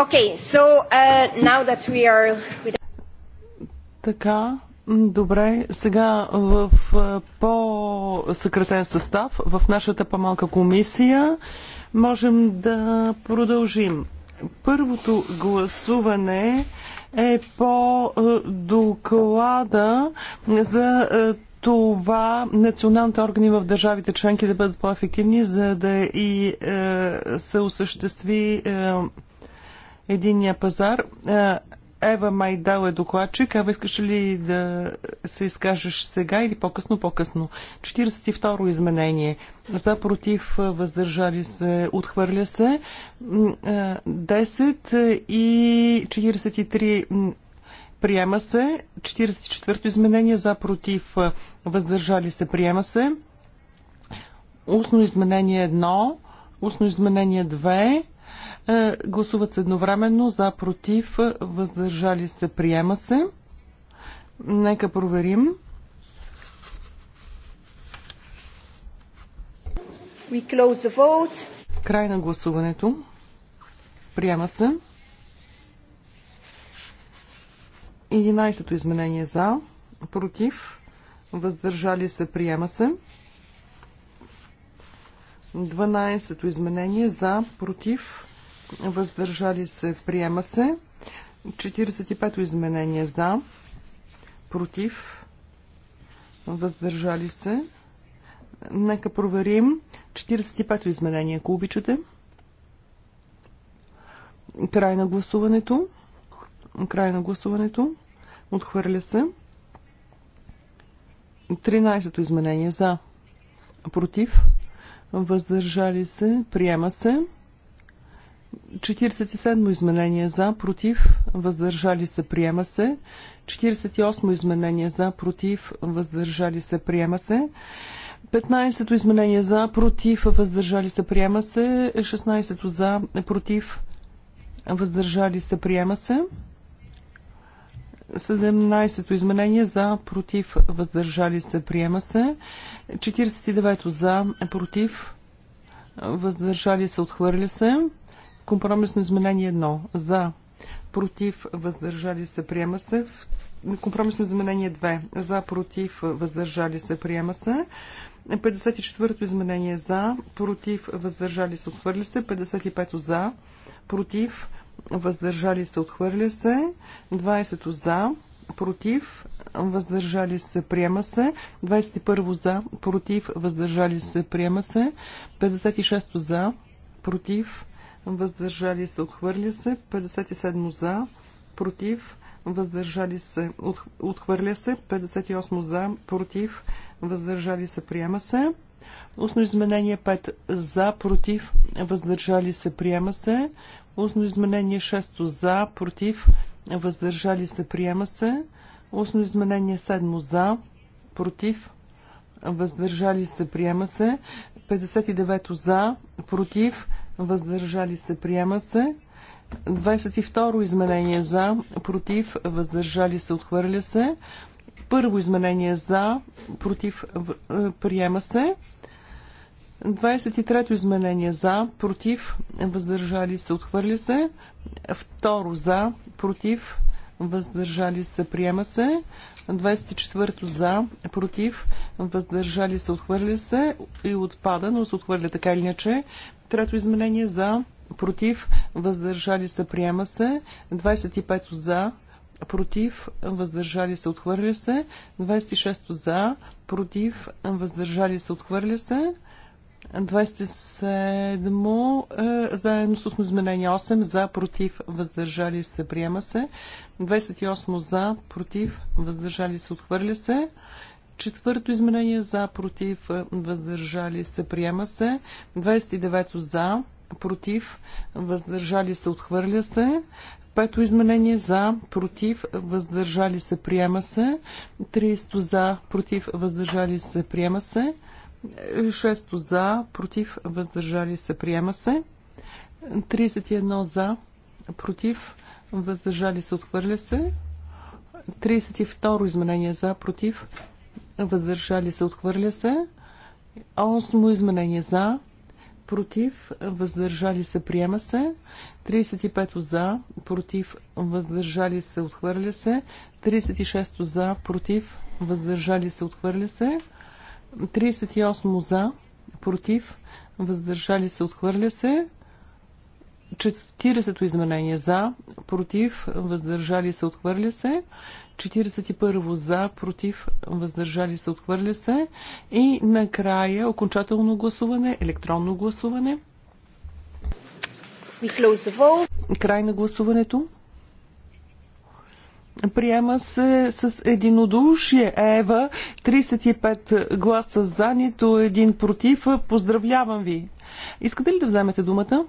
Okay, so, uh, are... Така, добре. Сега в по-съкратен състав, в нашата по-малка комисия, можем да продължим. Първото гласуване е по доклада за това националните органи в държавите членки да бъдат по-ефективни, за да и е, се осъществи е, единния пазар. Ева Майдал е докладчик. Ева, искаш ли да се изкажеш сега или по-късно? По-късно. 42-ро изменение. За, против, въздържали се, отхвърля се. 10 и 43 приема се. 44-то изменение. За, против, въздържали се, приема се. Устно изменение 1. Устно изменение 2 е, гласуват се едновременно за, против, въздържали се, приема се. Нека проверим. We close the vote. Край на гласуването. Приема се. 11-то изменение за, против, въздържали се, приема се. 12-то изменение за, против, въздържали се, приема се. 45-то изменение за, против, въздържали се. Нека проверим 45-то изменение, ако обичате. Край на гласуването. Край на гласуването. Отхвърля се. 13-то изменение за, против, въздържали се, приема се. 47 изменение за, против, въздържали се, приема се. 48 изменение за, против, въздържали се, приема се. 15 изменение за, против, въздържали се, приема се. 16 за, против, въздържали се, приема се. 17 изменение за, против, въздържали се, приема се. 49 за, против, въздържали се, отхвърля се. Компромисно изменение 1. За. Против. Въздържали се. Приема се. Компромисно изменение 2. За. Против. Въздържали се. Приема се. 54-то изменение за. Против. Въздържали се. Отхвърли се. 55-то за. Против. Въздържали се. Отхвърли се. 20-то за против, въздържали се, приема се. 21 за, против, въздържали се, приема се. 56 за, против, въздържали се, отхвърля се. 57 за, против, въздържали се, отхвърля се. 58 за, против, въздържали се, приема се. Устно изменение 5 за, против, въздържали се, приема се. Устно изменение 6 за, против, въздържали се, приема се. Устно изменение 7 за, против, въздържали се, приема се. 59 за, против, въздържали се, приема се. 22 изменение за, против, въздържали се, отхвърля се. Първо изменение за, против, е, приема се. 23 изменение за, против, въздържали се, отхвърля се. Второ за, против, въздържали се, приема се. 24 за, против, въздържали се, отхвърля се и отпада, но се отхвърля така или иначе. Трето изменение за, против, въздържали се, приема се. 25 за, против, въздържали се, отхвърля се. 26 за, против, въздържали се, отхвърля се. 27 е, заедно с устно изменение 8 за, против, въздържали се, приема се. 28 за, против, въздържали се, отхвърля се. Четвърто изменение за, против, въздържали се, приема се. 29 за, против, въздържали се, отхвърля се. Пето изменение за, против, въздържали се, приема се. 30 за, против, въздържали се, приема се. 6 за, против, въздържали се, приема се. 31 за, против, въздържали се, отхвърля се. 32 изменение за, против, въздържали се, отхвърля се. Осмо изменение за, против, въздържали се, приема се. 35 за, против, въздържали се, отхвърля се. 36 за, против, въздържали се, отхвърля се. 38 за, против, въздържали се, отхвърля се. 40-то изменение за, против, въздържали се, отхвърля се. 41 за, против, въздържали се, отхвърля се. И накрая окончателно гласуване, електронно гласуване. Край на гласуването. Приема се с единодушие Ева, 35 гласа за, нито един против. Поздравлявам ви! Искате ли да вземете думата?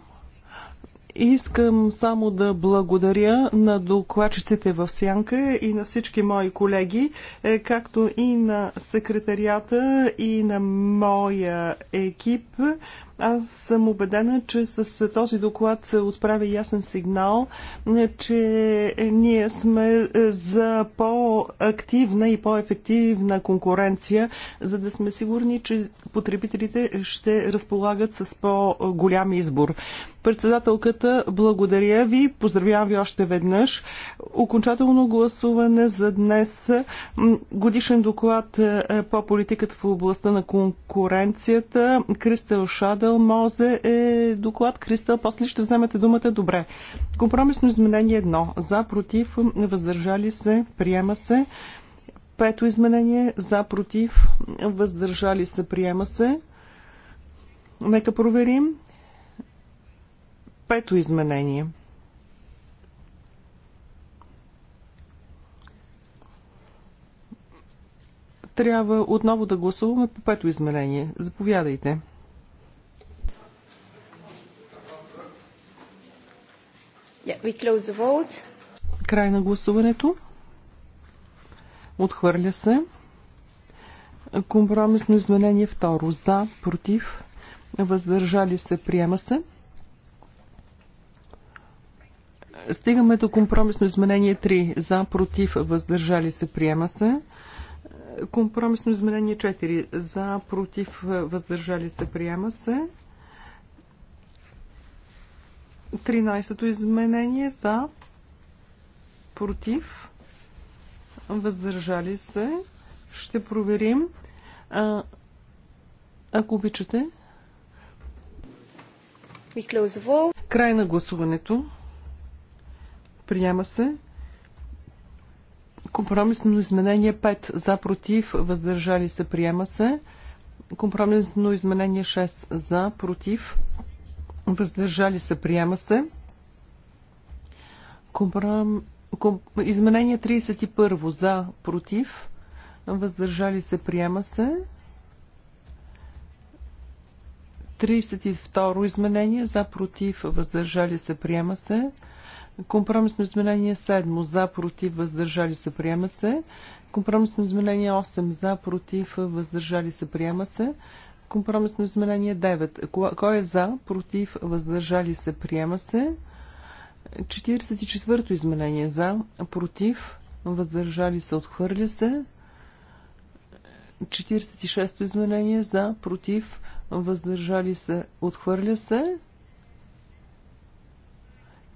Искам само да благодаря на докладчиците в Сянка и на всички мои колеги, е, както и на секретарията и на моя екип. Аз съм убедена, че с този доклад се отправя ясен сигнал, че ние сме за по-активна и по-ефективна конкуренция, за да сме сигурни, че потребителите ще разполагат с по-голям избор. Председателката, благодаря ви, поздравявам ви още веднъж. Окончателно гласуване за днес годишен доклад по политиката в областта на конкуренцията. Кристел Шадъл Кристал Мозе е доклад. Кристал, после ще вземете думата. Добре. Компромисно изменение едно. За, против, въздържали се, приема се. Пето изменение. За, против, въздържали се, приема се. Нека проверим. Пето изменение. трябва отново да гласуваме по пето изменение. Заповядайте. Yeah, Край на гласуването. Отхвърля се. Компромисно изменение второ. За, против, въздържали се, приема се. Стигаме до компромисно изменение 3. За, против, въздържали се, приема се. Компромисно изменение 4. За, против, въздържали се, приема се. 13-то изменение за против въздържали се. Ще проверим. А, ако обичате. Край на гласуването. Приема се. Компромисно изменение 5 за против, въздържали се, приема се. Компромисно изменение 6 за против, въздържали се, приема се. Компром... Ком... Изменение 31 за, против, въздържали се, приема се. 32 изменение за, против, въздържали се, приема се. Компромисно изменение 7 за, против, въздържали се, приема се. Компромисно изменение 8 за, против, въздържали се, приема се. Компромисно изменение 9. Кой е за? Против? Въздържали се? Приема се. 44-то изменение за, против, въздържали се, отхвърля се. 46-то изменение за, против, въздържали се, отхвърля се.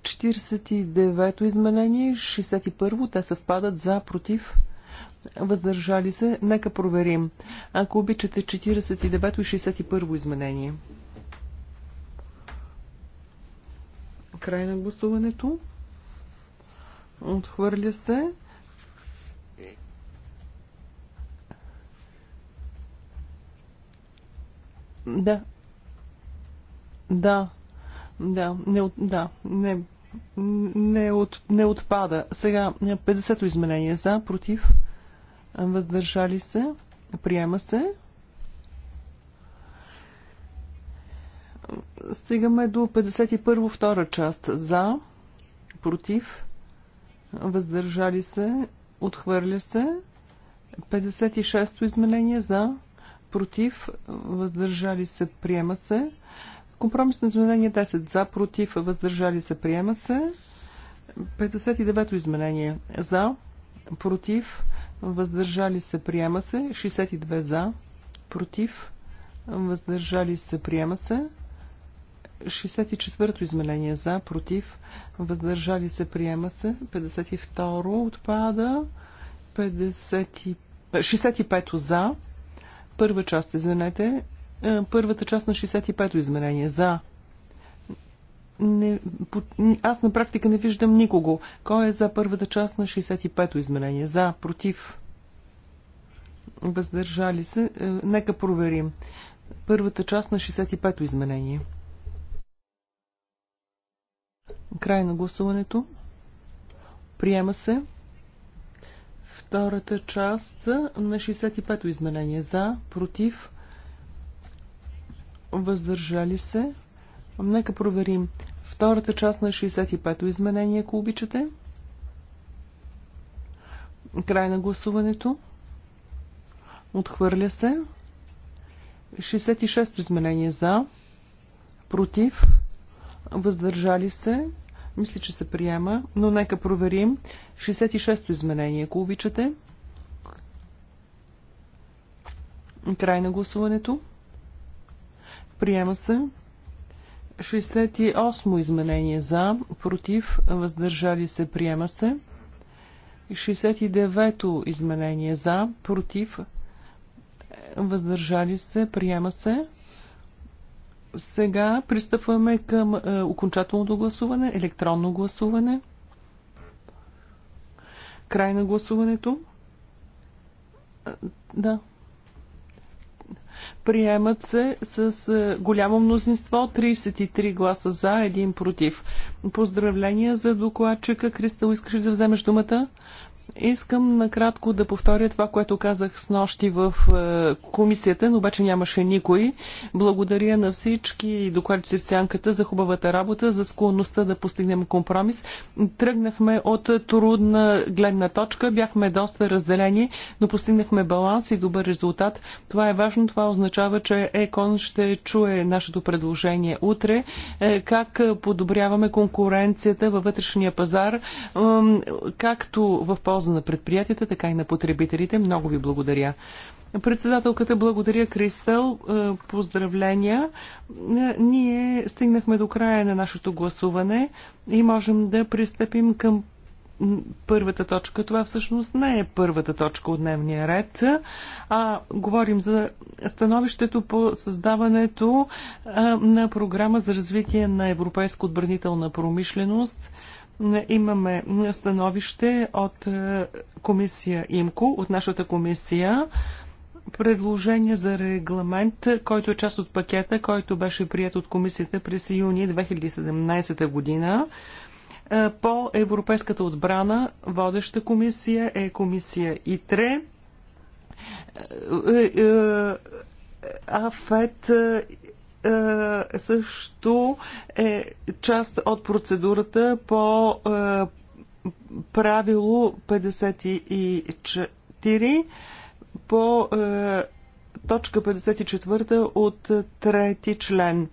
49-то изменение, 61-то, те съвпадат за, против, въздържали се въздържали се, нека проверим. Ако обичате 49 и 61 изменение. Край на гласуването. Отхвърля се. Да. Да. Да. Не, да. Не, не, от, не отпада. Сега 50-то изменение за, против въздържали се, приема се. Стигаме до 51 втора част. За, против, въздържали се, отхвърля се. 56-то изменение за, против, въздържали се, приема се. Компромисно изменение 10 за, против, въздържали се, приема се. 59-то изменение за, против, въздържали се, приема се. 62 за, против, въздържали се, приема се. 64-то измерение за, против, въздържали се, приема се. 52-ро отпада. 50... 65-то за. Първа част, извинете. Е, първата част на 65-то измерение за, не, по, аз на практика не виждам никого. Кой е за първата част на 65-то изменение? За, против, въздържали се. Е, нека проверим. Първата част на 65-то изменение. Край на гласуването. Приема се. Втората част на 65-то изменение. За, против, въздържали се. Нека проверим. Втората част на 65-то изменение, ако обичате. Край на гласуването. Отхвърля се. 66-то изменение за. Против. Въздържали се. Мисля, че се приема, но нека проверим. 66-то изменение, ако обичате. Край на гласуването. Приема се. 68 изменение за, против, въздържали се, приема се. 69-то изменение за, против, въздържали се, приема се. Сега пристъпваме към е, окончателното гласуване, електронно гласуване. Край на гласуването. Е, да. Приемат се с е, голямо мнозинство 33 гласа за, 1 против. Поздравления за докладчика. Кристал, искаш да вземеш думата? Искам накратко да повторя това, което казах с нощи в е, комисията, но обаче нямаше никой. Благодаря на всички докладчици в сянката за хубавата работа, за склонността да постигнем компромис. Тръгнахме от трудна гледна точка, бяхме доста разделени, но постигнахме баланс и добър резултат. Това е важно, това означава, че ЕКОН ще чуе нашето предложение утре, е, как подобряваме конкуренцията във вътрешния пазар, както в Польша, полза на предприятията, така и на потребителите. Много ви благодаря. Председателката, благодаря Кристал. Е, поздравления. Е, ние стигнахме до края на нашето гласуване и можем да пристъпим към първата точка. Това всъщност не е първата точка от дневния ред, а говорим за становището по създаването е, на програма за развитие на европейска отбранителна промишленост – имаме становище от е, комисия ИМКО, от нашата комисия, предложение за регламент, който е част от пакета, който беше прият от комисията през юни 2017 година. Е, по Европейската отбрана водеща комисия е комисия ИТРЕ. Е, АФЕТ е, също е част от процедурата по е, правило 54 по е, точка 54 от трети член.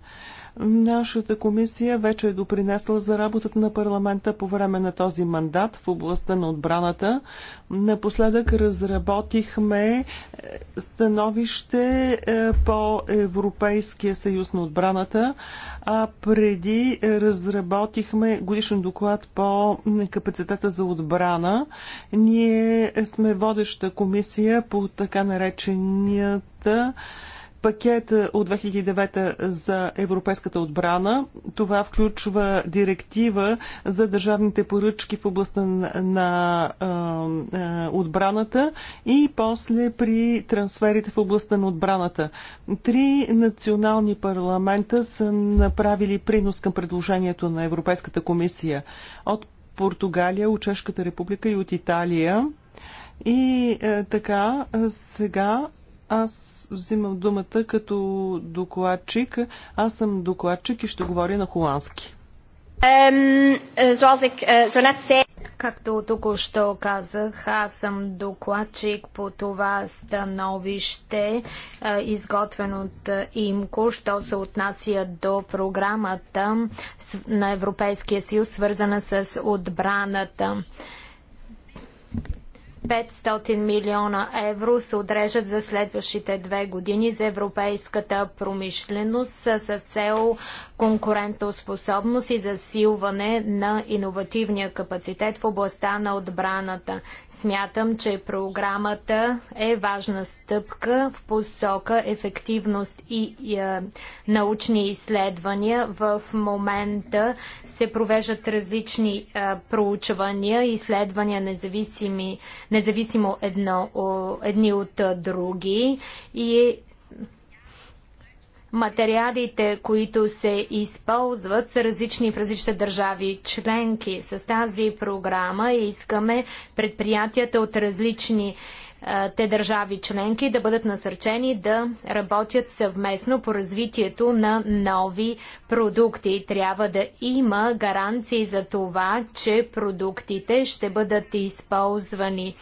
Нашата комисия вече е допринесла за работата на парламента по време на този мандат в областта на отбраната. Напоследък разработихме е, становище е, по Европейския съюз на отбраната, а преди е, разработихме годишен доклад по капацитета за отбрана. Ние сме водеща комисия по така нареченията пакет е, от 2009 за европейската отбрана. Това включва директива за държавните поръчки в областта на отбраната и после при трансферите в областта на отбраната. Три национални парламента са направили принос към предложението на Европейската комисия. От Португалия, от Чешката република и от Италия. И е, така, сега аз взимам думата като докладчик. Аз съм докладчик и ще говоря на холандски. Е, е, Както току-що казах, аз съм докладчик по това становище, е, изготвен от ИМКО, що се отнася до програмата на Европейския съюз, свързана с отбраната. 500 милиона евро се отрежат за следващите две години за европейската промишленост с цел конкурентоспособност и засилване на иновативния капацитет в областта на отбраната. Смятам, че програмата е важна стъпка в посока ефективност и, и е, научни изследвания. В момента се провеждат различни е, проучвания, изследвания независими, независимо едно, о, едни от е, други и Материалите, които се използват, са различни в различните държави членки. С тази програма искаме предприятията от различни те държави членки да бъдат насърчени да работят съвместно по развитието на нови продукти. Трябва да има гаранции за това, че продуктите ще бъдат използвани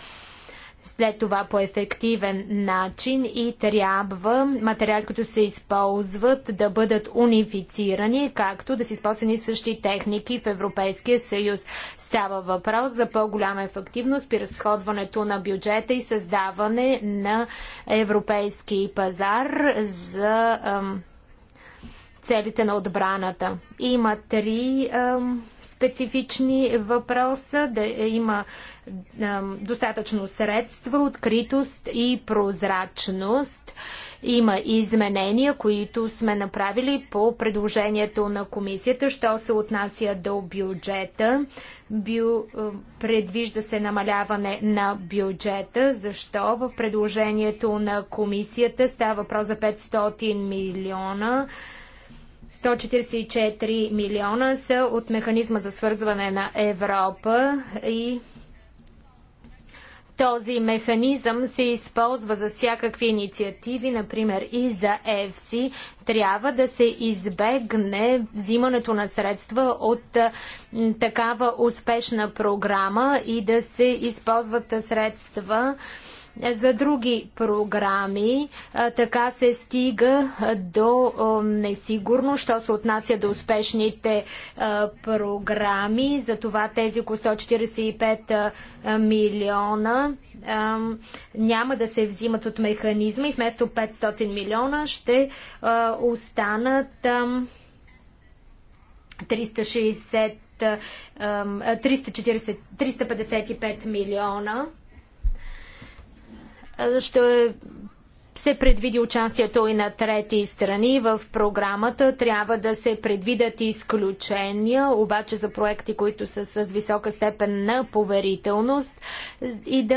след това по ефективен начин и трябва материали, които се използват, да бъдат унифицирани, както да се използвани същи техники в Европейския съюз. Става въпрос за по-голяма ефективност при разходването на бюджета и създаване на европейски пазар за целите на отбраната. Има три ам, специфични въпроса. Да има достатъчно средства, откритост и прозрачност. Има изменения, които сме направили по предложението на комисията, що се отнася до бюджета. Бю... Предвижда се намаляване на бюджета. Защо? В предложението на комисията става въпрос за 500 милиона. 144 милиона са от механизма за свързване на Европа и този механизъм се използва за всякакви инициативи, например и за ЕФСИ. Трябва да се избегне взимането на средства от такава успешна програма и да се използват средства, за други програми. Така се стига до несигурност, що се отнася до успешните програми. Затова тези около 145 милиона няма да се взимат от механизма и вместо 500 милиона ще останат 360 345 355 милиона ще се предвиди участието и на трети страни в програмата. Трябва да се предвидят изключения, обаче за проекти, които са с висока степен на поверителност и да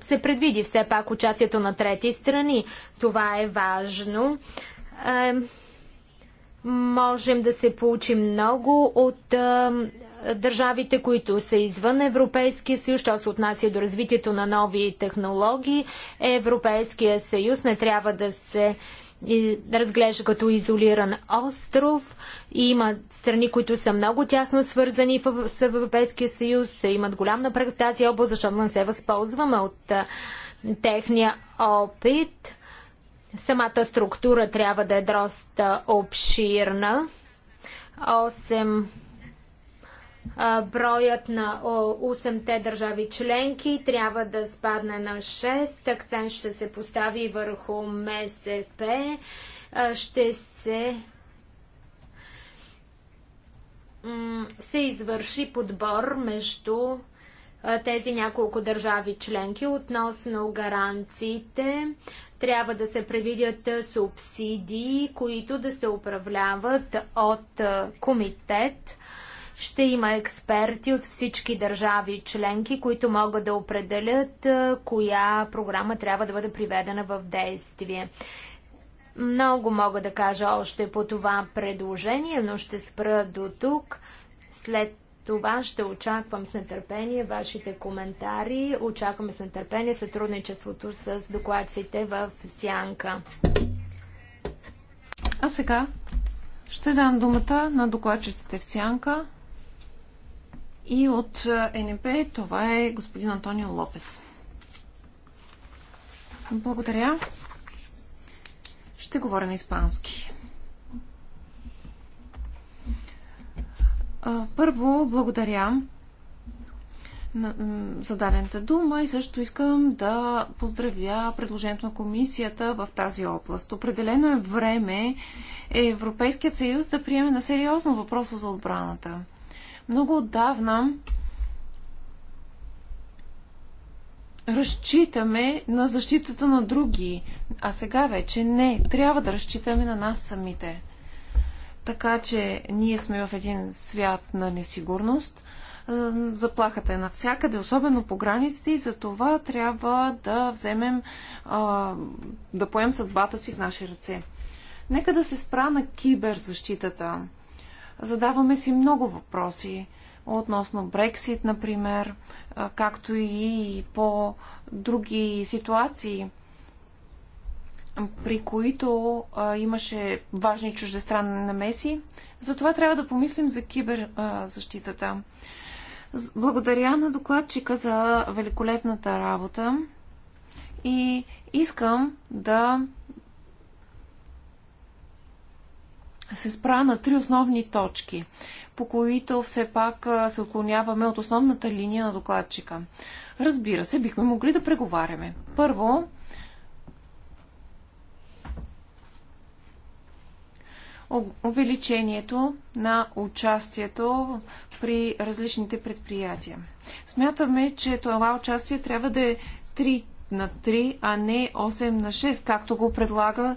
се предвиди все пак участието на трети страни. Това е важно. можем да се получи много от държавите, които са извън Европейския съюз, що се отнася до развитието на нови технологии. Европейския съюз не трябва да се разглежда като изолиран остров. И има страни, които са много тясно свързани в, с Европейския съюз, имат голям напред в тази област, защото не се възползваме от а, техния опит. Самата структура трябва да е доста обширна. 8 Броят на 8-те държави членки трябва да спадне на 6. Акцент ще се постави върху МСП. Ще се се извърши подбор между тези няколко държави членки относно гаранциите. Трябва да се предвидят субсидии, които да се управляват от комитет. Ще има експерти от всички държави членки, които могат да определят коя програма трябва да бъде приведена в действие. Много мога да кажа още по това предложение, но ще спра до тук. След това ще очаквам с нетърпение вашите коментари. Очакваме с нетърпение сътрудничеството с докладците в Сянка. А сега ще дам думата на докладчиците в Сянка. И от е, НП това е господин Антонио Лопес. Благодаря. Ще говоря на испански. Първо, благодаря за дадената дума и също искам да поздравя предложението на комисията в тази област. Определено е време Европейският съюз да приеме на сериозно въпроса за отбраната много отдавна разчитаме на защитата на други, а сега вече не. Трябва да разчитаме на нас самите. Така че ние сме в един свят на несигурност. Е, заплахата е навсякъде, особено по границите и за това трябва да вземем, е, да поем съдбата си в наши ръце. Нека да се спра на киберзащитата. Задаваме си много въпроси относно Брексит, например, както и по други ситуации, при които имаше важни чуждестранни намеси. Затова трябва да помислим за киберзащитата. Благодаря на докладчика за великолепната работа и искам да се спра на три основни точки, по които все пак се отклоняваме от основната линия на докладчика. Разбира се, бихме могли да преговаряме. Първо, увеличението на участието при различните предприятия. Смятаме, че това участие трябва да е 3 на 3, а не 8 на 6, както го предлага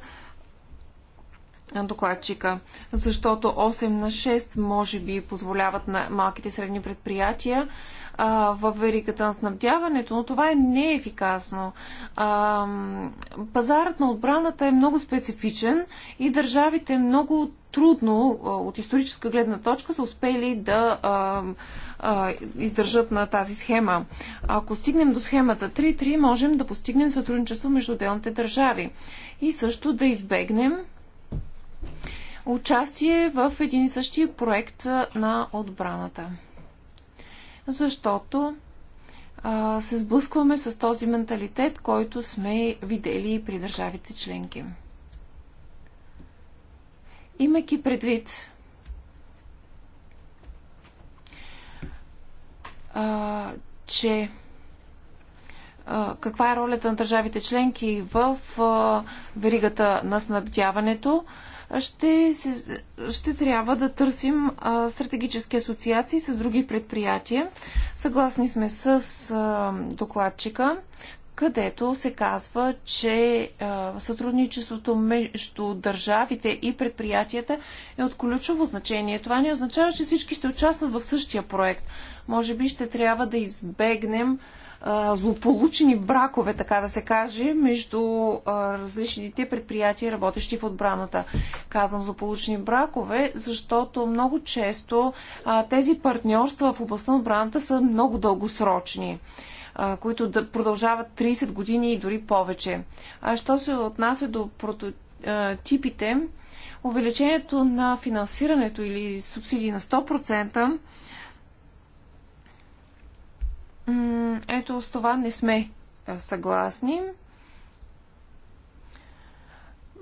докладчика, защото 8 на 6 може би позволяват на малките и средни предприятия а, в веригата на снабдяването, но това е неефикасно. А, пазарът на отбраната е много специфичен и държавите много трудно от историческа гледна точка са успели да а, а, издържат на тази схема. Ако стигнем до схемата 3.3, можем да постигнем сътрудничество между отделните държави и също да избегнем участие в един и същи проект на отбраната. Защото а, се сблъскваме с този менталитет, който сме видели при държавите членки. Имайки предвид а, че каква е ролята на държавите членки в веригата на снабдяването ще, се, ще трябва да търсим а, стратегически асоциации с други предприятия. Съгласни сме с а, докладчика, където се казва, че а, сътрудничеството между държавите и предприятията е от ключово значение. Това не означава, че всички ще участват в същия проект. Може би ще трябва да избегнем Злополучени бракове, така да се каже, между различните предприятия, работещи в отбраната. Казвам злополучени бракове, защото много често тези партньорства в областта на отбраната са много дългосрочни които да продължават 30 години и дори повече. А що се отнася до прототипите, увеличението на финансирането или субсидии на 100% ето с това не сме съгласни.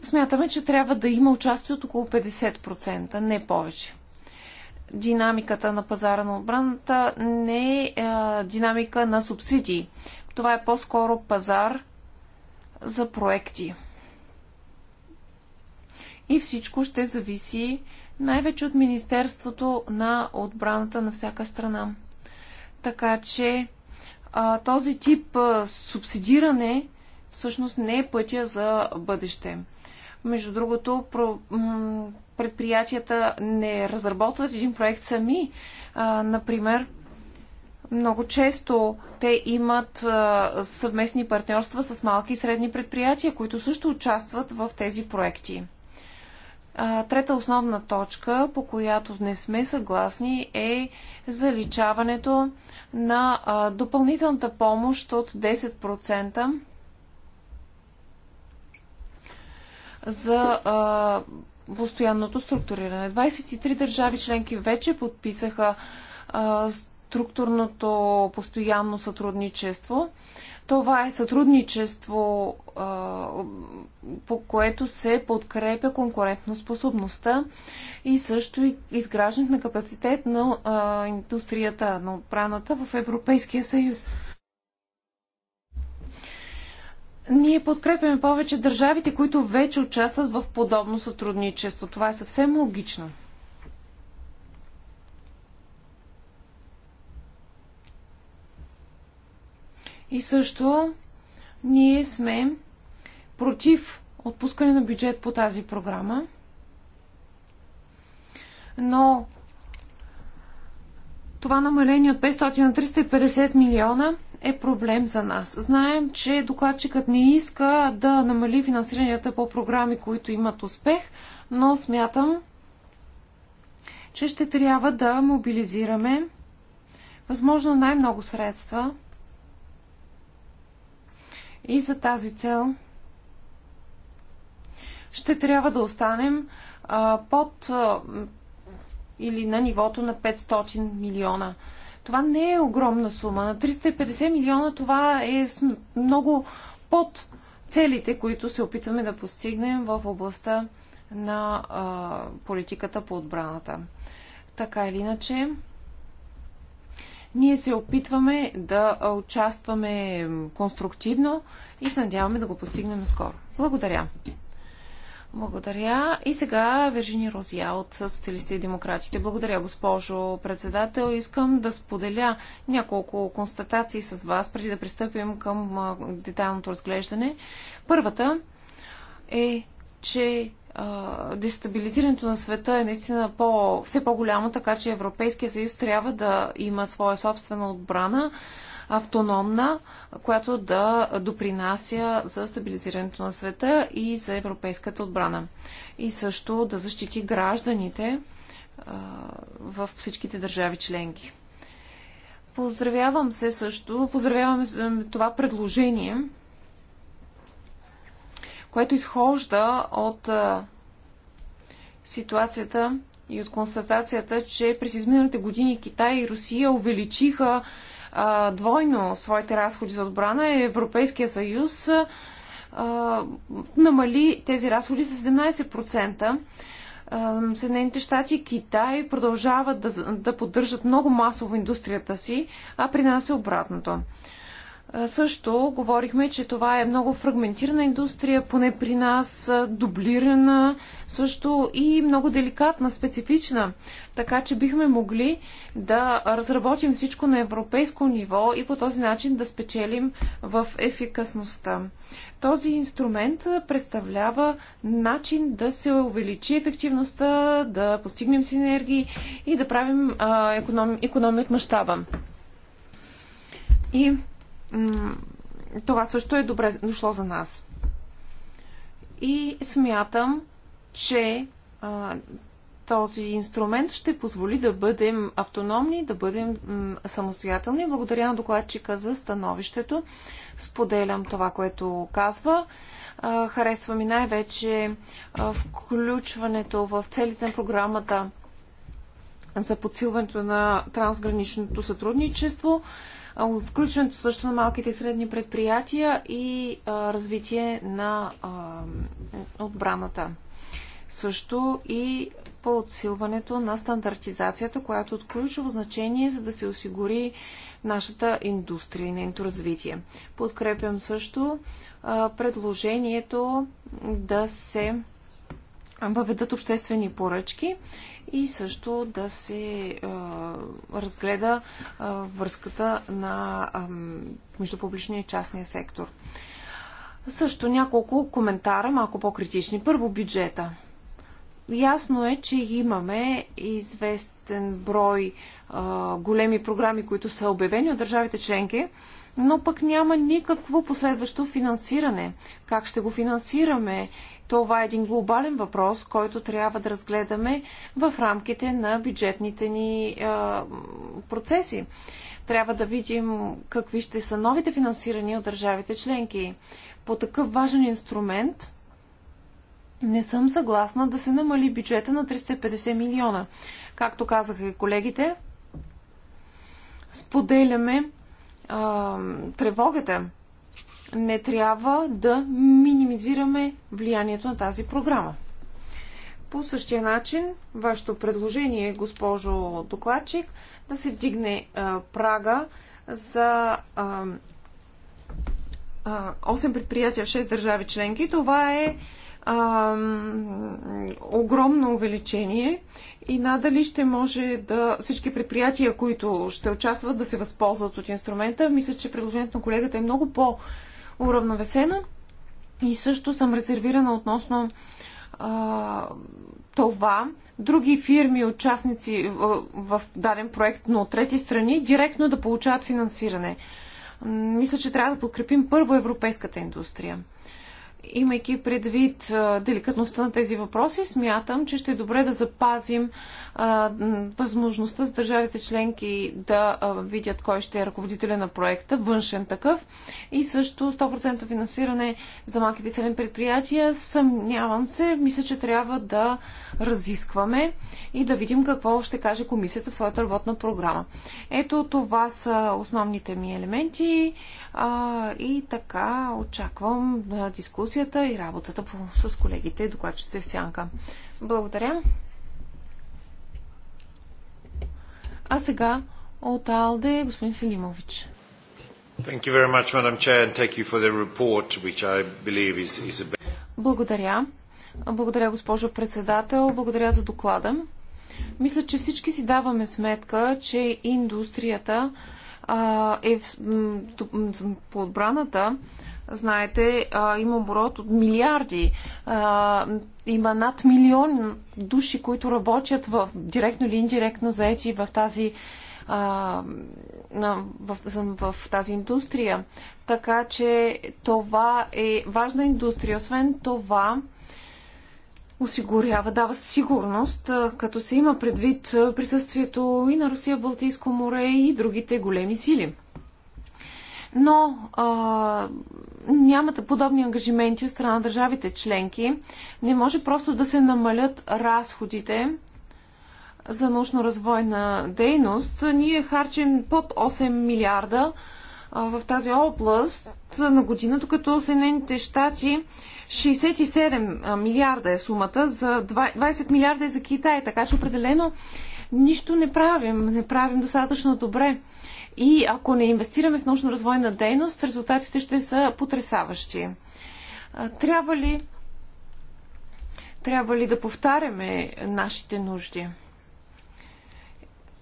Смятаме, че трябва да има участие от около 50%, не повече. Динамиката на пазара на отбраната не е динамика на субсидии. Това е по-скоро пазар за проекти. И всичко ще зависи най-вече от Министерството на отбраната на всяка страна. Така че а, този тип а, субсидиране всъщност не е пътя за бъдеще. Между другото, про, предприятията не разработват един проект сами. А, например, много често те имат а, съвместни партньорства с малки и средни предприятия, които също участват в тези проекти. Трета основна точка, по която не сме съгласни, е заличаването на допълнителната помощ от 10% за постоянното структуриране. 23 държави членки вече подписаха структурното постоянно сътрудничество това е сътрудничество, по което се подкрепя конкурентоспособността и също изграждането на капацитет на индустрията на отбраната в Европейския съюз. Ние подкрепяме повече държавите, които вече участват в подобно сътрудничество. Това е съвсем логично. И също ние сме против отпускане на бюджет по тази програма. Но това намаление от 500 на 350 милиона е проблем за нас. Знаем, че докладчикът не иска да намали финансиранията по програми, които имат успех, но смятам, че ще трябва да мобилизираме възможно най-много средства – и за тази цел ще трябва да останем а, под а, или на нивото на 500 милиона. Това не е огромна сума. На 350 милиона това е много под целите, които се опитваме да постигнем в областта на а, политиката по отбраната. Така или иначе, ние се опитваме да участваме конструктивно и се надяваме да го постигнем скоро. Благодаря. Благодаря. И сега Вержини Розия от Социалистите и Демократите. Благодаря, госпожо председател. Искам да споделя няколко констатации с вас, преди да пристъпим към детайлното разглеждане. Първата е, че дестабилизирането на света е наистина по, все по-голямо, така че Европейския съюз трябва да има своя собствена отбрана, автономна, която да допринася за стабилизирането на света и за европейската отбрана. И също да защити гражданите а, в всичките държави членки. Поздравявам се също, поздравявам това предложение, което изхожда от ситуацията и от констатацията, че през изминалите години Китай и Русия увеличиха двойно своите разходи за отбрана. Европейския съюз намали тези разходи с 17%. Съединените щати и Китай продължават да, да поддържат много масово индустрията си, а при нас е обратното. Също говорихме, че това е много фрагментирана индустрия, поне при нас, дублирана, също и много деликатна, специфична. Така че бихме могли да разработим всичко на европейско ниво и по този начин да спечелим в ефикасността. Този инструмент представлява начин да се увеличи ефективността, да постигнем синергии и да правим економи, мащаба. И това също е добре дошло за нас. И смятам, че а, този инструмент ще позволи да бъдем автономни, да бъдем самостоятелни. Благодаря на докладчика за становището. Споделям това, което казва. А, харесва ми най-вече включването в целите на програмата за подсилването на трансграничното сътрудничество включването също на малките и средни предприятия и а, развитие на а, отбраната. Също и подсилването на стандартизацията, която е от ключово значение, за да се осигури нашата индустрия и нейното развитие. Подкрепям също а, предложението да се въведат обществени поръчки и също да се а, разгледа а, връзката на, а, между публичния и частния сектор. Също няколко коментара, малко по-критични. Първо бюджета. Ясно е, че имаме известен брой а, големи програми, които са обявени от държавите членки, но пък няма никакво последващо финансиране. Как ще го финансираме това е един глобален въпрос, който трябва да разгледаме в рамките на бюджетните ни процеси. Трябва да видим какви ще са новите финансирания от държавите членки. По такъв важен инструмент не съм съгласна да се намали бюджета на 350 милиона. Както казаха и колегите, споделяме а, тревогата не трябва да минимизираме влиянието на тази програма. По същия начин, вашето предложение, госпожо докладчик, да се дигне а, прага за а, а, 8 предприятия в 6 държави членки. Това е а, огромно увеличение и надали ще може да всички предприятия, които ще участват, да се възползват от инструмента. Мисля, че предложението на колегата е много по- уравновесено. И също съм резервирана относно а, това други фирми, участници в, в даден проект, но от трети страни, директно да получават финансиране. Мисля, че трябва да подкрепим първо европейската индустрия имайки предвид деликатността на тези въпроси, смятам, че ще е добре да запазим възможността с държавите членки да видят кой ще е ръководителя на проекта, външен такъв. И също 100% финансиране за малките и средни предприятия. Съмнявам се, мисля, че трябва да разискваме и да видим какво ще каже комисията в своята работна програма. Ето това са основните ми елементи и така очаквам дискусия дискусията и работата с колегите и докладчици в Сянка. Благодаря. А сега от АЛДЕ господин Селимович. Благодаря. Благодаря, госпожо председател. Благодаря за доклада. Мисля, че всички си даваме сметка, че индустрията е по отбраната знаете, има оборот от милиарди. Има над милион души, които работят в, директно или индиректно заети в тази в, в, в тази индустрия. Така че това е важна индустрия. Освен това, осигурява, дава сигурност, като се има предвид присъствието и на Русия, Балтийско море и другите големи сили. Но а, нямат подобни ангажименти от страна на държавите членки. Не може просто да се намалят разходите за научно-развойна дейност. Ние харчим под 8 милиарда в тази област на година, докато Съединените щати 67 милиарда е сумата, за 20 милиарда е за Китай, така че определено нищо не правим, не правим достатъчно добре. И ако не инвестираме в научно-развойна дейност, резултатите ще са потрясаващи. Трябва ли, трябва ли да повтаряме нашите нужди?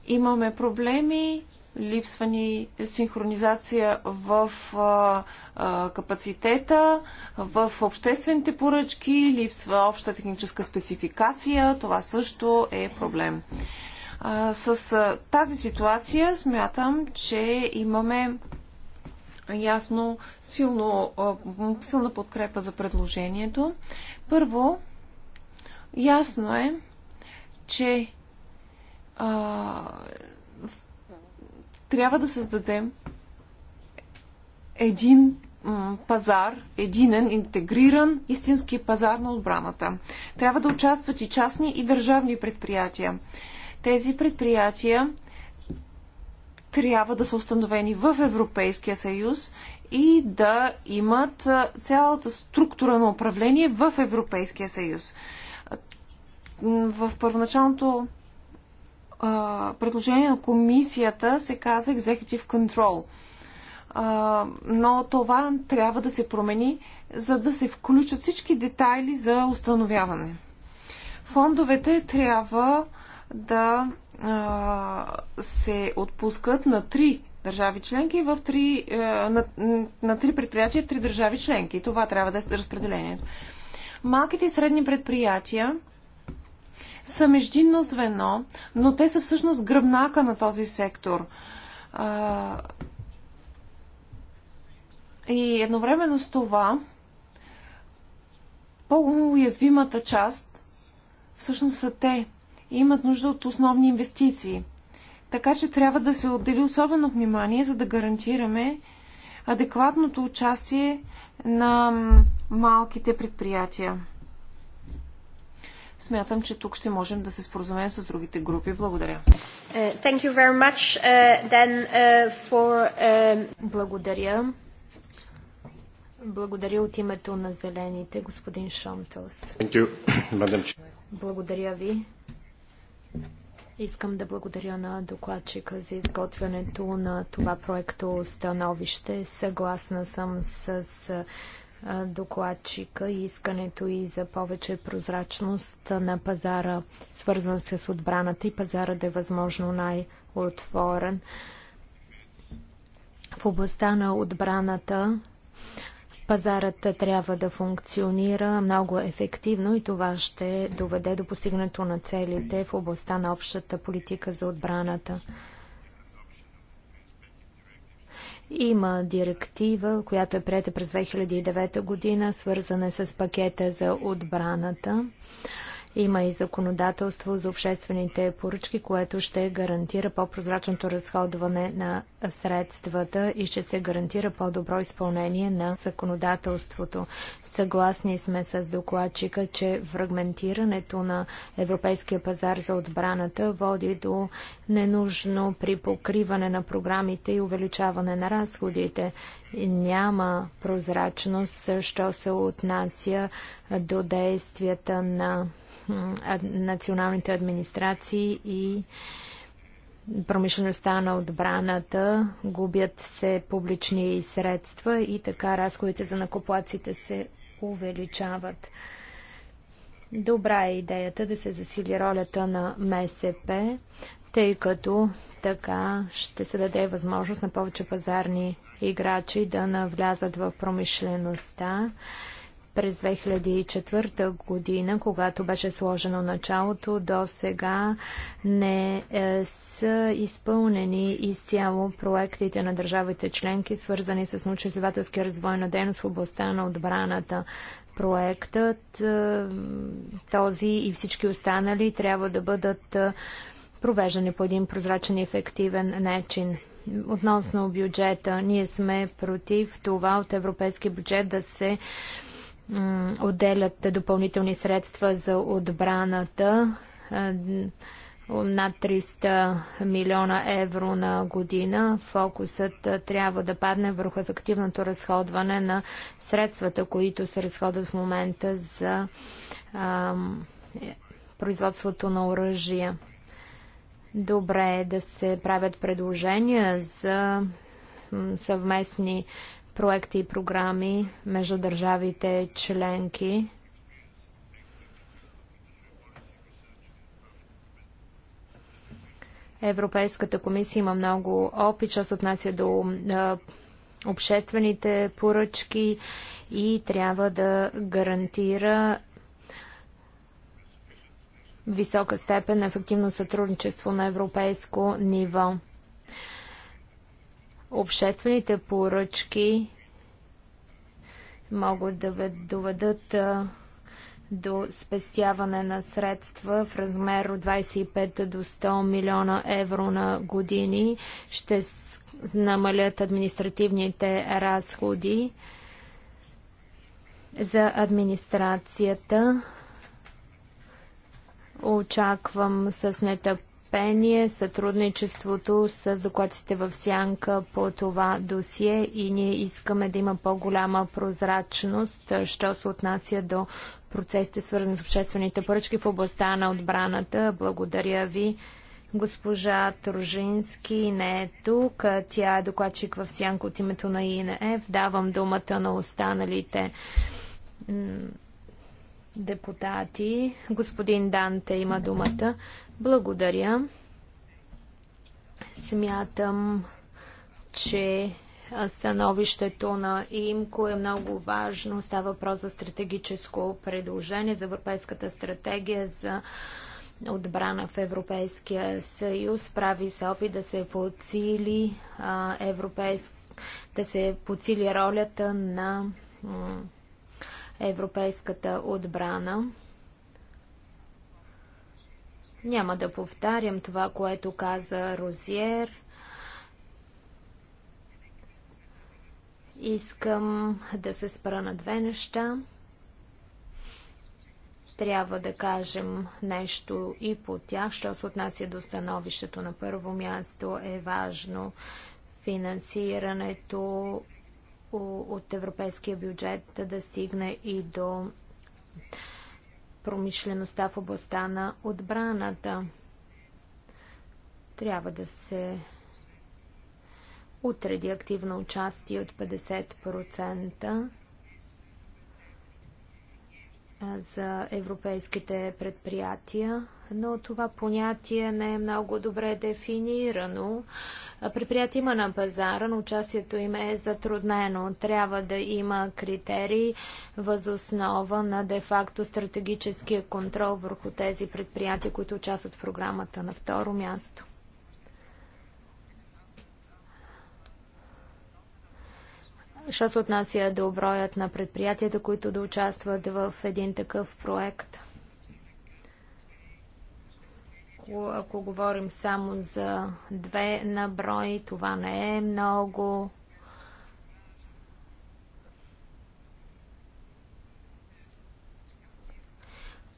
Имаме проблеми, липсва ни синхронизация в а, а, капацитета, в обществените поръчки, липсва обща техническа спецификация. Това също е проблем с а, тази ситуация смятам, че имаме ясно силно, а, силна подкрепа за предложението. Първо, ясно е, че а, трябва да създадем един пазар, единен, интегриран, истински пазар на отбраната. Трябва да участват и частни и държавни предприятия. Тези предприятия трябва да са установени в Европейския съюз и да имат цялата структура на управление в Европейския съюз. В първоначалното предложение на комисията се казва Executive Control. Но това трябва да се промени, за да се включат всички детайли за установяване. Фондовете трябва да се отпускат на три държави членки в три, на, на три предприятия в три държави членки. Това трябва да е разпределението. Малките и средни предприятия са междинно звено, но те са всъщност гръбнака на този сектор. И едновременно с това по-уязвимата част всъщност са те – имат нужда от основни инвестиции. Така че трябва да се отдели особено внимание, за да гарантираме адекватното участие на малките предприятия. Смятам, че тук ще можем да се споразумеем с другите групи. Благодаря. Е, much, е, then, е, for... Благодаря. Благодаря от името на зелените, господин Шомтелс. Благодаря ви, Искам да благодаря на докладчика за изготвянето на това проекто становище. Съгласна съм с докладчика и искането и за повече прозрачност на пазара, свързан с отбраната и пазара да е възможно най-отворен. В областта на отбраната Пазарът трябва да функционира много ефективно и това ще доведе до постигането на целите в областта на общата политика за отбраната. Има директива, която е прията през 2009 година, свързана с пакета за отбраната. Има и законодателство за обществените поръчки, което ще гарантира по-прозрачното разходване на средствата и ще се гарантира по-добро изпълнение на законодателството. Съгласни сме с докладчика, че фрагментирането на европейския пазар за отбраната води до ненужно при покриване на програмите и увеличаване на разходите. Няма прозрачност, що се отнася до действията на националните администрации и промишлеността на отбраната, губят се публични средства и така разходите за накоплаците се увеличават. Добра е идеята да се засили ролята на МСП, тъй като така ще се даде възможност на повече пазарни играчи да навлязат в промишлеността. През 2004 година, когато беше сложено началото, до сега не е, са изпълнени изцяло проектите на държавите членки, свързани с научно-изследователски развой на дейност в областта на отбраната проектът, е, този и всички останали трябва да бъдат е, провеждани по един прозрачен и ефективен начин. Относно бюджета, ние сме против това от европейски бюджет да се отделят допълнителни средства за отбраната над 300 милиона евро на година. Фокусът трябва да падне върху ефективното разходване на средствата, които се разходят в момента за производството на оръжия. Добре е да се правят предложения за съвместни проекти и програми между държавите членки. Европейската комисия има много опит, що се отнася до е, обществените поръчки и трябва да гарантира висока степен на ефективно сътрудничество на европейско ниво обществените поръчки могат да доведат до спестяване на средства в размер от 25 до 100 милиона евро на години. Ще намалят административните разходи за администрацията. Очаквам с нетъп търпение, сътрудничеството с докладците в сянка по това досие и ние искаме да има по-голяма прозрачност, що се отнася до процесите, свързани с обществените поръчки в областта на отбраната. Благодаря ви. Госпожа Тружински не е тук. Тя е докладчик в сянка от името на ИНЕФ. Давам думата на останалите депутати. Господин Данте има думата. Благодаря. Смятам, че становището на ИМКО е много важно. Става въпрос за стратегическо предложение за Европейската стратегия за отбрана в Европейския съюз. Прави се опит да се подсили европейск... да се подсили ролята на европейската отбрана. Няма да повтарям това, което каза Розиер. Искам да се спра на две неща. Трябва да кажем нещо и по тях. Що се отнася до становището на първо място е важно финансирането от европейския бюджет да стигне и до промишлеността в областта на отбраната. Трябва да се отреди активно участие от 50% за европейските предприятия но това понятие не е много добре дефинирано. Предприятие има на пазара, но участието им е затруднено. Трябва да има критерии възоснова на де-факто стратегическия контрол върху тези предприятия, които участват в програмата на второ място. Що се отнася до броят на предприятията, които да участват в един такъв проект – ако, ако говорим само за две наброи, това не е много.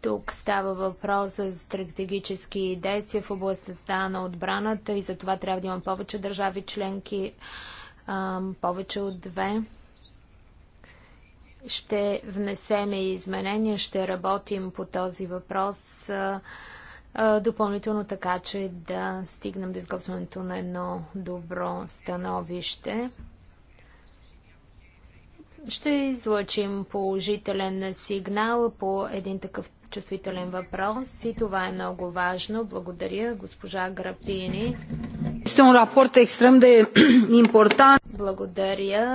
Тук става въпрос за стратегически действия в областта на отбраната и за това трябва да има повече държави членки, повече от две. Ще внесеме изменения, ще работим по този въпрос допълнително така, че да стигнем до изготвянето на едно добро становище. Ще излъчим положителен сигнал по един такъв чувствителен въпрос и това е много важно. Благодаря, госпожа Грапини. Este un raport extrem de important. Благодаря.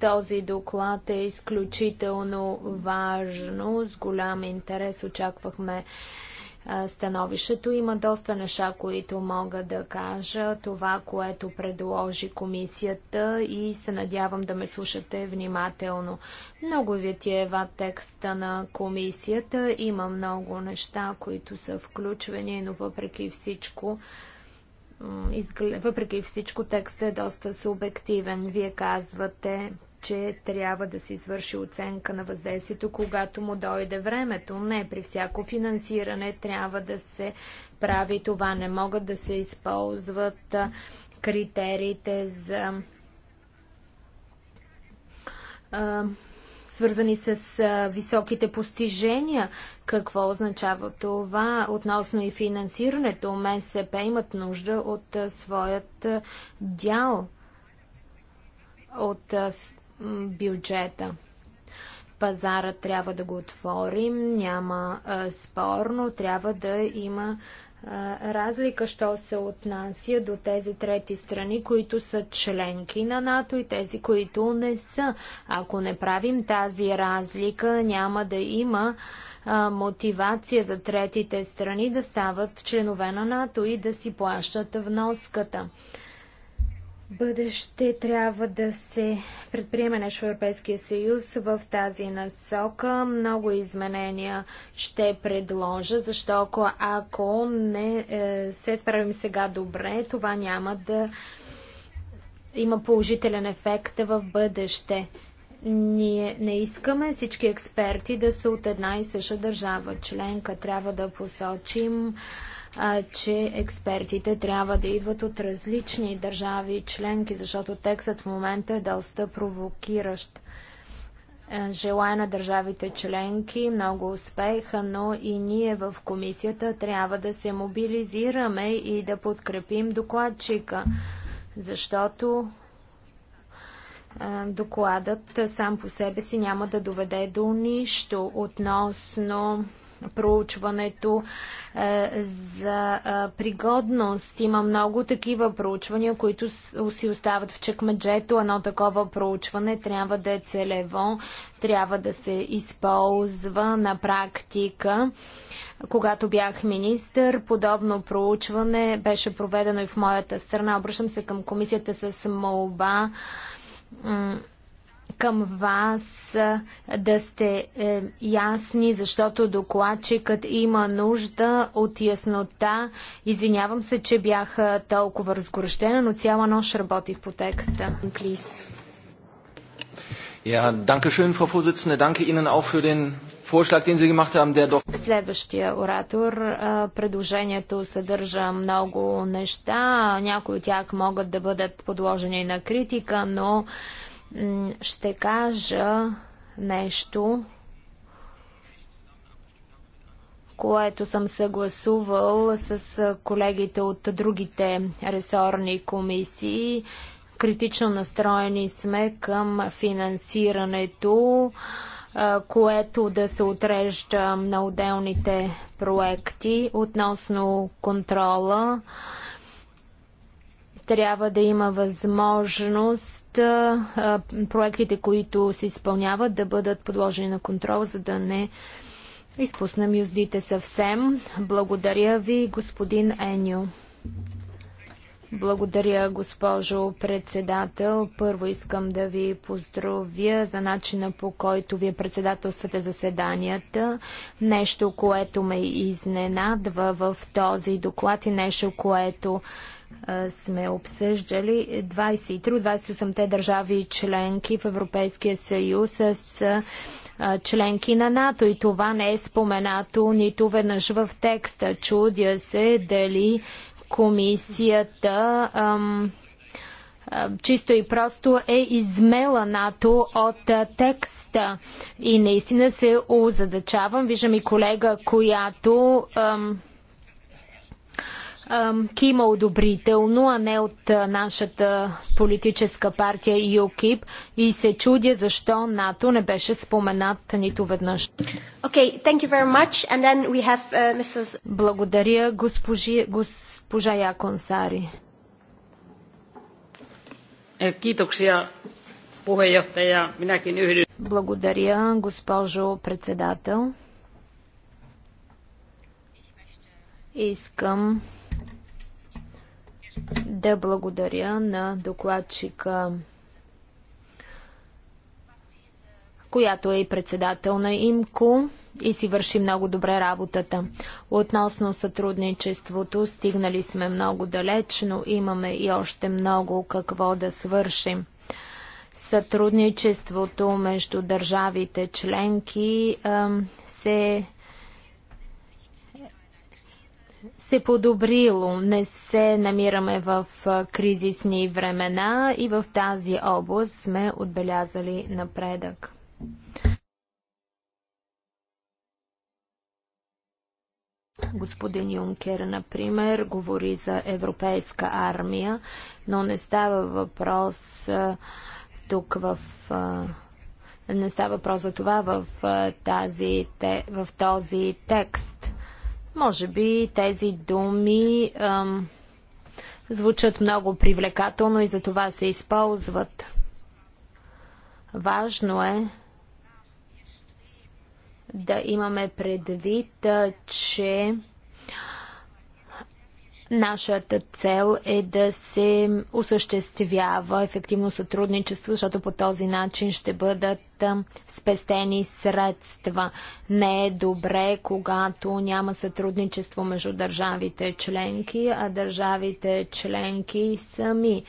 Този доклад е изключително важно. С голям интерес очаквахме становището. Има доста неща, които мога да кажа. Това, което предложи комисията и се надявам да ме слушате внимателно. Много витиева текста на комисията. Има много неща, които са включвани, но въпреки всичко въпреки всичко текстът е доста субективен. Вие казвате, че трябва да се извърши оценка на въздействието, когато му дойде времето. Не, при всяко финансиране трябва да се прави това. Не могат да се използват критериите за свързани с а, високите постижения. Какво означава това относно и финансирането? МСП имат нужда от а, своят дял от бюджета. Пазара трябва да го отворим, няма а, спор, но трябва да има а, разлика, що се отнася до тези трети страни, които са членки на НАТО и тези, които не са. Ако не правим тази разлика, няма да има а, мотивация за третите страни да стават членове на НАТО и да си плащат вноската бъдеще трябва да се предприеме нещо в Европейския съюз в тази насока. Много изменения ще предложа, защото ако не е, се справим сега добре, това няма да има положителен ефект в бъдеще. Ние не искаме всички експерти да са от една и съща държава членка. Трябва да посочим че експертите трябва да идват от различни държави членки, защото текстът в момента е доста провокиращ. Желая на държавите членки много успеха, но и ние в комисията трябва да се мобилизираме и да подкрепим докладчика, защото докладът сам по себе си няма да доведе до нищо относно проучването е, за е, пригодност. Има много такива проучвания, които си остават в чекмеджето. Едно такова проучване трябва да е целево, трябва да се използва на практика. Когато бях министър, подобно проучване беше проведено и в моята страна. Обръщам се към комисията с молба към вас да сте е, ясни, защото докладчикът има нужда от яснота. Извинявам се, че бях толкова разгорещена, но цяла нощ работих по текста. Ja, danke schön, Frau Vorsitzende. Danke Ihnen auch für den Vorschlag, den Sie gemacht haben, der doch... Следващия оратор. Предложението съдържа много неща. Някои от тях могат да бъдат подложени на критика, но ще кажа нещо, което съм съгласувал с колегите от другите ресорни комисии. Критично настроени сме към финансирането, което да се отрежда на отделните проекти относно контрола трябва да има възможност проектите, които се изпълняват, да бъдат подложени на контрол, за да не изпуснем юздите съвсем. Благодаря ви, господин Еню. Благодаря, госпожо председател. Първо искам да ви поздравя за начина по който вие председателствате заседанията. Нещо, което ме изненадва в този доклад и нещо, което сме обсъждали. 23-28-те държави членки в Европейския съюз с членки на НАТО и това не е споменато нито веднъж в текста. Чудя се дали комисията ам, чисто и просто е измела НАТО от текста. И наистина се озадачавам. Виждам и колега, която ам, кима е одобрително, а не от нашата политическа партия ЮКИП и се чудя защо НАТО не беше споменат нито веднъж. Okay, thank you very much. And then we have, uh, Mrs... Благодаря госпожи, госпожа Яконсари. Kiitoksia puheenjohtaja. Minäkin yhdyn. Благодаря, госпожо председател. Искам да благодаря на докладчика, която е и председател на ИМКО и си върши много добре работата. Относно сътрудничеството стигнали сме много далеч, но имаме и още много какво да свършим. Сътрудничеството между държавите членки се се подобрило. Не се намираме в кризисни времена и в тази област сме отбелязали напредък. Господин Юнкер, например, говори за европейска армия, но не става въпрос тук в не става въпрос за това в, тази, в този текст. Може би тези думи ам, звучат много привлекателно и за това се използват. Важно е да имаме предвид, че Нашата цел е да се осъществява ефективно сътрудничество, защото по този начин ще бъдат спестени средства. Не е добре, когато няма сътрудничество между държавите членки, а държавите членки сами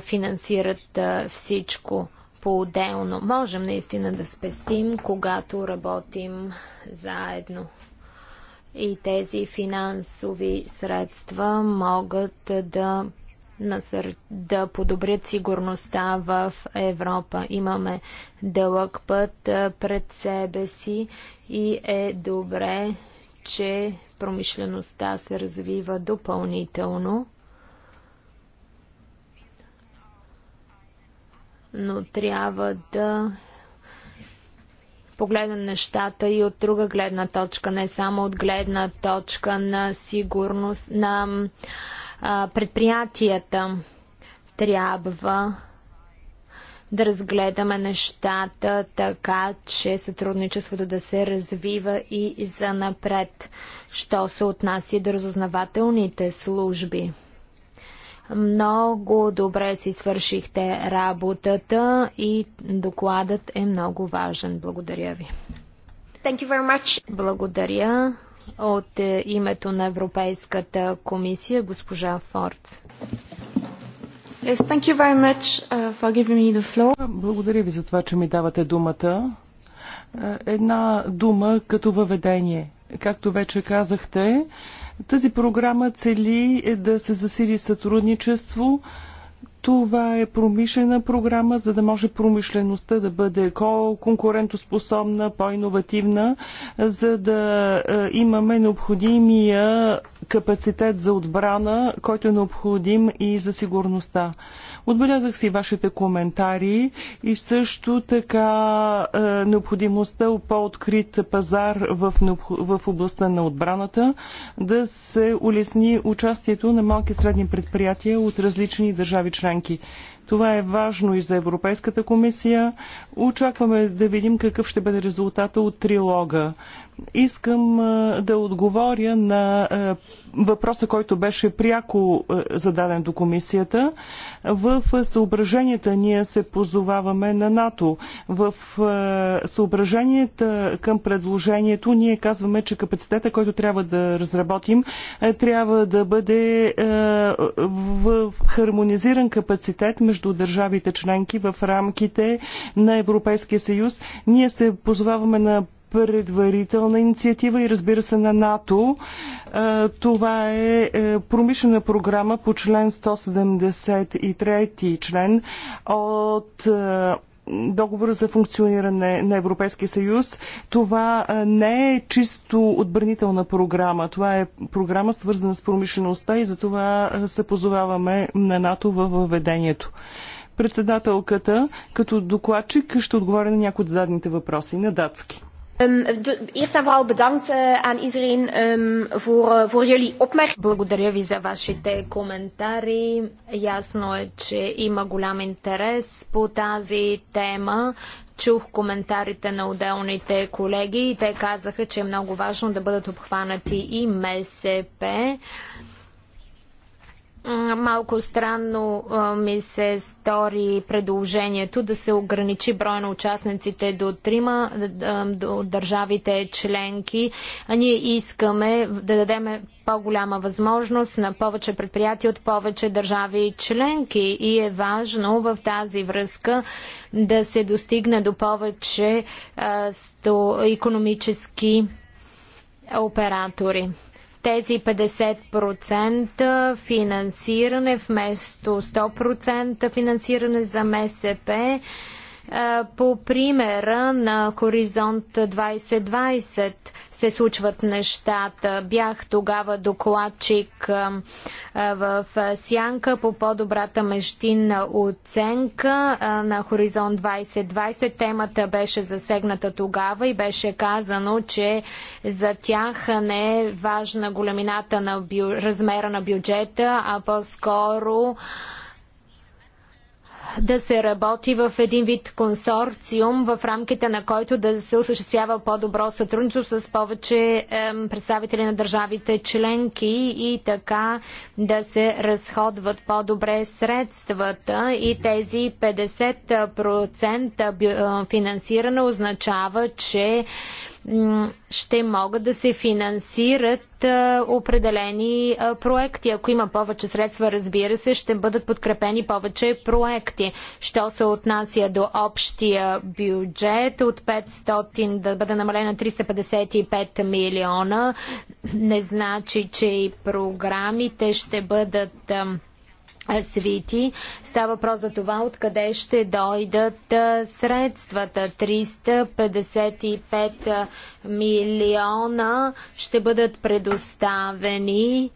финансират всичко по-отделно. Можем наистина да спестим, когато работим заедно и тези финансови средства могат да, насър... да подобрят сигурността в Европа. Имаме дълъг път пред себе си и е добре, че промишлеността се развива допълнително. Но трябва да погледнем нещата и от друга гледна точка, не само от гледна точка на сигурност на а, предприятията. Трябва да разгледаме нещата така, че сътрудничеството да се развива и за напред, що се отнася до разузнавателните служби. Много добре си свършихте работата и докладът е много важен. Благодаря ви. Thank you very much. Благодаря от е, името на Европейската комисия госпожа Форд. Yes, thank you very much uh, for giving me the floor. Благодаря ви за това, че ми давате думата. Е, една дума като въведение. Както вече казахте, тази програма цели е, да се засили сътрудничество. Това е промишлена програма, за да може промишлеността да бъде конкурентоспособна, по-инновативна, за да е, имаме необходимия капацитет за отбрана, който е необходим и за сигурността. Отбелязах си вашите коментари и също така е, необходимостта от по-открит пазар в, в областта на отбраната, да се улесни участието на малки и средни предприятия от различни държави членки. Това е важно и за Европейската комисия. Очакваме да видим какъв ще бъде резултата от трилога. Искам да отговоря на въпроса, който беше пряко зададен до комисията. В съображенията ние се позоваваме на НАТО. В съображенията към предложението ние казваме, че капацитета, който трябва да разработим, трябва да бъде в хармонизиран капацитет между държавите членки в рамките на Европейския съюз. Ние се позоваваме на предварителна инициатива и разбира се на НАТО. Е, това е, е промишлена програма по член 173 член от е, договор за функциониране на Европейския съюз. Това не е чисто отбранителна програма. Това е програма свързана с промишлеността и за това се позоваваме на НАТО във въведението. Председателката, като докладчик, ще отговаря на някои от зададените въпроси на датски. Ehm, eerst en vooral bedankt eh, aan iedereen ehm, eh, voor jullie Благодаря ви за вашите коментари. Ясно е, че има голям интерес по тази тема. Чух коментарите на отделните колеги и те казаха, че е много важно да бъдат обхванати и МСП. Малко странно ми се стори предложението да се ограничи брой на участниците до трима, до държавите членки. А ние искаме да дадем по-голяма възможност на повече предприятия от повече държави членки и е важно в тази връзка да се достигне до повече а, сто економически оператори тези 50% финансиране вместо 100% финансиране за МСП е, по примера на Хоризонт 2020 се случват нещата. Бях тогава докладчик е, е, в Сянка по по-добрата мещинна оценка на Хоризонт 2020. Темата беше засегната тогава и беше казано, че за тях не е важна големината на бю... размера на бюджета, а по-скоро да се работи в един вид консорциум, в рамките на който да се осъществява по-добро сътрудничество с повече представители на държавите членки и така да се разходват по-добре средствата и тези 50% е, финансиране означава, че ще могат да се финансират определени проекти. Ако има повече средства, разбира се, ще бъдат подкрепени повече проекти. Що се отнася до общия бюджет от 500 да бъде намален на 355 милиона, не значи, че и програмите ще бъдат свити. Става въпрос за това откъде ще дойдат средствата. 355 милиона ще бъдат предоставени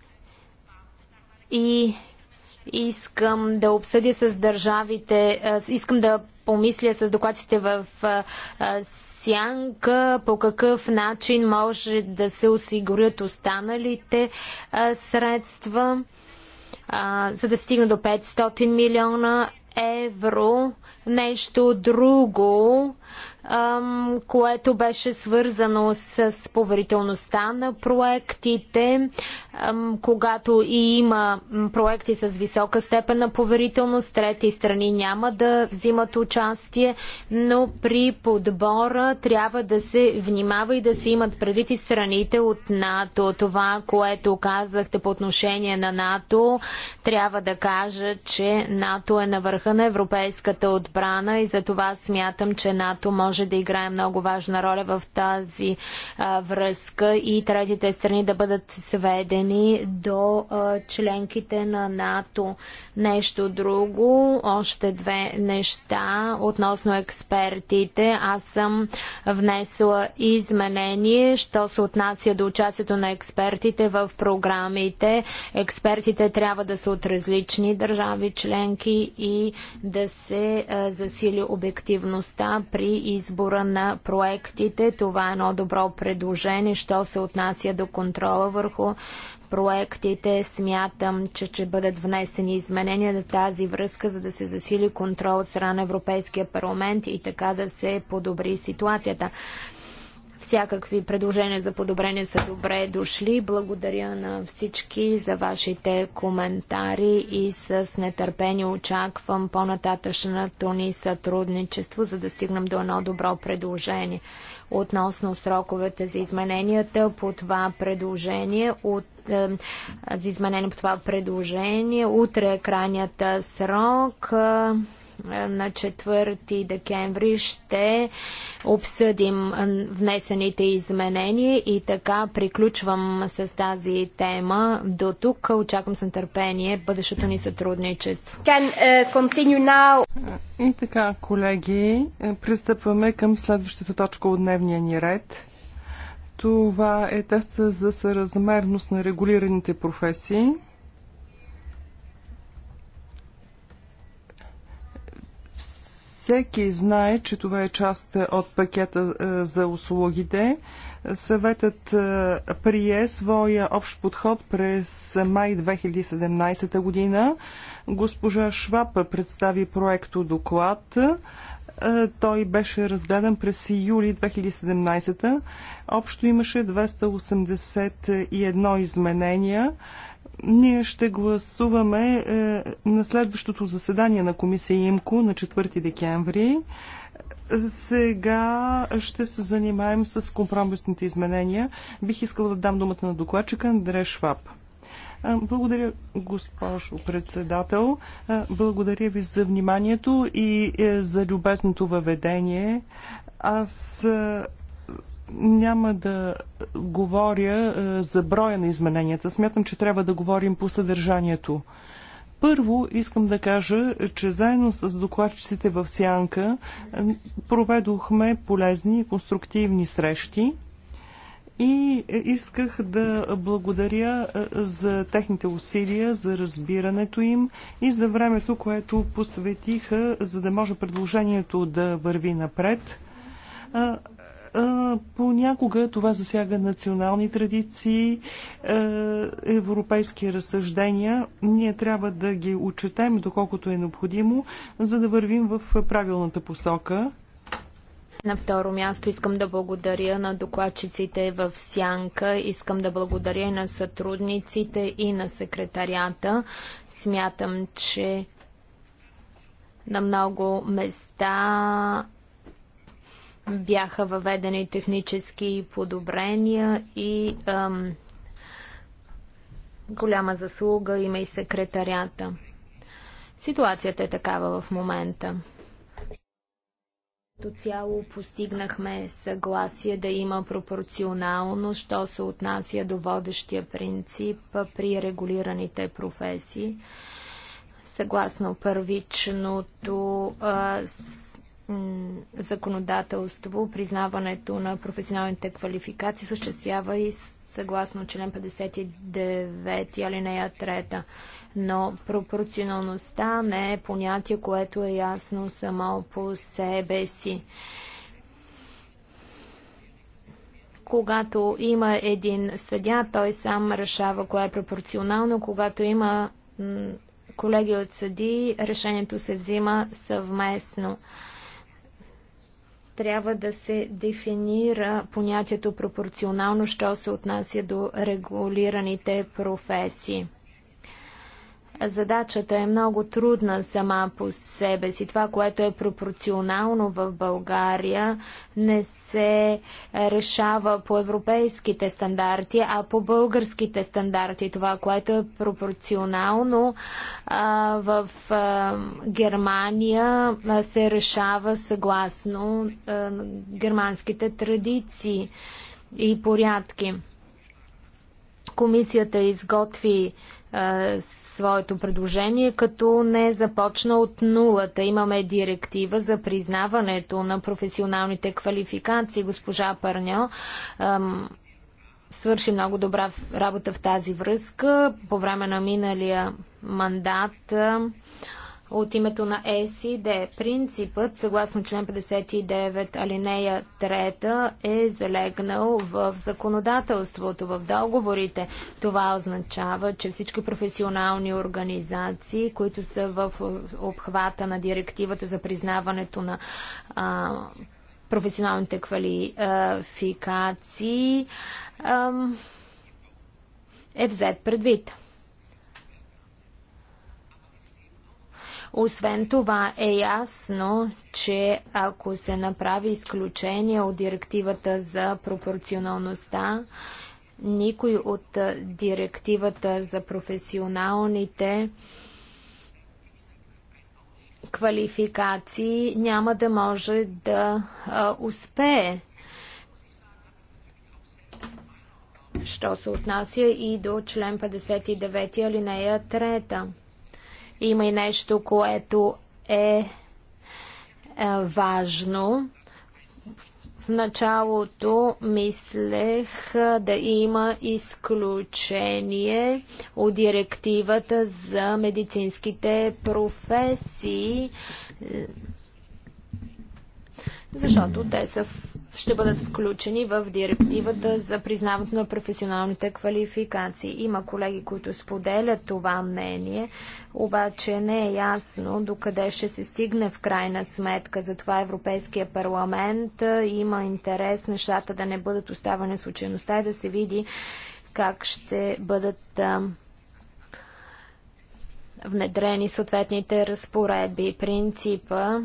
и искам да обсъдя с държавите, искам да помисля с докладите в сянка, по какъв начин може да се осигурят останалите средства за да стигне до 500 милиона евро. Нещо друго, което беше свързано с поверителността на проектите. Когато и има проекти с висока степен на поверителност, трети страни няма да взимат участие, но при подбора трябва да се внимава и да се имат предвид и страните от НАТО. Това, което казахте по отношение на НАТО, трябва да кажа, че НАТО е на върха на европейската отбрана и за това смятам, че НАТО може може да играе много важна роля в тази а, връзка и третите страни да бъдат сведени до а, членките на НАТО. Нещо друго, още две неща относно експертите. Аз съм внесла изменение, що се отнася до участието на експертите в програмите. Експертите трябва да са от различни държави членки и да се а, засили обективността при избора на проектите. Това е едно добро предложение, що се отнася до контрола върху проектите. Смятам, че ще бъдат внесени изменения на тази връзка, за да се засили контрол от страна на Европейския парламент и така да се подобри ситуацията. Всякакви предложения за подобрение са добре дошли. Благодаря на всички за вашите коментари и с нетърпение очаквам по-нататъчното ни сътрудничество, за да стигнем до едно добро предложение. Относно сроковете за измененията по това предложение от за изменение по това предложение. Утре е крайният срок. Е, на 4 декември ще обсъдим внесените изменения и така приключвам с тази тема до тук. Очаквам с нетърпение бъдещото ни сътрудничество. Е, и така, колеги, е, пристъпваме към следващата точка от дневния ни ред. Това е теста за съразмерност на регулираните професии. Всеки знае, че това е част от пакета е, за услугите. Съветът е, прие своя общ подход през май 2017 година. Госпожа Шваб представи проекто доклад. Е, той беше разгледан през юли 2017. Общо имаше 281 изменения. Ние ще гласуваме е, на следващото заседание на комисия ИМКО на 4 декември. Сега ще се занимаем с компромисните изменения. Бих искала да дам думата на докладчика Андре Шваб. Е, благодаря, госпожо председател. Е, благодаря ви за вниманието и за любезното въведение. Аз няма да говоря е, за броя на измененията. Смятам, че трябва да говорим по съдържанието. Първо искам да кажа, че заедно с докладчиците в Сянка е, проведохме полезни и конструктивни срещи и е, исках да благодаря за техните усилия, за разбирането им и за времето, което посветиха, за да може предложението да върви напред. Понякога това засяга национални традиции, европейски разсъждения. Ние трябва да ги отчетем доколкото е необходимо, за да вървим в правилната посока. На второ място искам да благодаря на докладчиците в Сянка, искам да благодаря и на сътрудниците и на секретарията. Смятам, че на много места бяха въведени технически подобрения и ам, голяма заслуга има и секретарята. Ситуацията е такава в момента. Като цяло постигнахме съгласие да има пропорционално, що се отнася до водещия принцип при регулираните професии. Съгласно първичното а, с законодателство, признаването на професионалните квалификации съществява и съгласно член 59 алинея 3. Но пропорционалността не е понятие, което е ясно само по себе си. Когато има един съдя, той сам решава кое е пропорционално. Когато има колеги от съди, решението се взима съвместно трябва да се дефинира понятието пропорционално, що се отнася до регулираните професии. Задачата е много трудна сама по себе си. Това, което е пропорционално в България, не се решава по европейските стандарти, а по българските стандарти. Това, което е пропорционално в Германия, се решава съгласно германските традиции и порядки. Комисията изготви своето предложение, като не започна от нулата. Имаме директива за признаването на професионалните квалификации. Госпожа Парньо свърши много добра работа в тази връзка. По време на миналия мандат от името на ЕСИД. Принципът, съгласно член 59 алинея 3, е залегнал в законодателството, в договорите. Това означава, че всички професионални организации, които са в обхвата на директивата за признаването на а, професионалните квалификации, а, е взет предвид. Освен това е ясно, че ако се направи изключение от директивата за пропорционалността, никой от директивата за професионалните квалификации няма да може да успее. Що се отнася и до член 59 алинея 3. Има и нещо, което е, е важно. В началото мислех да има изключение от директивата за медицинските професии, е, защото те са в ще бъдат включени в директивата за признаването на професионалните квалификации. Има колеги, които споделят това мнение, обаче не е ясно докъде ще се стигне в крайна сметка. Затова Европейския парламент има интерес нещата да не бъдат оставани случайността и да се види как ще бъдат внедрени съответните разпоредби. Принципа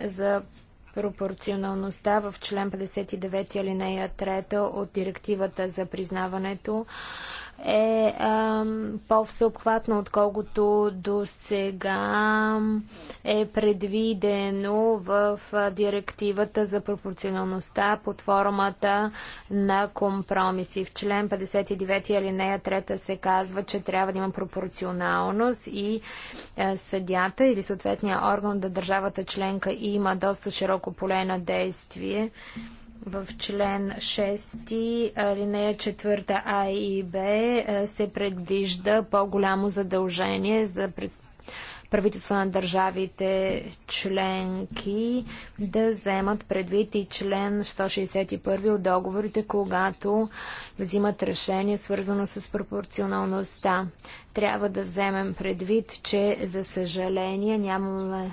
за пропорционалността в член 59 алинея 3 от директивата за признаването е по-всеобхватно, отколкото до сега е предвидено в директивата за пропорционалността под формата на компромиси. В член 59 алинея 3 се казва, че трябва да има пропорционалност и съдята или съответния орган да държавата членка има доста широко поле на действие. Mm-hmm в член 6, алинея 4 А и Б е, се предвижда по-голямо задължение за правителства на държавите членки да вземат предвид и член 161 от договорите, когато взимат решение свързано с пропорционалността. Трябва да вземем предвид, че за съжаление нямаме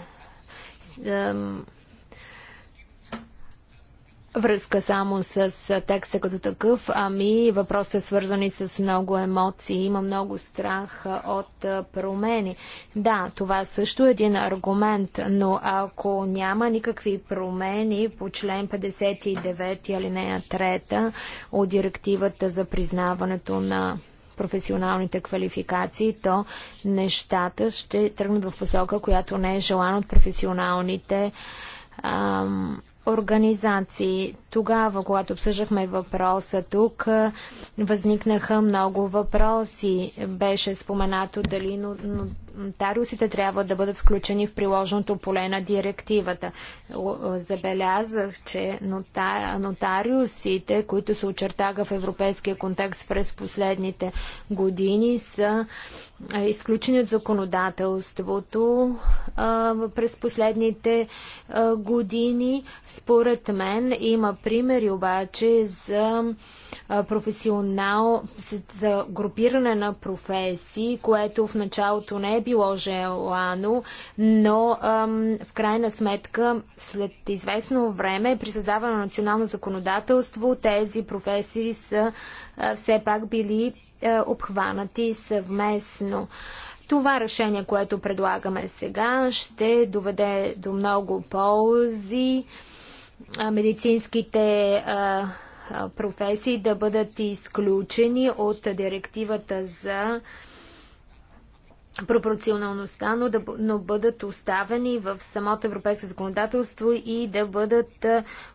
връзка само с текста като такъв, ами въпросът свързан свързани с много емоции. Има много страх от промени. Да, това също е един аргумент, но ако няма никакви промени по член 59 алинея 3 от директивата за признаването на професионалните квалификации, то нещата ще тръгнат в посока, която не е желана от професионалните ам, организации. Тогава, когато обсъждахме въпроса тук, възникнаха много въпроси. Беше споменато дали нотариусите трябва да бъдат включени в приложеното поле на директивата. Забелязах, че нотариусите, които се очертаха в европейския контекст през последните години, са изключени от законодателството през последните години. Според мен има примери обаче за професионал, за групиране на професии, което в началото не е било желано, но ам, в крайна сметка след известно време при създаване на национално законодателство тези професии са а, все пак били а, обхванати съвместно. Това решение, което предлагаме сега, ще доведе до много ползи. А, медицинските а, професии да бъдат изключени от директивата за пропорционалността, но, да, но бъдат оставени в самото европейско законодателство и да бъдат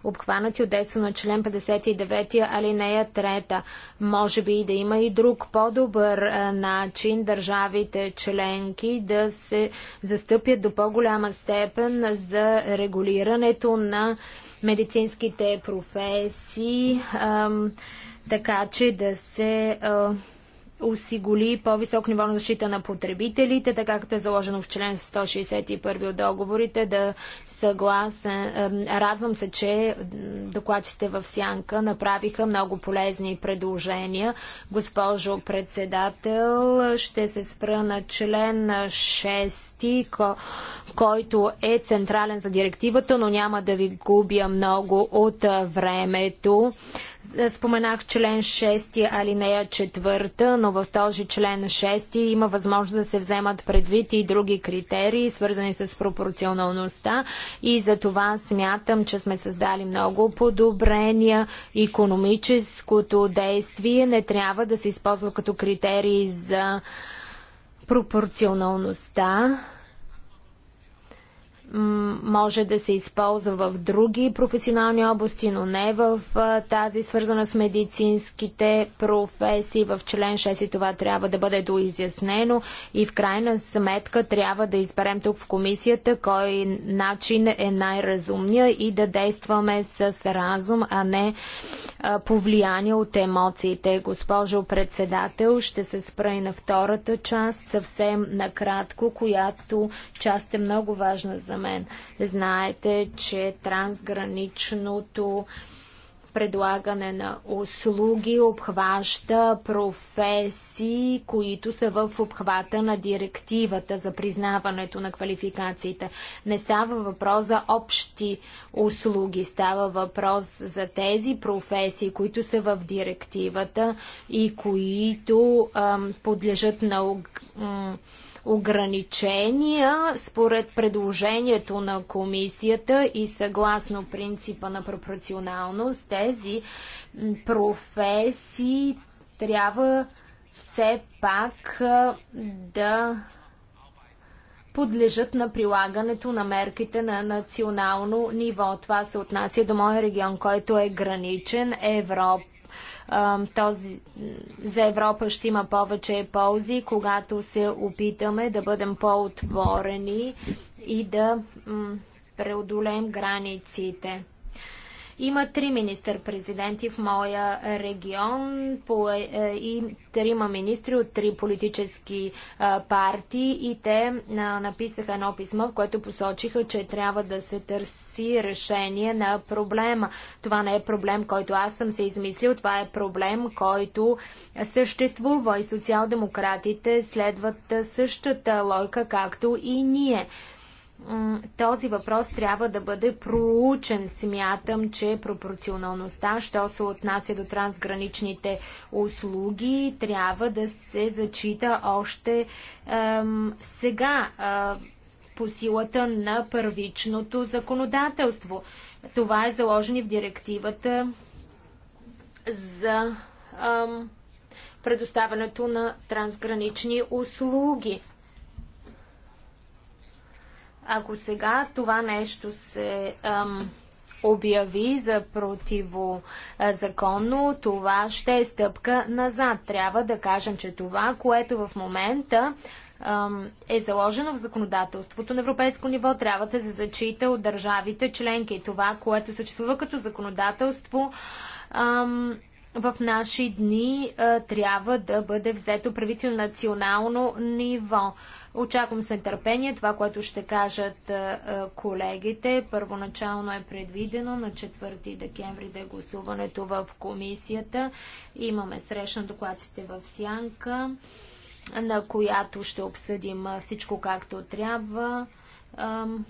обхванати от действо на член 59 алинея 3. Може би да има и друг по-добър начин държавите членки да се застъпят до по-голяма степен за регулирането на медицинските професии, така че да се осигури по-висок ниво на защита на потребителите, така както е заложено в член 161 от договорите, да съгласен. Радвам се, че докладчите в Сянка направиха много полезни предложения. Госпожо председател, ще се спра на член 6, който е централен за директивата, но няма да ви губя много от времето. Споменах член 6 алинея 4, но в този член 6 има възможност да се вземат предвид и други критерии, свързани с пропорционалността и за това смятам, че сме създали много подобрения. Економическото действие не трябва да се използва като критерии за пропорционалността може да се използва в други професионални области, но не в тази свързана с медицинските професии. В член 6 и това трябва да бъде доизяснено и в крайна сметка трябва да изберем тук в комисията кой начин е най-разумния и да действаме с разум, а не повлияние от емоциите. Госпожо председател, ще се спра и на втората част съвсем накратко, която част е много важна за мен мен. Знаете, че трансграничното предлагане на услуги обхваща професии, които са в обхвата на директивата за признаването на квалификациите. Не става въпрос за общи услуги, става въпрос за тези професии, които са в директивата и които ам, подлежат на ам, ограничения според предложението на комисията и съгласно принципа на пропорционалност. Тези професии трябва все пак да подлежат на прилагането на мерките на национално ниво. Това се отнася до моя регион, който е граничен Европа този, за Европа ще има повече ползи, когато се опитаме да бъдем по-отворени и да преодолеем границите. Има три министър-президенти в моя регион по, е, е, и трима министри от три политически е, партии и те написаха едно писмо, в което посочиха, че трябва да се търси решение на проблема. Това не е проблем, който аз съм се измислил, това е проблем, който съществува и социал-демократите следват същата лойка, както и ние този въпрос трябва да бъде проучен. Смятам, че пропорционалността, що се отнася до трансграничните услуги, трябва да се зачита още ем, сега е, по силата на първичното законодателство. Това е заложено в директивата за ем, предоставянето на трансгранични услуги. Ако сега това нещо се ам, обяви за противозаконно, това ще е стъпка назад. Трябва да кажем, че това, което в момента е заложено в законодателството на европейско ниво, трябва да се зачита от държавите членки. Това, което съществува като законодателство в наши дни, трябва да бъде взето правително национално ниво. Очаквам с нетърпение това, което ще кажат колегите. Първоначално е предвидено на 4 декември да е гласуването в комисията. Имаме срещна докладчите в Сянка, на която ще обсъдим всичко както трябва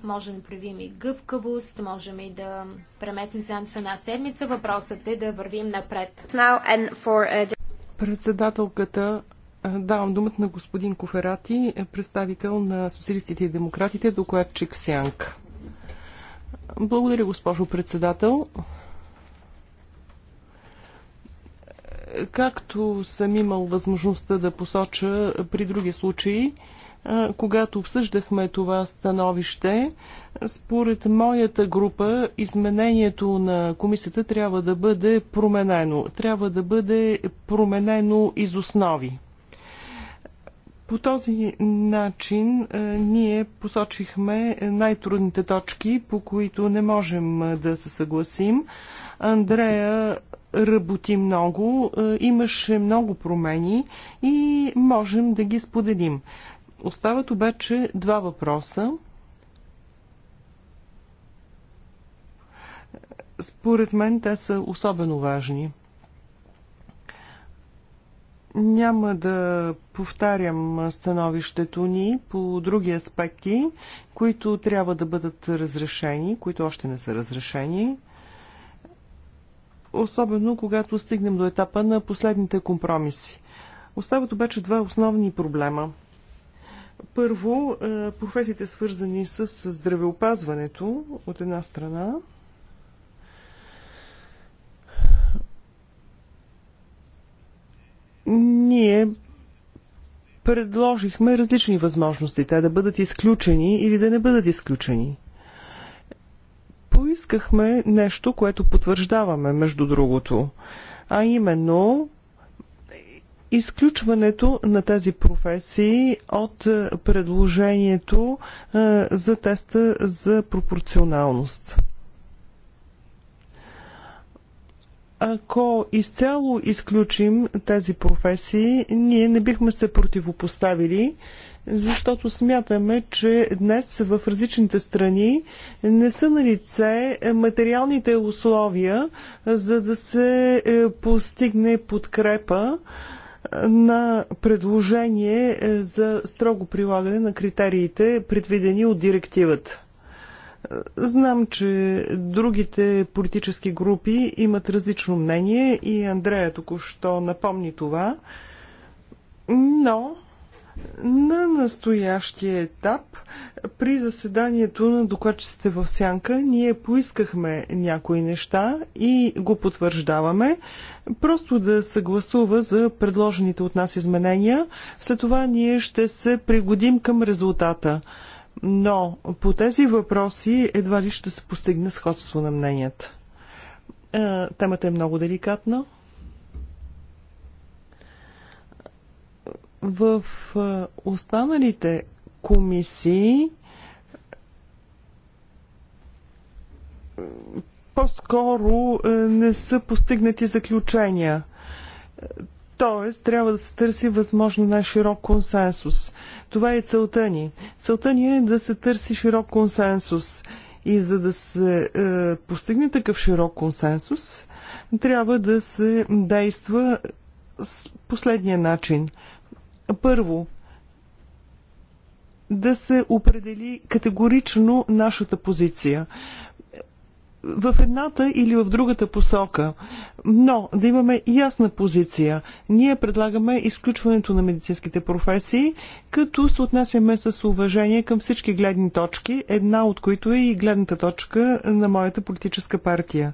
можем да проявим и гъвкавост, можем и да преместим се с една седмица. Въпросът е да вървим напред. Uh, Председателката Давам думата на господин Коферати, представител на социалистите и демократите, докладчик Сянка. Благодаря, госпожо председател. Както съм имал възможността да посоча при други случаи, когато обсъждахме това становище, според моята група изменението на комисията трябва да бъде променено. Трябва да бъде променено из основи. По този начин е, ние посочихме най-трудните точки, по които не можем е, да се съгласим. Андрея работи много, е, имаше много промени и можем да ги споделим. Остават обаче два въпроса. Според мен те са особено важни. Няма да повтарям становището ни по други аспекти, които трябва да бъдат разрешени, които още не са разрешени. Особено когато стигнем до етапа на последните компромиси. Остават обаче два основни проблема. Първо, е, професиите свързани с здравеопазването от една страна – ние предложихме различни възможности. Те да бъдат изключени или да не бъдат изключени. Поискахме нещо, което потвърждаваме, между другото. А именно изключването на тези професии от предложението за теста за пропорционалност. Ако изцяло изключим тези професии, ние не бихме се противопоставили, защото смятаме, че днес в различните страни не са на лице материалните условия, за да се е, постигне подкрепа е, на предложение е, за строго прилагане на критериите, предвидени от директивата. Знам, че другите политически групи имат различно мнение и Андрея току-що напомни това, но на настоящия етап при заседанието на докладчиците в Сянка ние поискахме някои неща и го потвърждаваме. Просто да се гласува за предложените от нас изменения. След това ние ще се пригодим към резултата но по тези въпроси едва ли ще се постигне сходство на мненията. Е, темата е много деликатна. В е, останалите комисии е, по-скоро не са постигнати заключения. Тоест, трябва да се търси възможно най-широк консенсус. Това е целта ни. Целта ни е да се търси широк консенсус. И за да се е, постигне такъв широк консенсус, трябва да се действа с последния начин. Първо, да се определи категорично нашата позиция в едната или в другата посока. Но да имаме ясна позиция. Ние предлагаме изключването на медицинските професии, като се отнасяме с уважение към всички гледни точки, една от които е и гледната точка на моята политическа партия.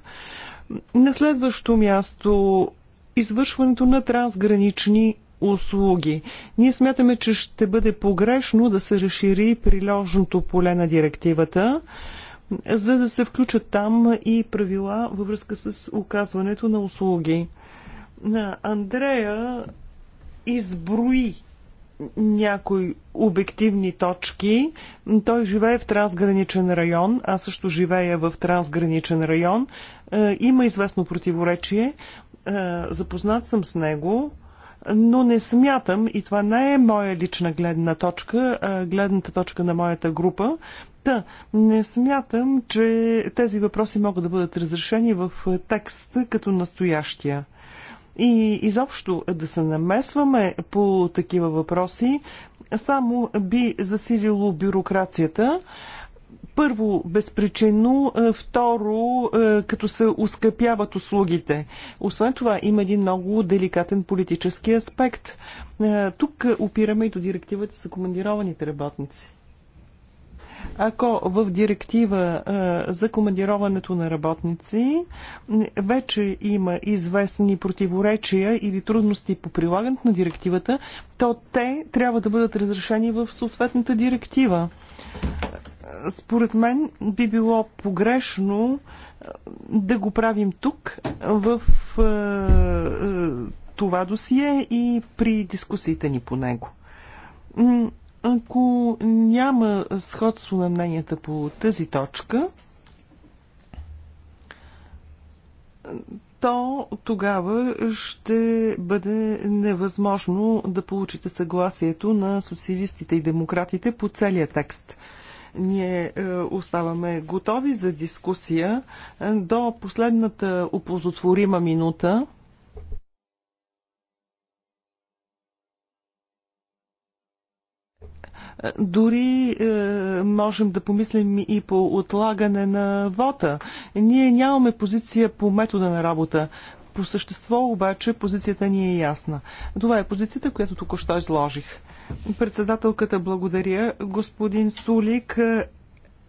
На следващо място извършването на трансгранични услуги. Ние смятаме, че ще бъде погрешно да се разшири приложното поле на директивата за да се включат там и правила във връзка с оказването на услуги. Андрея изброи някои обективни точки. Той живее в трансграничен район, аз също живея в трансграничен район. Има известно противоречие. Запознат съм с него, но не смятам, и това не е моя лична гледна точка, гледната точка на моята група, Та, не смятам, че тези въпроси могат да бъдат разрешени в е, текст като настоящия. И изобщо да се намесваме по такива въпроси само би засилило бюрокрацията. Първо, безпричинно. Е, второ, е, като се ускъпяват услугите. Освен това, има един много деликатен политически аспект. Тук опираме и до директивата за командированите работници. Ако в директива за командироването на работници вече има известни противоречия или трудности по прилагането на директивата, то те трябва да бъдат разрешени в съответната директива. Според мен би било погрешно да го правим тук в това досие и при дискусиите ни по него. Ако няма сходство на мненията по тази точка, то тогава ще бъде невъзможно да получите съгласието на социалистите и демократите по целия текст. Ние е, оставаме готови за дискусия до последната опозотворима минута. Дори е, можем да помислим и по отлагане на вота. Ние нямаме позиция по метода на работа. По същество обаче позицията ни е ясна. Това е позицията, която току-що изложих. Председателката благодаря. Господин Сулик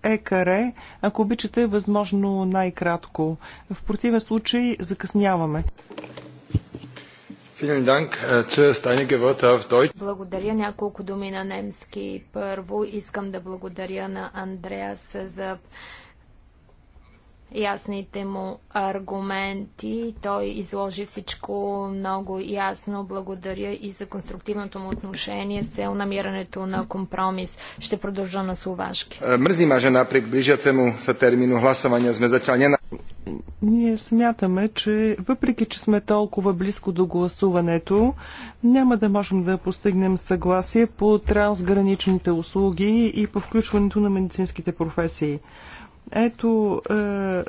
екаре, ако обичате, възможно най-кратко. В противен случай закъсняваме. Äh, благодаря няколко думи на немски. Първо искам да благодаря на Андреас за ясните му аргументи. Той изложи всичко много ясно. Благодаря и за конструктивното му отношение с цел намирането на компромис. Ще продължа на словашки. Е, Мързи ма, че напрек ближацему са термину гласования сме зачанена. Ние смятаме, че въпреки, че сме толкова близко до гласуването, няма да можем да постигнем съгласие по трансграничните услуги и по включването на медицинските професии. Ето е,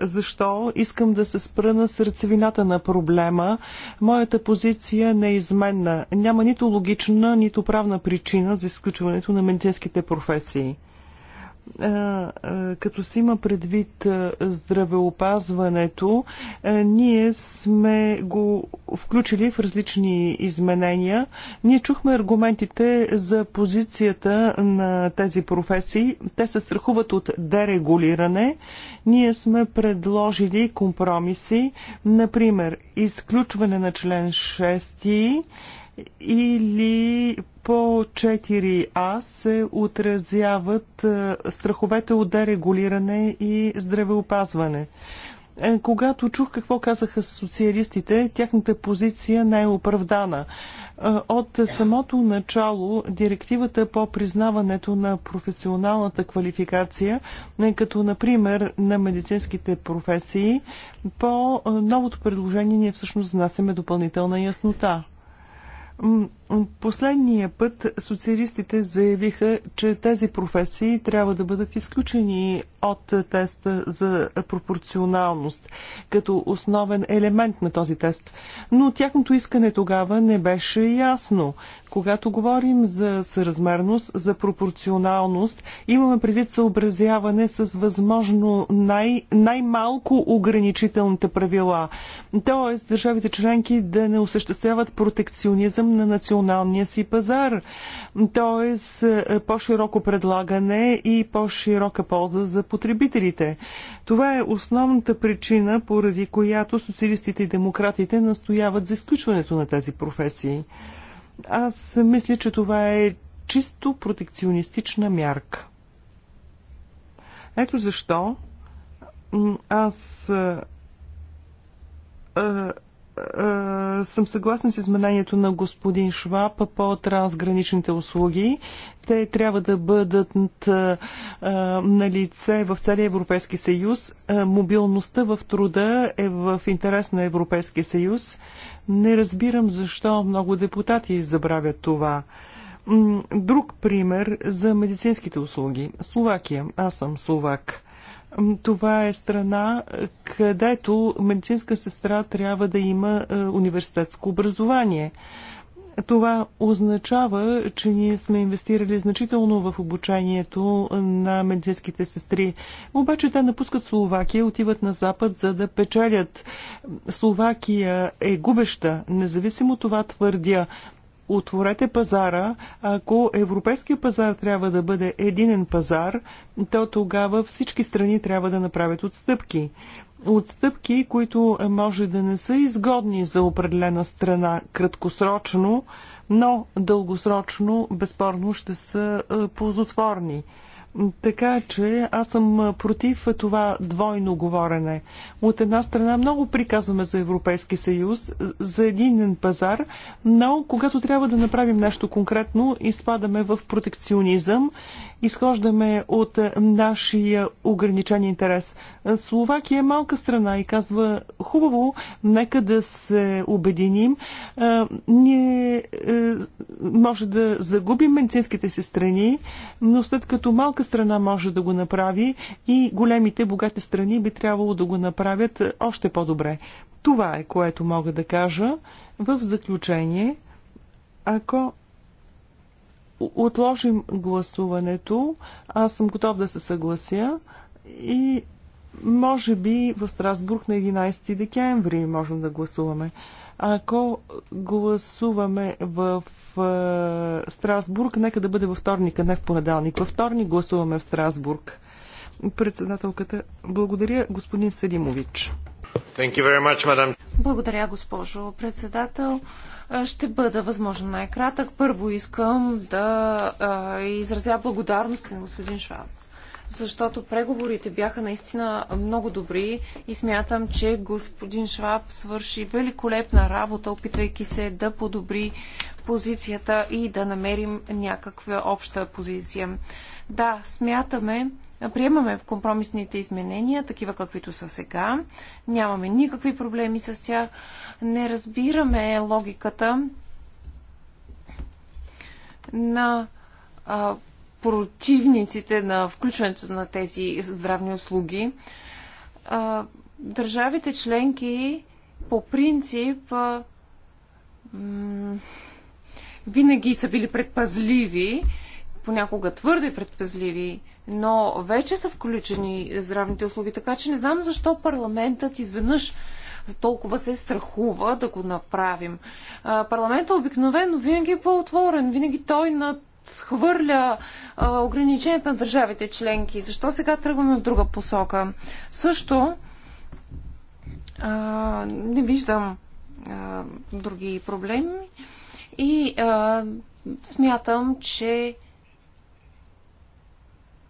защо искам да се спра на сърцевината на проблема. Моята позиция не е изменна. Няма нито логична, нито правна причина за изключването на медицинските професии. Е, е, като се има предвид е, здравеопазването, ние сме го включили в различни изменения. Ние чухме аргументите за позицията на тези професии. Те се страхуват от дерегулиране. Ние сме предложили компромиси, например, изключване на член 6 или по 4А се отразяват е, страховете от дерегулиране и здравеопазване. Е, когато чух какво казаха социалистите, тяхната позиция не е оправдана. Е, от самото начало директивата по признаването на професионалната квалификация, като например на медицинските професии, по новото предложение ние всъщност внасяме допълнителна яснота. Последния път социалистите заявиха, че тези професии трябва да бъдат изключени от теста за пропорционалност като основен елемент на този тест. Но тяхното искане тогава не беше ясно. Когато говорим за съразмерност, за пропорционалност, имаме предвид съобразяване с възможно най- най-малко ограничителните правила. Тоест, държавите членки да не осъществяват протекционизъм на националната националния си пазар. Тоест е, по-широко предлагане и по-широка полза за потребителите. Това е основната причина, поради която социалистите и демократите настояват за изключването на тези професии. Аз мисля, че това е чисто протекционистична мярка. Ето защо аз а, е, а, е, е, съм съгласна с изменението на господин Шваб по трансграничните услуги. Те трябва да бъдат е, е, на лице в целия Европейски съюз. мобилността в труда е в интерес на Европейския съюз. Не разбирам защо много депутати забравят това. Друг пример за медицинските услуги. Словакия. Аз съм словак. Това е страна, е, където медицинска сестра трябва да има е, университетско образование. Това означава, че ние сме инвестирали значително в обучението на медицинските сестри. Обаче те напускат Словакия, отиват на Запад, за да печелят. Словакия е губеща, независимо това твърдя отворете пазара. Ако европейския пазар трябва да бъде единен пазар, то тогава всички страни трябва да направят отстъпки. Отстъпки, които може да не са изгодни за определена страна краткосрочно, но дългосрочно безспорно ще са е, ползотворни. Така че аз съм против това двойно говорене. От една страна много приказваме за Европейски съюз, за единен пазар, но когато трябва да направим нещо конкретно, изпадаме в протекционизъм изхождаме от нашия ограничен интерес. Словакия е малка страна и казва, хубаво, нека да се обединим. Ние е, може да загубим медицинските си страни, но след като малка страна може да го направи и големите богати страни би трябвало да го направят още по-добре. Това е което мога да кажа. В заключение, ако отложим гласуването. Аз съм готов да се съглася и може би в Страсбург на 11 декември можем да гласуваме. Ако гласуваме в е, Страсбург, нека да бъде във вторник, а не в понеделник. Във вторник гласуваме в Страсбург. Председателката, благодаря господин Селимович. Благодаря, госпожо председател. Ще бъда възможно най-кратък. Първо искам да а, изразя благодарност на господин Шваб, защото преговорите бяха наистина много добри и смятам, че господин Шваб свърши великолепна работа, опитвайки се да подобри позицията и да намерим някаква обща позиция. Да, смятаме, Приемаме компромисните изменения, такива каквито са сега. Нямаме никакви проблеми с тях. Не разбираме логиката на а, противниците на включването на тези здравни услуги. А, държавите членки по принцип а, винаги са били предпазливи, понякога твърде предпазливи но вече са включени здравните услуги, така че не знам защо парламентът изведнъж толкова се страхува да го направим. Парламентът обикновено винаги е по-отворен, винаги той надхвърля ограниченията на държавите членки. Защо сега тръгваме в друга посока? Също а, не виждам а, други проблеми и а, смятам, че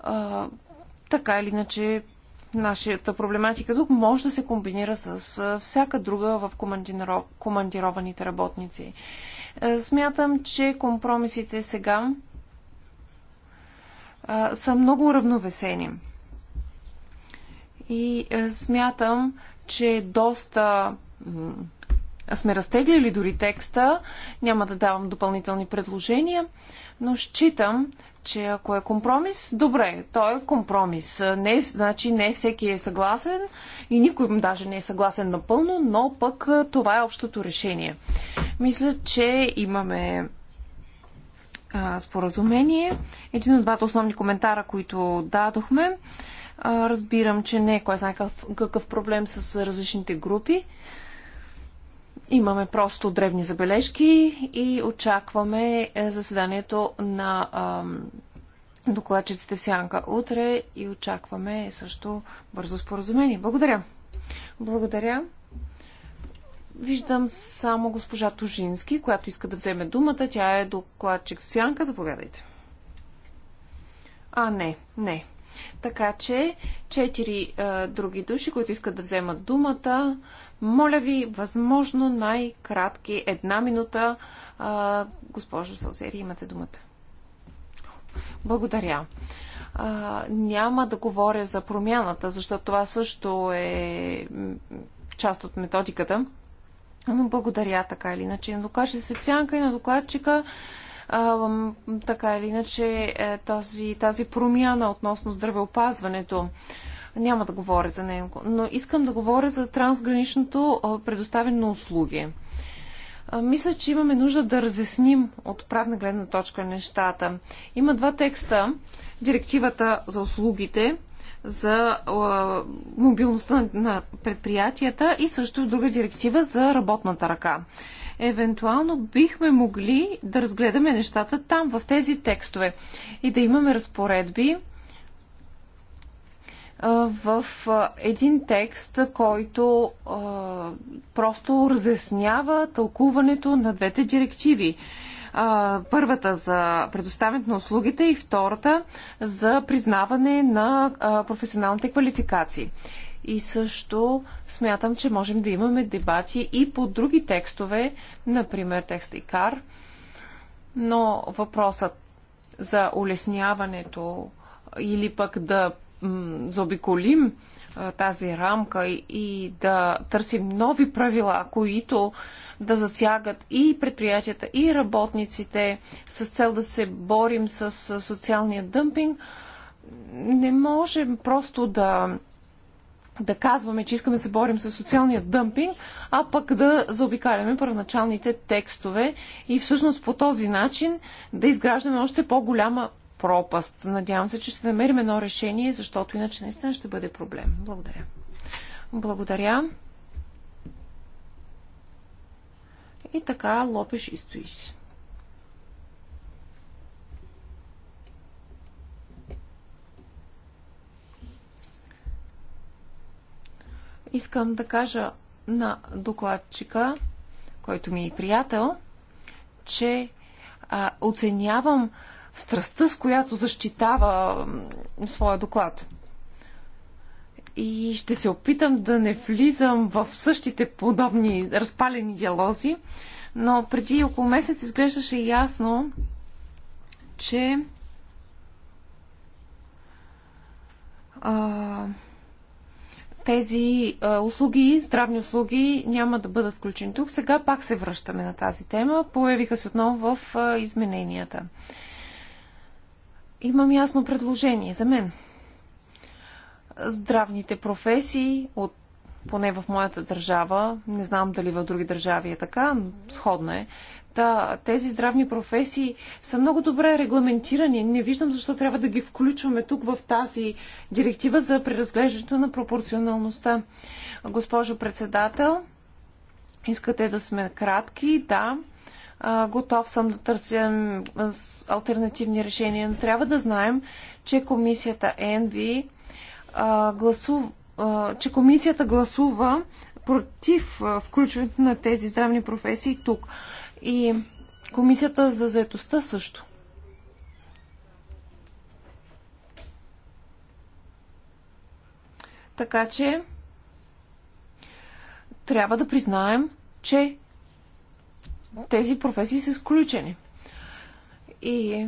а, така или иначе нашата проблематика тук може да се комбинира с всяка друга в командированите работници. Смятам, че компромисите сега а, са много уравновесени. И а, смятам, че доста сме разтеглили дори текста, няма да давам допълнителни предложения, но считам, че ако е компромис, добре, той е компромис. Не, значи не всеки е съгласен и никой даже не е съгласен напълно, но пък това е общото решение. Мисля, че имаме а, споразумение. Един от двата основни коментара, които дадохме, а, разбирам, че не е кой знае какъв, какъв проблем с различните групи. А, имаме просто древни забележки и очакваме е, заседанието на докладчиците в Сянка утре и очакваме също бързо споразумение. Благодаря. Благодаря. Виждам само госпожа Тожински, която иска да вземе думата. Тя е докладчик в Сянка. Заповядайте. А, не, не. Така че четири а, е, други души, които искат да вземат думата, моля ви, възможно най-кратки, една минута. А, е, госпожо Салзери, имате думата. Благодаря. А, е, няма да говоря за промяната, защото това също е част от методиката. Но благодаря така или иначе на се Севсянка и на докладчика а, така или иначе е, този, тази промяна относно здравеопазването. Няма да говоря за него, но искам да говоря за трансграничното предоставяне на услуги. Мисля, че имаме нужда да разясним от правна гледна точка нещата. Има два текста. Директивата за услугите, за мобилността на предприятията и също друга директива за работната ръка евентуално бихме могли да разгледаме нещата там, в тези текстове и да имаме разпоредби в един текст, който просто разяснява тълкуването на двете директиви. първата за предоставянето на услугите и втората за признаване на професионалните квалификации. И също смятам, че можем да имаме дебати и по други текстове, например текст ИКАР. Но въпросът за улесняването или пък да заобиколим тази рамка и да търсим нови правила, които да засягат и предприятията, и работниците с цел да се борим с социалния дъмпинг, не можем просто да да казваме, че искаме да се борим с социалния дъмпинг, а пък да заобикаляме първоначалните текстове и всъщност по този начин да изграждаме още по-голяма пропаст. Надявам се, че ще намерим едно решение, защото иначе наистина ще бъде проблем. Благодаря. Благодаря. И така, лопеш и стоиш. Искам да кажа на докладчика, който ми е приятел, че а, оценявам страстта, с която защитава своя доклад. И ще се опитам да не влизам в същите подобни разпалени диалози, но преди около месец изглеждаше ясно, че а, тези а, услуги, здравни услуги, няма да бъдат включени тук. Сега пак се връщаме на тази тема. Появиха се отново в а, измененията. Имам ясно предложение за мен. Здравните професии, от, поне в моята държава, не знам дали в други държави е така, сходно е, Та, тези здравни професии са много добре регламентирани. Не виждам защо трябва да ги включваме тук в тази директива за преразглеждането на пропорционалността. Госпожо председател, искате да сме кратки? Да. Готов съм да търсим альтернативни решения, но трябва да знаем, че комисията ЕНВИ гласува че комисията гласува против включването на тези здравни професии тук. И комисията за заетостта също. Така че трябва да признаем, че тези професии са изключени. И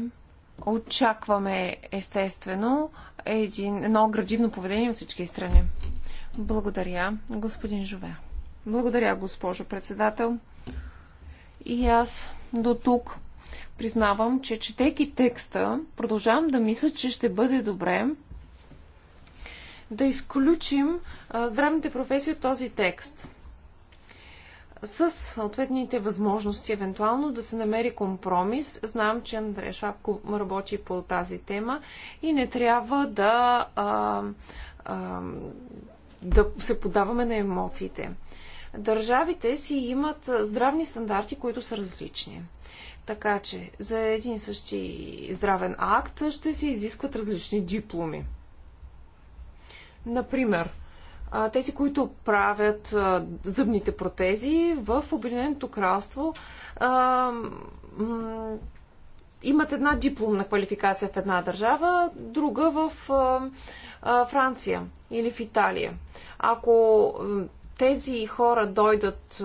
очакваме, естествено, един, едно градивно поведение от всички страни. Благодаря, господин Жове. Благодаря, госпожо председател. И аз до тук признавам, че четейки текста, продължавам да мисля, че ще бъде добре да изключим здравните професии от този текст. С съответните възможности, евентуално да се намери компромис. Знам, че Андрея Шапко работи по тази тема и не трябва да, а, а, да се подаваме на емоциите държавите си имат здравни стандарти, които са различни. Така че за един същи здравен акт ще се изискват различни дипломи. Например, тези, които правят зъбните протези в Обединеното кралство, имат една дипломна квалификация в една държава, друга в Франция или в Италия. Ако тези хора дойдат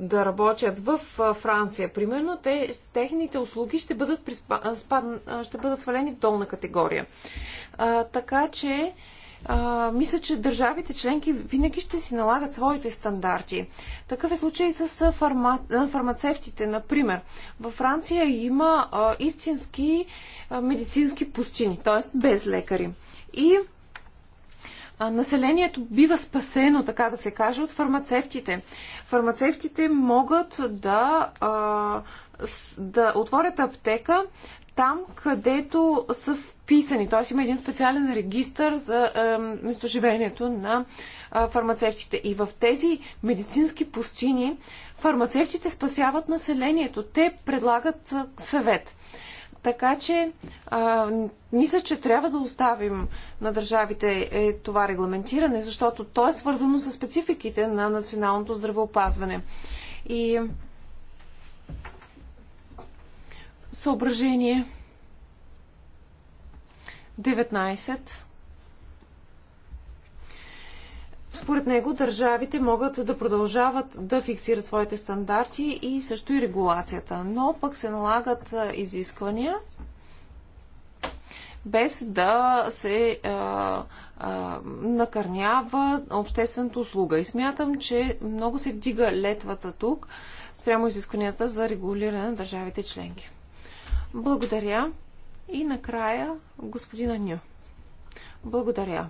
да работят в Франция, примерно, те, техните услуги ще бъдат, приспа, спад, ще бъдат свалени в долна категория. А, така че, а, мисля, че държавите членки винаги ще си налагат своите стандарти. Такъв е случай с фарма, фармацевтите, например. Във Франция има а, истински а, медицински пустини, т.е. без лекари. И населението бива спасено, така да се каже, от фармацевтите. Фармацевтите могат да, да отворят аптека там, където са вписани. Т.е. има един специален регистр за местоживението на фармацевтите. И в тези медицински пустини фармацевтите спасяват населението. Те предлагат съвет. Така че, а, мисля, че трябва да оставим на държавите е, това регламентиране, защото то е свързано с спецификите на националното здравеопазване. И съображение 19 Според него държавите могат да продължават да фиксират своите стандарти и също и регулацията, но пък се налагат изисквания без да се а, а, накърнява обществената услуга. И смятам, че много се вдига летвата тук спрямо изискванията за регулиране на държавите членки. Благодаря. И накрая господина Ню. Благодаря.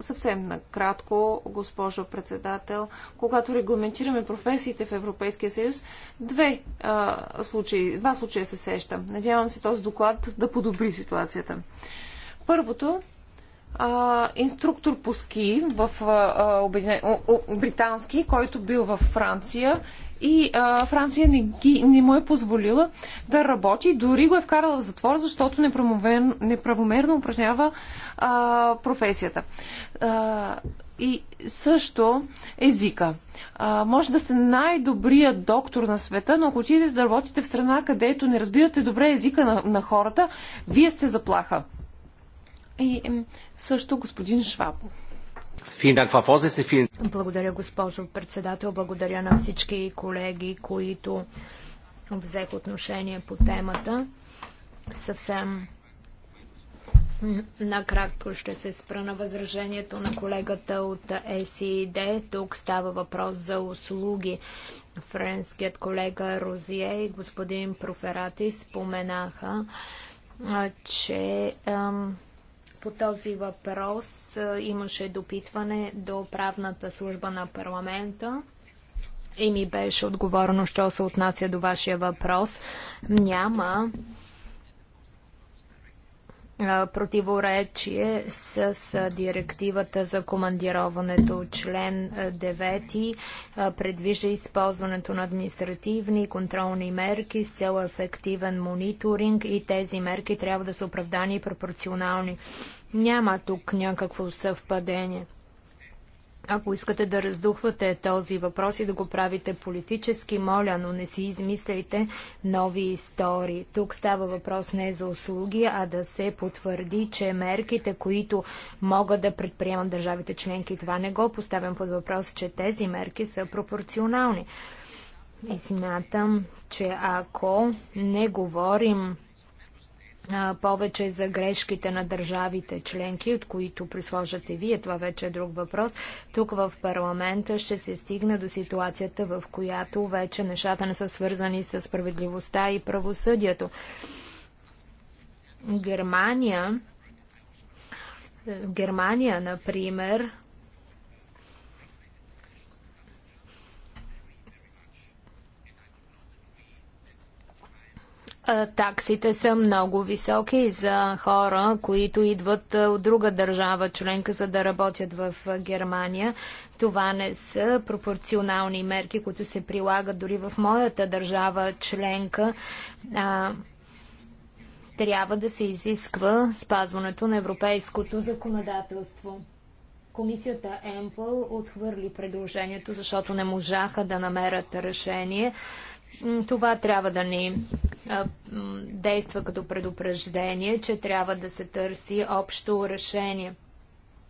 Съвсем накратко, госпожо председател, когато регламентираме професиите в Европейския съюз, две, а, случаи, два случая се сещам. Надявам се този доклад да подобри ситуацията. Първото, а, инструктор по ски в а, обедин... о, о, британски, който бил във Франция и а, Франция не, ги, не му е позволила да работи, дори го е вкарала в затвор, защото неправомерно, неправомерно упражнява а, професията. А, и също езика. А, може да сте най-добрият доктор на света, но ако отидете да работите в страна, където не разбирате добре езика на, на хората, вие сте заплаха. И също господин Шваб. Благодаря, госпожо председател. Благодаря на всички колеги, които взех отношение по темата. Съвсем накратко ще се спра на възражението на колегата от СИД. Тук става въпрос за услуги. Френският колега Розие и господин Проферати споменаха, че по този въпрос имаше допитване до правната служба на парламента и ми беше отговорено, що се отнася до вашия въпрос. Няма противоречие с директивата за командироването. Член 9 предвижда използването на административни и контролни мерки с цел ефективен мониторинг и тези мерки трябва да са оправдани и пропорционални. Няма тук някакво съвпадение. Ако искате да раздухвате този въпрос и да го правите политически, моля, но не си измисляйте нови истории. Тук става въпрос не за услуги, а да се потвърди, че мерките, които могат да предприемат държавите членки, това не го поставям под въпрос, че тези мерки са пропорционални. И смятам, че ако не говорим повече за грешките на държавите членки, от които присложате вие. Това вече е друг въпрос. Тук в парламента ще се стигне до ситуацията, в която вече нещата не са свързани с справедливостта и правосъдието. Германия Германия, например, Таксите са много високи за хора, които идват от друга държава членка, за да работят в Германия. Това не са пропорционални мерки, които се прилагат дори в моята държава членка. А, трябва да се изисква спазването на европейското законодателство. Комисията Емпъл отхвърли предложението, защото не можаха да намерят решение. Това трябва да ни действа като предупреждение, че трябва да се търси общо решение.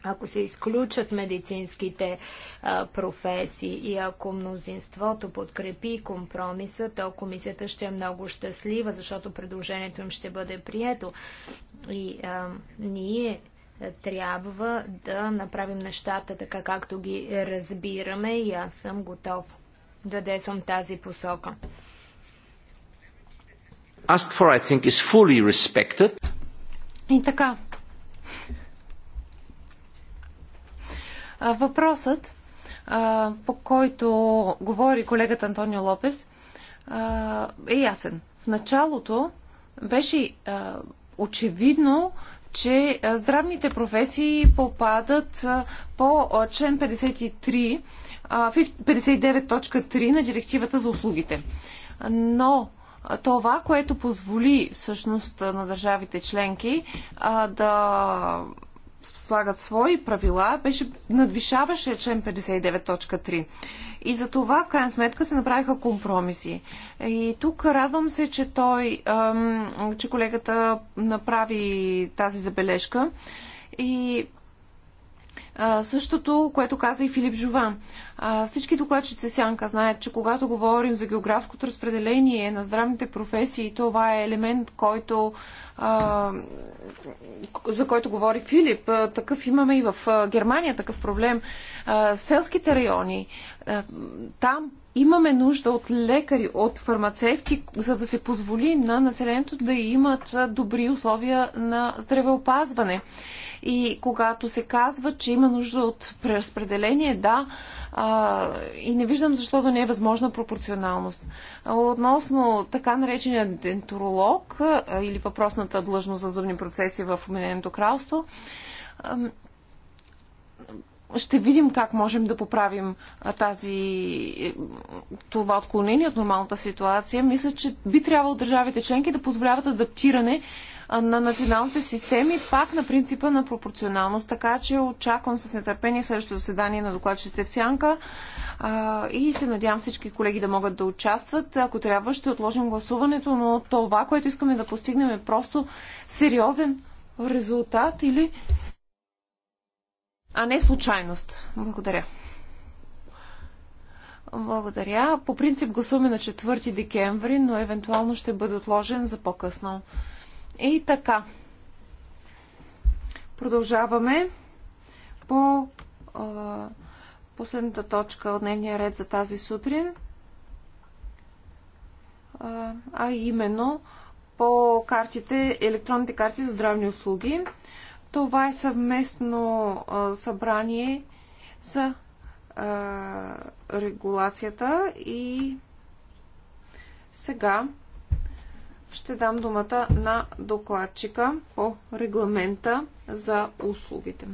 Ако се изключат медицинските а, професии и ако мнозинството подкрепи компромиса, то комисията ще е много щастлива, защото предложението им ще бъде прието. И а, ние трябва да направим нещата така, както ги разбираме и аз съм готов да съм тази посока. For, think, И така. Въпросът, по който говори колегата Антонио Лопес, е ясен. В началото беше очевидно, че здравните професии попадат по член 53 59.3 на директивата за услугите. Но това, което позволи всъщност на държавите членки а, да слагат свои правила, беше, надвишаваше член 59.3. И за това, в крайна сметка, се направиха компромиси. И тук радвам се, че той, ам, че колегата направи тази забележка. И а, същото, което каза и Филип Жован. А, всички докладчици Сянка знаят, че когато говорим за географското разпределение на здравните професии, това е елемент, който, а, за който говори Филип. А, такъв имаме и в а, Германия, такъв проблем. А, селските райони, а, там имаме нужда от лекари, от фармацевти, за да се позволи на населението да имат добри условия на здравеопазване. И когато се казва, че има нужда от преразпределение, да, а, и не виждам защо да не е възможна пропорционалност. Относно така наречения дентуролог а, или въпросната длъжност за зъбни процеси в Обединеното кралство, ще видим как можем да поправим тази, това отклонение от нормалната ситуация. Мисля, че би трябвало държавите членки да позволяват адаптиране на националните системи, пак на принципа на пропорционалност. Така че очаквам с нетърпение следващото заседание на докладчите в Сянка и се надявам всички колеги да могат да участват. Ако трябва, ще отложим гласуването, но това, което искаме да постигнем е просто сериозен резултат или а не случайност. Благодаря. Благодаря. По принцип гласуваме на 4 декември, но евентуално ще бъде отложен за по-късно. И така. Продължаваме по а, последната точка от дневния ред за тази сутрин, а, а именно по картите, електронните карти за здравни услуги. Това е съвместно а, събрание за а, регулацията и сега ще дам думата на докладчика по регламента за услугите.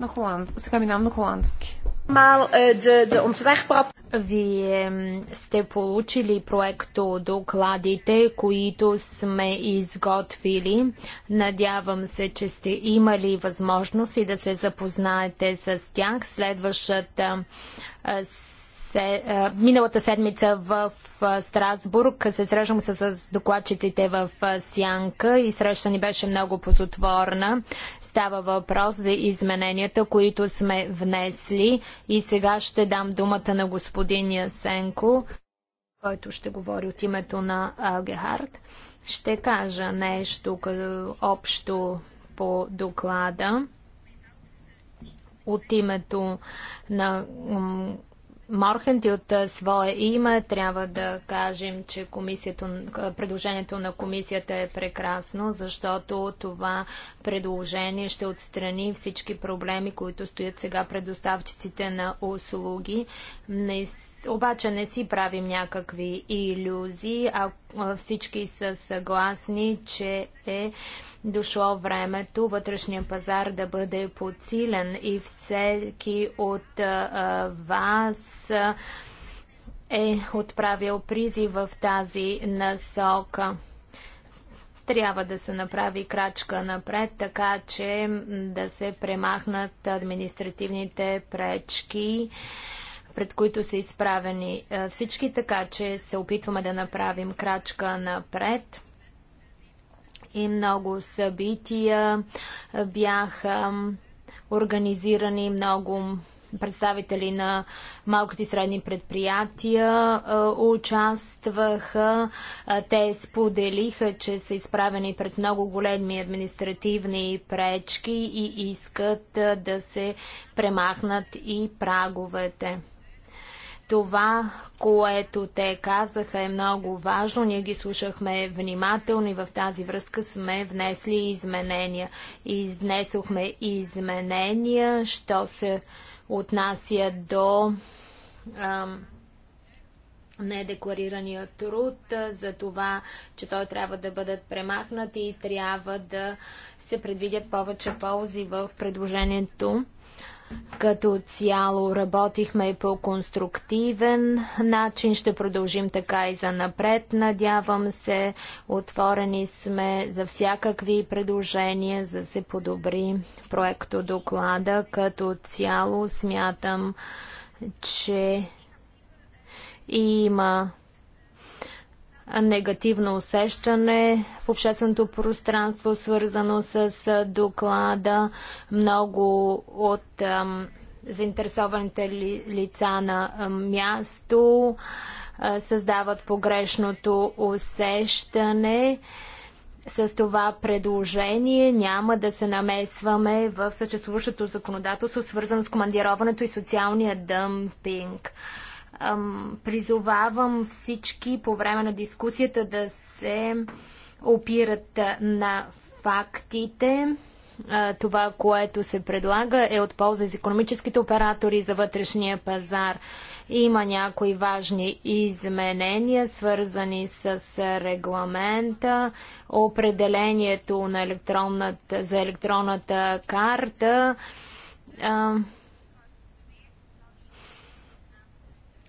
На холанд... Сега минавам на холандски. Е, Вие сте получили проекто докладите, които сме изготвили. Надявам се, че сте имали възможност и да се запознаете с тях. Следващата се, а, миналата седмица в а, Страсбург се срещам с, с докладчиците в а, Сянка и среща ни беше много позотворна. Става въпрос за измененията, които сме внесли и сега ще дам думата на господин Ясенко, който ще говори от името на Алгехард. Ще кажа нещо като общо по доклада от името на Морханти от свое име трябва да кажем, че предложението на комисията е прекрасно, защото това предложение ще отстрани всички проблеми, които стоят сега предоставчиците на услуги. Наистина обаче не си правим някакви иллюзии, а всички са съгласни, че е дошло времето вътрешния пазар да бъде подсилен и всеки от вас е отправил призи в тази насока. Трябва да се направи крачка напред, така че да се премахнат административните пречки пред които са изправени е, всички, така че се опитваме да направим крачка напред. И много събития е, бяха организирани, много представители на малките и средни предприятия е, участваха. Те споделиха, че са изправени пред много големи административни пречки и искат да се премахнат и праговете. Това, което те казаха е много важно. Ние ги слушахме внимателно и в тази връзка сме внесли изменения. Изнесохме изменения, що се отнася до ам, недекларирания труд, за това, че той трябва да бъдат премахнати и трябва да се предвидят повече ползи в предложението като цяло работихме по конструктивен начин. Ще продължим така и за напред. Надявам се, отворени сме за всякакви предложения, за да се подобри проекто доклада. Като цяло смятам, че има негативно усещане в общественото пространство, свързано с доклада. Много от ам, заинтересованите ли, лица на ам, място а, създават погрешното усещане. С това предложение няма да се намесваме в съществуващото законодателство, свързано с командироването и социалния дъмпинг призовавам всички по време на дискусията да се опират на фактите. Това, което се предлага, е от полза за економическите оператори за вътрешния пазар. Има някои важни изменения, свързани с регламента, определението на електронната, за електронната карта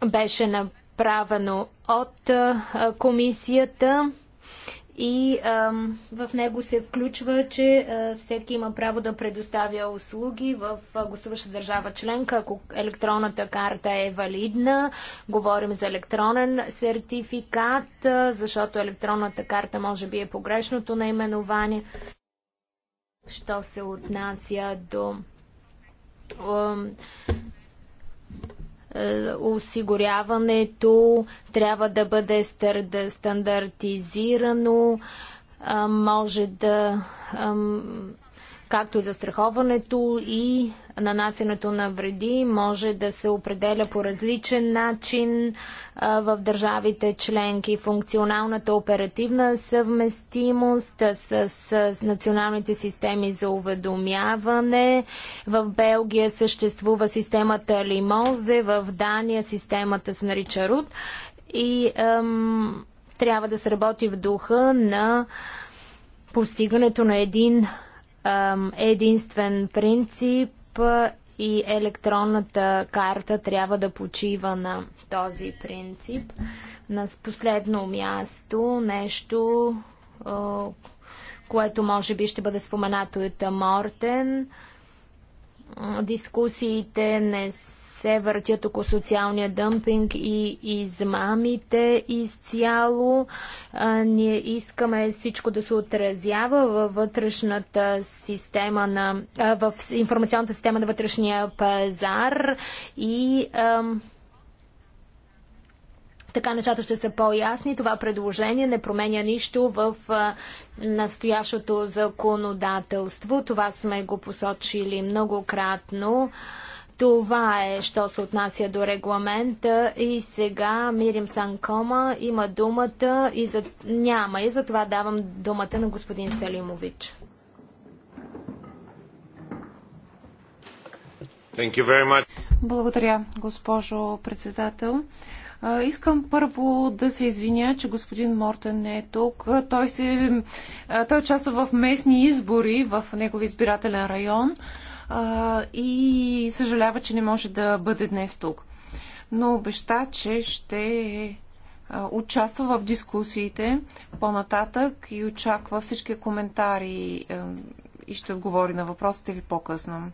беше направено от комисията и а, в него се включва, че а, всеки има право да предоставя услуги в гостуваща държава членка, ако електронната карта е валидна. Говорим за електронен сертификат, а, защото електронната карта може би е погрешното наименование. Що се отнася до е, осигуряването трябва да бъде стандартизирано, може да както и застраховането и нанасенето на вреди може да се определя по различен начин в държавите членки. Функционалната оперативна съвместимост с, с националните системи за уведомяване. В Белгия съществува системата Лимозе, в Дания системата се нарича РУД и ем, трябва да се работи в духа на постигането на един единствен принцип и електронната карта трябва да почива на този принцип. На последно място нещо, което може би ще бъде споменато от е Мортен. Дискусиите не са се въртят около социалния дъмпинг и измамите изцяло. А, ние искаме всичко да се отразява във вътрешната система на, а, в информационната система на вътрешния пазар и а, така нещата ще са по-ясни. Това предложение не променя нищо в настоящото законодателство. Това сме го посочили многократно. Това е, що се отнася до регламента. И сега Мирим Санкома има думата и за... няма. И затова давам думата на господин Салимович. Благодаря, госпожо председател. Искам първо да се извиня, че господин Мортен не е тук. Той, се, той участва в местни избори в негови избирателен район а, и съжалява, че не може да бъде днес тук. Но обеща, че ще участва в дискусиите по-нататък и очаква всички коментари и ще отговори на въпросите ви по-късно.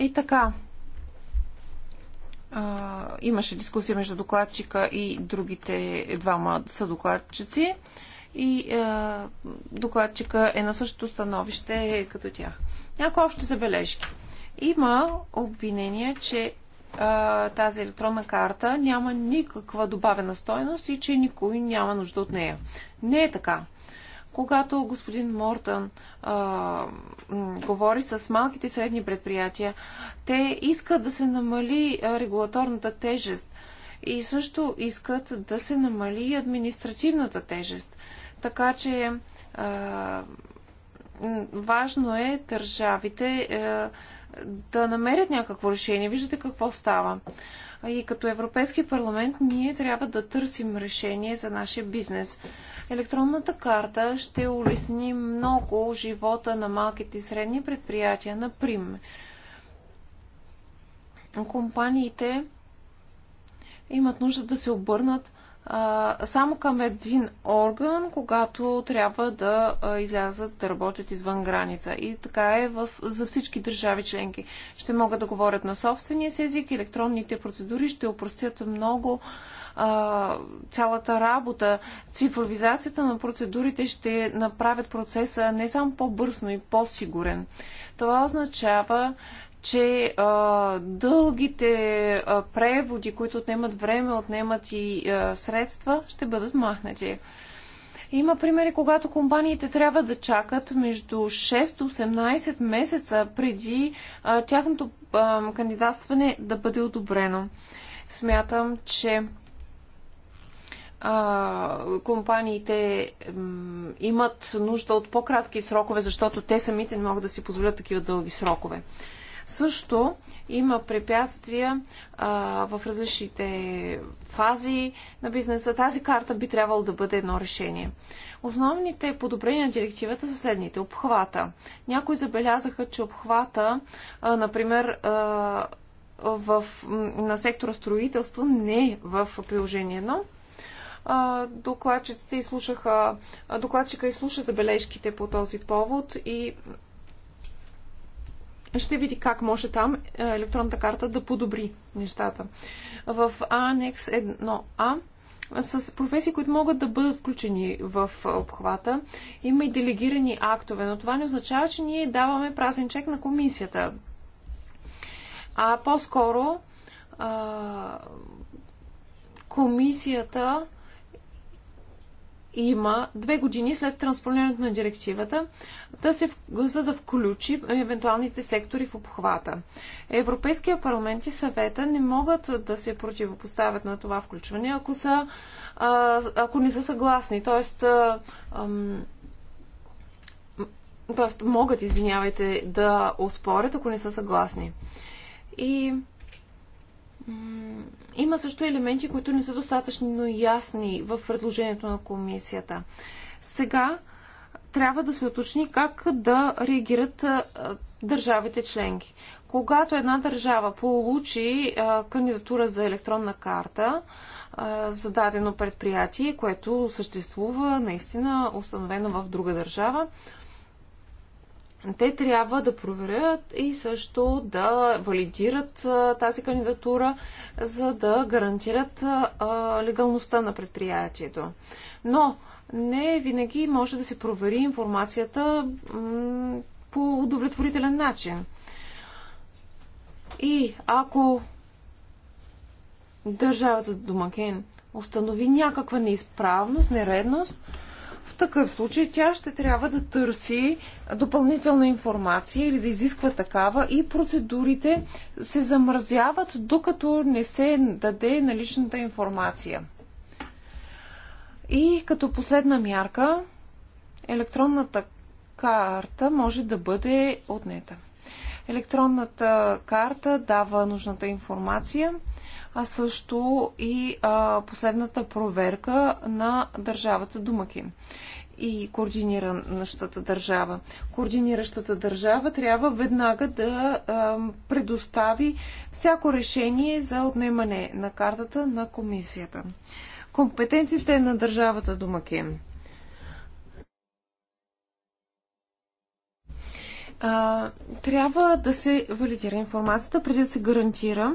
И така, имаше дискусия между докладчика и другите двама съдокладчици и докладчика е на същото становище като тях. Някои общи забележки. Има обвинение, че а, тази електронна карта няма никаква добавена стойност и че никой няма нужда от нея. Не е така. Когато господин Мортън а, говори с малките и средни предприятия, те искат да се намали регулаторната тежест и също искат да се намали административната тежест. Така че а, важно е държавите е, да намерят някакво решение. Виждате какво става. И като Европейски парламент ние трябва да търсим решение за нашия бизнес. Електронната карта ще улесни много живота на малките и средни предприятия, например. Компаниите имат нужда да се обърнат само към един орган, когато трябва да а, излязат да работят извън граница. И така е в, за всички държави членки. Ще могат да говорят на собствения си език, електронните процедури ще опростят много а, цялата работа. Цифровизацията на процедурите ще направят процеса не само по-бързно и по-сигурен. Това означава, че а, дългите а, преводи, които отнемат време, отнемат и а, средства, ще бъдат махнати. Има примери, когато компаниите трябва да чакат между 6-18 месеца преди а, тяхното а, кандидатстване да бъде одобрено. Смятам, че а, компаниите м, имат нужда от по-кратки срокове, защото те самите не могат да си позволят такива дълги срокове. Също има препятствия а, в различните фази на бизнеса. Тази карта би трябвало да бъде едно решение. Основните подобрения на директивата са следните. Обхвата. Някои забелязаха, че обхвата, а, например, а, в, на сектора строителство, не е в приложение 1 докладчиците изслушаха, докладчика изслуша забележките по този повод и ще види как може там е, електронната карта да подобри нещата. В Анекс 1А с професии, които могат да бъдат включени в обхвата. Има и делегирани актове, но това не означава, че ние даваме празен чек на комисията. А по-скоро комисията има две години след транспонирането на директивата, да се, за да включи евентуалните сектори в обхвата. Европейския парламент и съвета не могат да се противопоставят на това включване, ако, са, ако не са съгласни. Тоест, тоест, могат, извинявайте, да оспорят, ако не са съгласни. И има също елементи, които не са достатъчно ясни в предложението на комисията. Сега трябва да се уточни как да реагират държавите членки. Когато една държава получи кандидатура за електронна карта за дадено предприятие, което съществува наистина установено в друга държава, те трябва да проверят и също да валидират тази кандидатура, за да гарантират легалността на предприятието. Но не винаги може да се провери информацията по удовлетворителен начин. И ако държавата домакен установи някаква неизправност, нередност, в такъв случай тя ще трябва да търси допълнителна информация или да изисква такава и процедурите се замразяват, докато не се даде наличната информация. И като последна мярка, електронната карта може да бъде отнета. Електронната карта дава нужната информация а също и а, последната проверка на държавата Думакин и координиращата държава. Координиращата държава трябва веднага да а, предостави всяко решение за отнемане на картата на комисията. Компетенциите на държавата Думакин. А, трябва да се валидира информацията преди да се гарантира,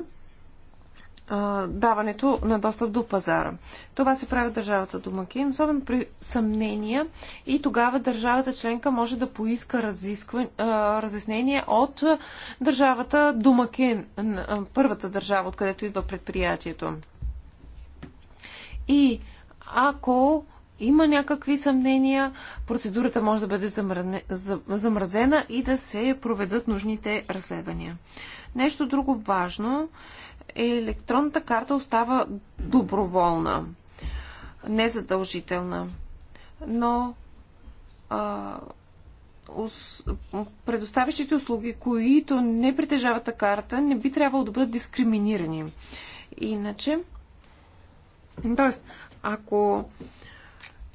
даването на достъп до пазара. Това се прави държавата домакин, особено при съмнения и тогава държавата членка може да поиска разисква, разяснение от държавата домакин, първата държава, откъдето идва предприятието. И ако има някакви съмнения, процедурата може да бъде замразена и да се проведат нужните разследвания. Нещо друго важно е, е електронната карта остава доброволна, незадължителна. Но а, предоставящите услуги, които не притежават карта, не би трябвало да бъдат дискриминирани. Иначе, т.е. ако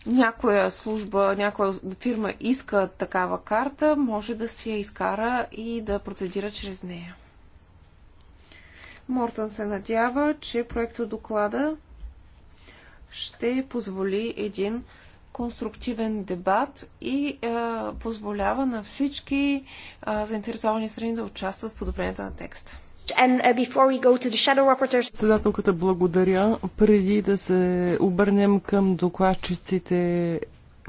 някоя служба, някоя фирма иска такава карта, може да си я изкара и да процедира чрез нея. Мортън се надява, че проекто доклада ще позволи един конструктивен дебат и е, позволява на всички е, заинтересовани страни да участват в подобрението на текста. Е, Председателката благодаря. Преди да се обърнем към докладчиците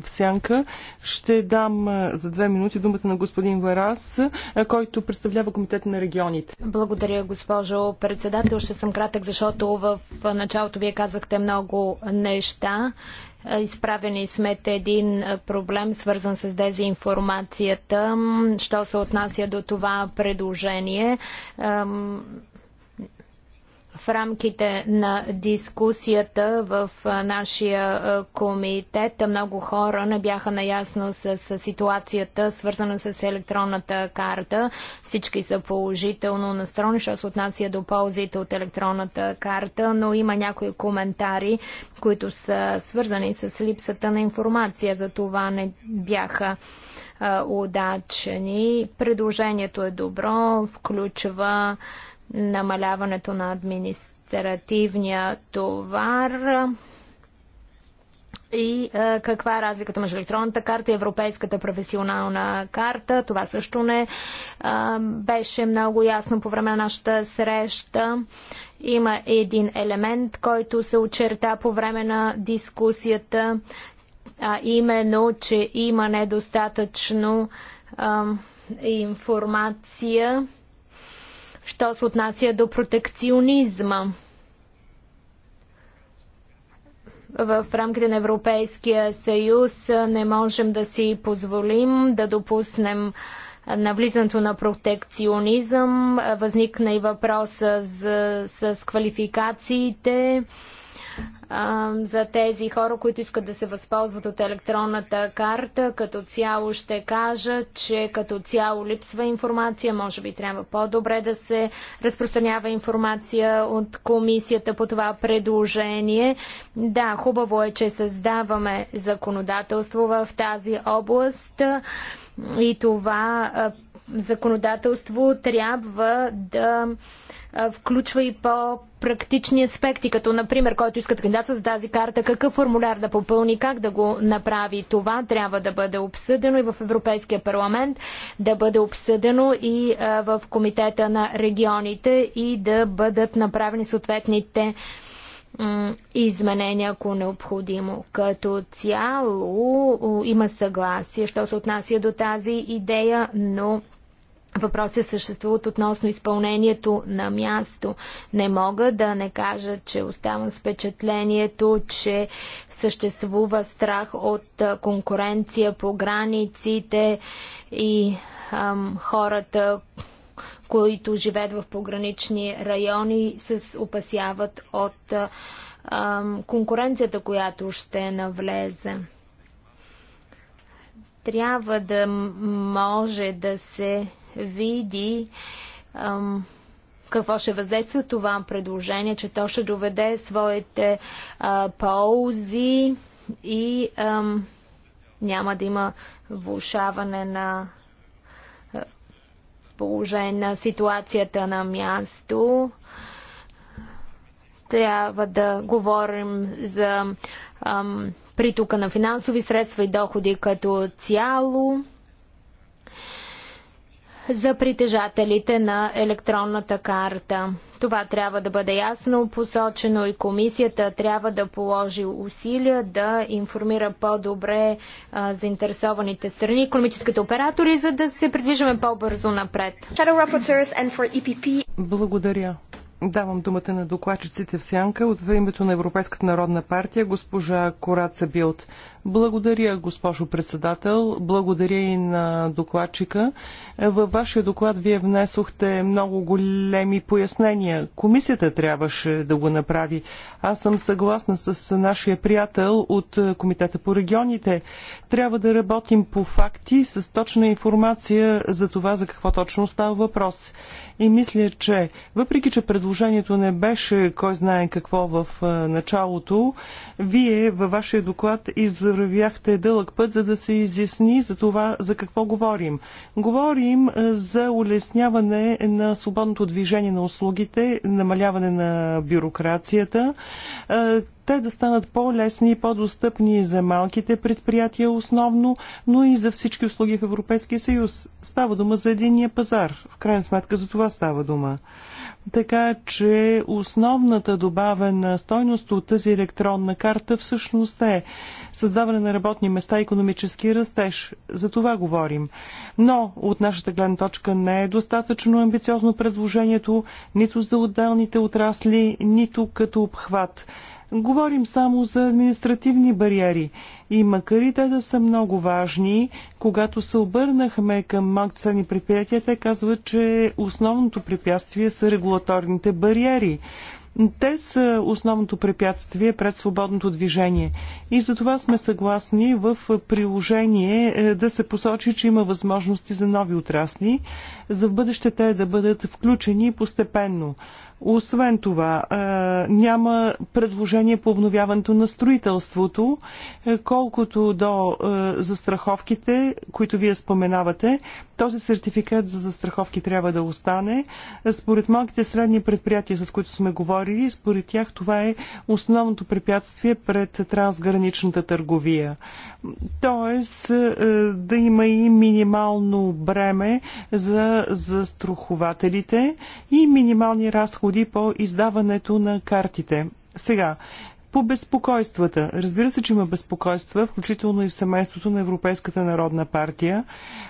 в сянка. Ще дам за две минути думата на господин Варас, който представлява Комитет на регионите. Благодаря, госпожо председател. Ще съм кратък, защото в началото вие казахте много неща. Изправени сме един проблем, свързан с дезинформацията. Що се отнася до това предложение? в рамките на дискусията в нашия комитет много хора не бяха наясно с, ситуацията, свързана с електронната карта. Всички са положително настроени, що се отнася до ползите от електронната карта, но има някои коментари, които са свързани с липсата на информация. За това не бяха удачени. Предложението е добро, включва намаляването на административния товар и е, каква е разликата между електронната карта и европейската професионална карта. Това също не е, беше много ясно по време на нашата среща. Има един елемент, който се очерта по време на дискусията, а именно, че има недостатъчно е, информация що се отнася до протекционизма в рамките на Европейския съюз не можем да си позволим да допуснем навлизането на протекционизъм. Възникна и въпроса с, с квалификациите за тези хора, които искат да се възползват от електронната карта. Като цяло ще кажа, че като цяло липсва информация. Може би трябва по-добре да се разпространява информация от комисията по това предложение. Да, хубаво е, че създаваме законодателство в тази област и това законодателство трябва да включва и по-практични аспекти, като например, който иска да кандидатства за тази карта, какъв формуляр да попълни, как да го направи. Това трябва да бъде обсъдено и в Европейския парламент, да бъде обсъдено и в Комитета на регионите и да бъдат направени съответните а, изменения, ако необходимо. Като цяло има съгласие, що се отнася до тази идея, но въпроси съществуват относно изпълнението на място. Не мога да не кажа, че оставам с впечатлението, че съществува страх от конкуренция по границите и ам, хората, които живеят в погранични райони, се опасяват от конкуренцията, която ще навлезе. Трябва да може да се види какво ще въздейства това предложение, че то ще доведе своите ползи и няма да има влушаване на на ситуацията на място. Трябва да говорим за ам, притока на финансови средства и доходи като цяло за притежателите на електронната карта. Това трябва да бъде ясно посочено и комисията трябва да положи усилия да информира по-добре заинтересованите страни, економическите оператори, за да се придвижваме по-бързо напред. E Благодаря. Давам думата на докладчиците в сянка от името на Европейската народна партия, госпожа Кораца Билт. Благодаря, госпожо председател. Благодаря и на докладчика. Във вашия доклад вие внесохте много големи пояснения. Комисията трябваше да го направи. Аз съм съгласна с нашия приятел от Комитета по регионите. Трябва да работим по факти с точна информация за това, за какво точно става въпрос. И мисля, че въпреки, че предложението не беше кой знае какво в началото, вие във вашия доклад и за завървяхте дълъг път, за да се изясни за това за какво говорим. Говорим е, за улесняване на свободното движение на услугите, намаляване на бюрокрацията, е, те да станат по-лесни и по-достъпни за малките предприятия основно, но и за всички услуги в Европейския съюз. Става дума за единния пазар. В крайна сметка за това става дума. Така че основната добавена стойност от тази електронна карта всъщност е създаване на работни места и економически растеж. За това говорим. Но от нашата гледна точка не е достатъчно амбициозно предложението нито за отделните отрасли, нито като обхват. Говорим само за административни бариери. И макар и те да са много важни, когато се обърнахме към малките предприятия, те казват, че основното препятствие са регулаторните бариери. Те са основното препятствие пред свободното движение. И за това сме съгласни в приложение е, да се посочи, че има възможности за нови отрасли, за в бъдеще те да бъдат включени постепенно. Освен това, няма предложение по обновяването на строителството, е, колкото до застраховките, които вие споменавате. Този сертификат за застраховки трябва да остане. Според малките средни предприятия, с които сме говорили, според тях това е основното препятствие пред трансграничната търговия. Тоест е, да има и минимално бреме за застрахователите и минимални разходи по издаването на картите. Сега, по безпокойствата. Разбира се, че има безпокойства, включително и в семейството на Европейската народна партия.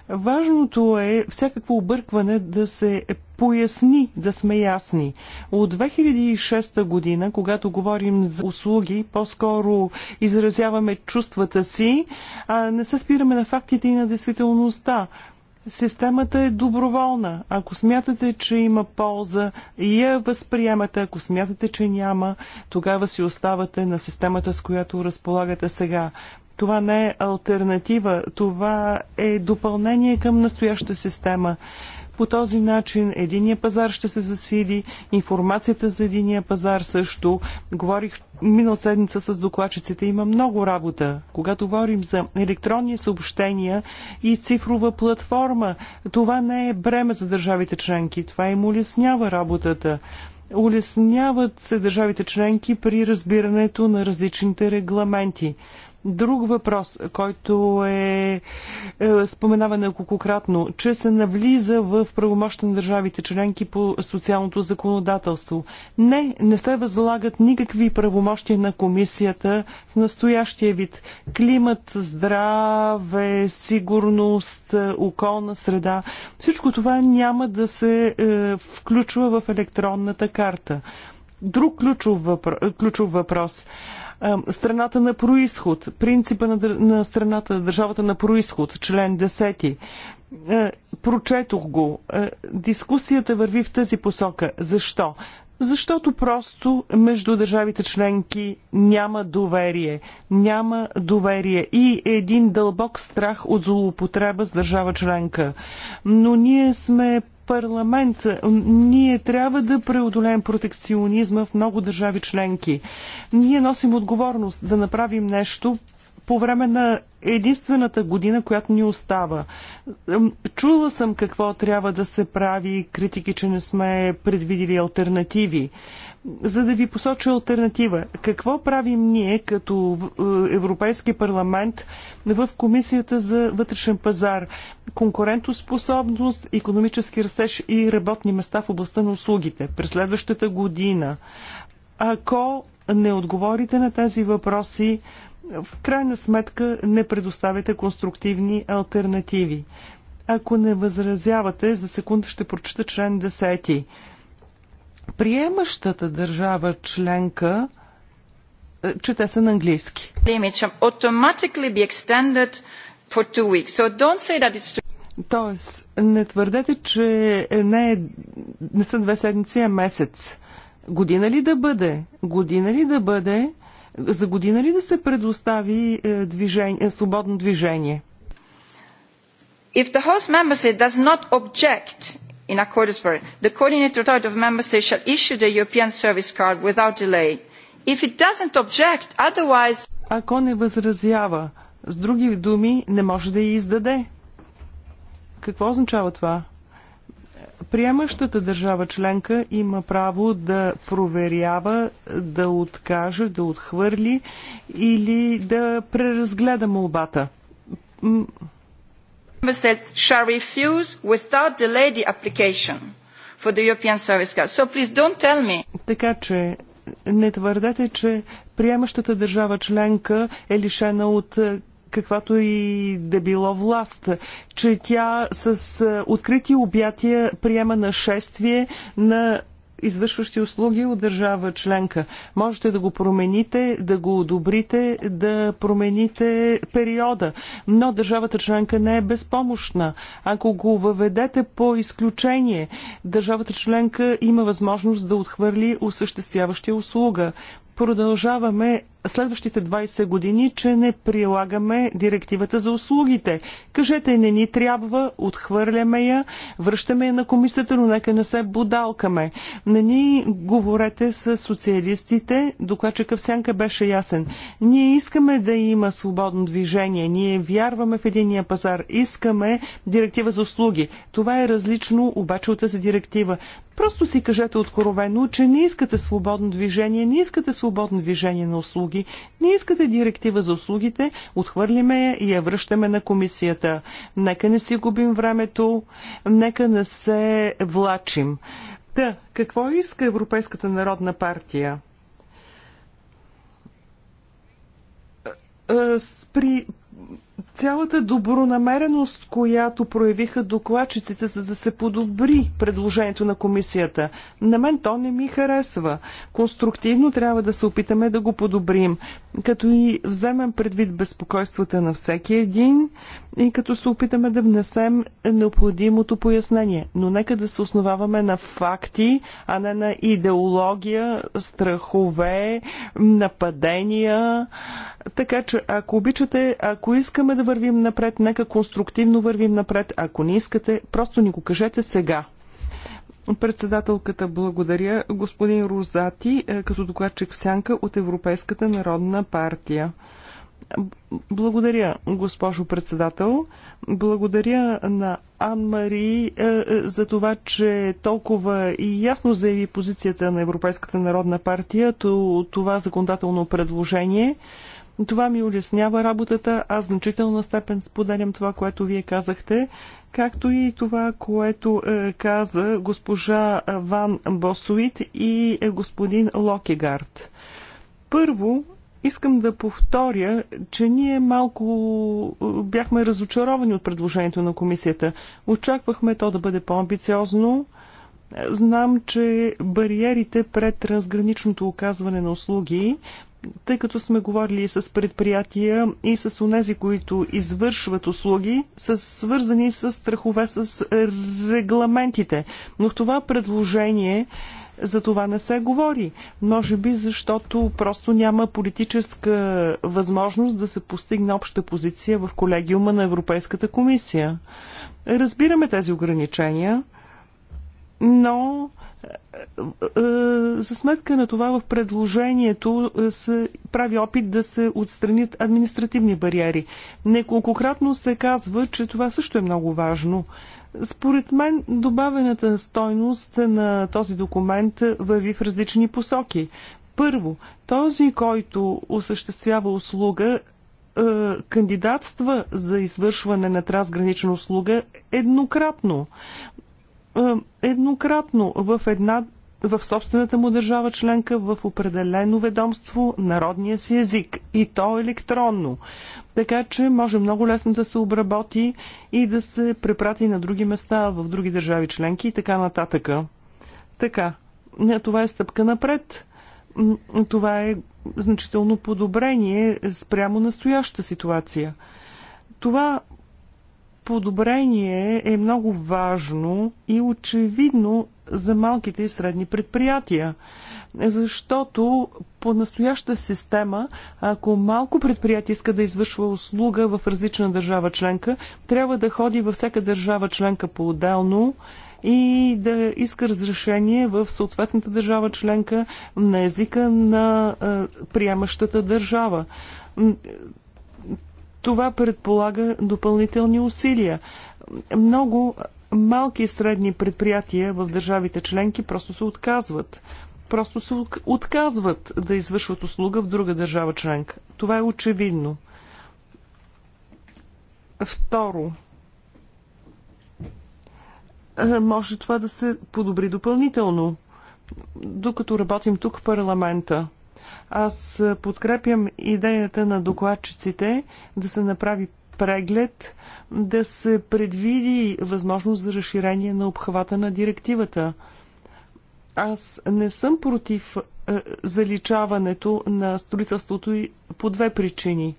Важното е всякакво объркване да се поясни, да сме ясни. От 2006 година, когато говорим за услуги, по-скоро изразяваме чувствата си, а не се спираме на фактите и на действителността. Системата е доброволна. Ако смятате, че има полза, я възприемате. Ако смятате, че няма, тогава си оставате на системата, с която разполагате сега. Това не е альтернатива, това е допълнение към настояща система. По този начин единия пазар ще се засили, информацията за единия пазар също. Говорих минал седмица с докладчиците, има много работа. Когато говорим за електронни съобщения и цифрова платформа, това не е бреме за държавите членки, това им улеснява работата. Улесняват се държавите членки при разбирането на различните регламенти. Друг въпрос, който е, е споменава неколкократно, че се навлиза в правомощта на държавите членки по социалното законодателство. Не, не се възлагат никакви правомощи на комисията в настоящия вид. Климат, здраве, сигурност, е, околна среда. Всичко това няма да се е, включва в електронната карта. Друг ключов въпро- Ключов въпрос Страната на происход, принципа на, на страната, държавата на происход, член 10 прочетох го. Дискусията върви в тази посока. Защо? Защото просто между държавите членки няма доверие. Няма доверие и един дълбок страх от злоупотреба с държава членка. Но ние сме парламент ние трябва да преодолеем протекционизма в много държави членки. Ние носим отговорност да направим нещо по време на единствената година, която ни остава. Чула съм какво трябва да се прави, критики, че не сме предвидили альтернативи за да ви посоча альтернатива. Какво правим ние като е, Европейски парламент в Комисията за вътрешен пазар? Конкурентоспособност, економически растеж и работни места в областта на услугите през следващата година. Ако не отговорите на тези въпроси, в крайна сметка не предоставяте конструктивни альтернативи. Ако не възразявате, за секунда ще прочета член 10 приемащата държава членка е, чете се на английски. Тоест, не твърдете, че не, е, не са две седмици, а месец. Година ли да бъде? Година ли да бъде? За година ли да се предостави е, движение, свободно движение? If the host member state does not object in accordance with the coordinating authority of a member state shall issue the European service card without delay. If it doesn't object, otherwise... Ако не възразява, с други думи, не може да я издаде. Какво означава това? Приемащата държава членка има право да проверява, да откаже, да отхвърли или да преразгледа молбата member states shall refuse without delay the application for the European Service Card. So please don't tell me. Така че не твърдете, че приемащата държава членка е лишена от е, каквато и да било власт, че тя с е, открити обятия приема нашествие на извършващи услуги от държава членка. Можете да го промените, да го одобрите, да промените периода. Но държавата членка не е безпомощна. Ако го въведете по изключение, държавата членка има възможност да отхвърли осъществяващия услуга. Продължаваме следващите 20 години, че не прилагаме директивата за услугите. Кажете, не ни трябва, отхвърляме я, връщаме я на комисията, но нека не се бодалкаме. Не ни говорете с социалистите, докладчика в сянка беше ясен. Ние искаме да има свободно движение, ние вярваме в единия пазар, искаме директива за услуги. Това е различно обаче от тази директива. Просто си кажете откровено, че не искате свободно движение, не искате свободно движение на услуги услуги. Не искате директива за услугите, отхвърлиме я и я връщаме на комисията. Нека не си губим времето, нека не се влачим. Та, какво иска Европейската народна партия? Е, е, При цялата добронамереност, която проявиха докладчиците, за да се подобри предложението на комисията. На мен то не ми харесва. Конструктивно трябва да се опитаме да го подобрим, като и вземем предвид безпокойствата на всеки един и като се опитаме да внесем необходимото пояснение. Но нека да се основаваме на факти, а не на идеология, страхове, нападения така че, ако обичате, ако искаме да вървим напред, нека конструктивно вървим напред. Ако не искате, просто ни го кажете сега. Председателката благодаря господин Розати е, като докладчик в сянка от Европейската народна партия. Благодаря, госпожо председател. Благодаря на Ан-Мари е, е, за това, че толкова и ясно заяви позицията на Европейската народна партия, това законодателно предложение. Това ми улеснява работата. Аз значителна степен споделям това, което вие казахте, както и това, което е, каза госпожа Ван Босуит и е, господин Локегард. Първо, искам да повторя, че ние малко е, бяхме разочаровани от предложението на комисията. Очаквахме то да бъде по-амбициозно. Знам, че бариерите пред трансграничното оказване на услуги тъй като сме говорили с предприятия и с онези, които извършват услуги, са свързани с страхове с регламентите. Но в това предложение за това не се говори. Може би защото просто няма политическа възможност да се постигне обща позиция в колегиума на Европейската комисия. Разбираме тези ограничения, но е, е, за сметка на това в предложението е, се прави опит да се отстранят административни бариери. Неколкократно се казва, че това също е много важно. Според мен добавената стойност на този документ върви в различни посоки. Първо, този, който осъществява услуга, кандидатства за извършване на трансгранична услуга еднократно еднократно в една в собствената му държава членка в определено ведомство народния си език и то електронно. Така че може много лесно да се обработи и да се препрати на други места, в други държави членки и така нататък. Така, това е стъпка напред. Това е значително подобрение спрямо настояща ситуация. Това подобрение е много важно и очевидно за малките и средни предприятия. Защото по настояща система, ако малко предприятие иска да извършва услуга в различна държава членка, трябва да ходи във всяка държава членка по-отделно и да иска разрешение в съответната държава членка на езика на приемащата държава това предполага допълнителни усилия. Много малки и средни предприятия в държавите членки просто се отказват. Просто се отказват да извършват услуга в друга държава членка. Това е очевидно. Второ, е, може това да се подобри допълнително, докато работим тук в парламента – аз подкрепям идеята на докладчиците да се направи преглед, да се предвиди възможност за разширение на обхвата на директивата. Аз не съм против е, заличаването на строителството и по две причини.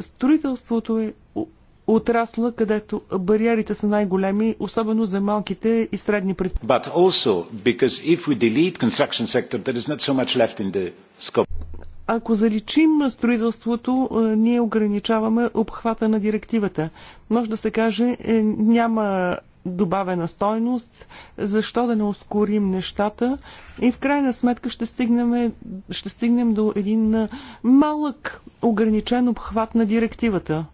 Строителството е отрасла, където бариерите са най-големи, особено за малките и средни предприятия. Ако заличим строителството, е, ние ограничаваме обхвата на директивата. Може да се каже, е, няма добавена стойност, защо да не ускорим нещата и в крайна сметка ще стигнем, ще стигнем до един малък ограничен обхват на директивата.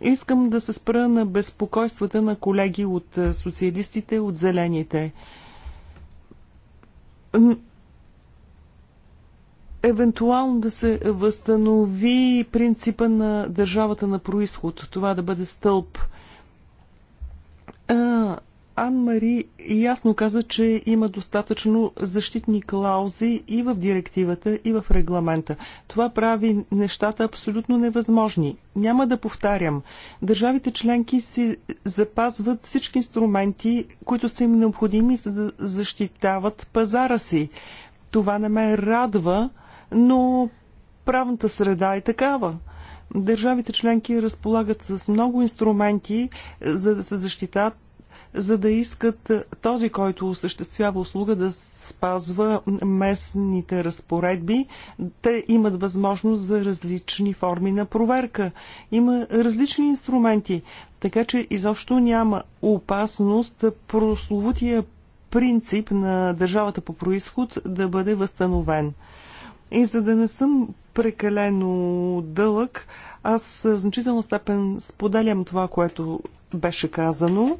Искам да се спра на безпокойствата на колеги от е, социалистите, от зелените евентуално да се възстанови принципа на държавата на происход, това да бъде стълб. Ан-Мари ясно каза, че има достатъчно защитни клаузи и в директивата, и в регламента. Това прави нещата абсолютно невъзможни. Няма да повтарям. Държавите членки си запазват всички инструменти, които са им необходими, за да защитават пазара си. Това не ме радва, но правната среда е такава. Държавите членки разполагат с много инструменти, за да се защитат за да искат този, който осъществява услуга, да спазва местните разпоредби. Те имат възможност за различни форми на проверка. Има различни инструменти, така че изобщо няма опасност прословутия принцип на държавата по происход да бъде възстановен. И за да не съм прекалено дълъг, аз в значителна степен споделям това, което беше казано.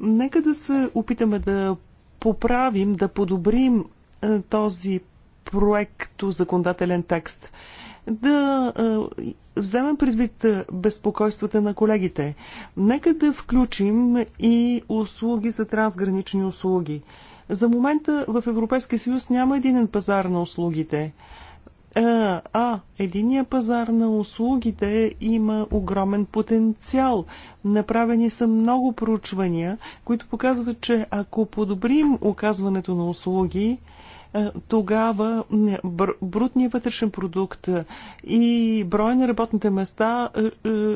Нека да се опитаме да поправим, да подобрим е, този проекто законодателен текст. Да е, вземем предвид е, безпокойствата на колегите. Нека да включим и услуги за трансгранични услуги. За момента в Европейския съюз няма единен пазар на услугите. Е, а, единия пазар на услугите има огромен потенциал. Направени са много проучвания, които показват, че ако подобрим оказването на услуги, е, тогава брутният вътрешен продукт е, и брой на работните места е,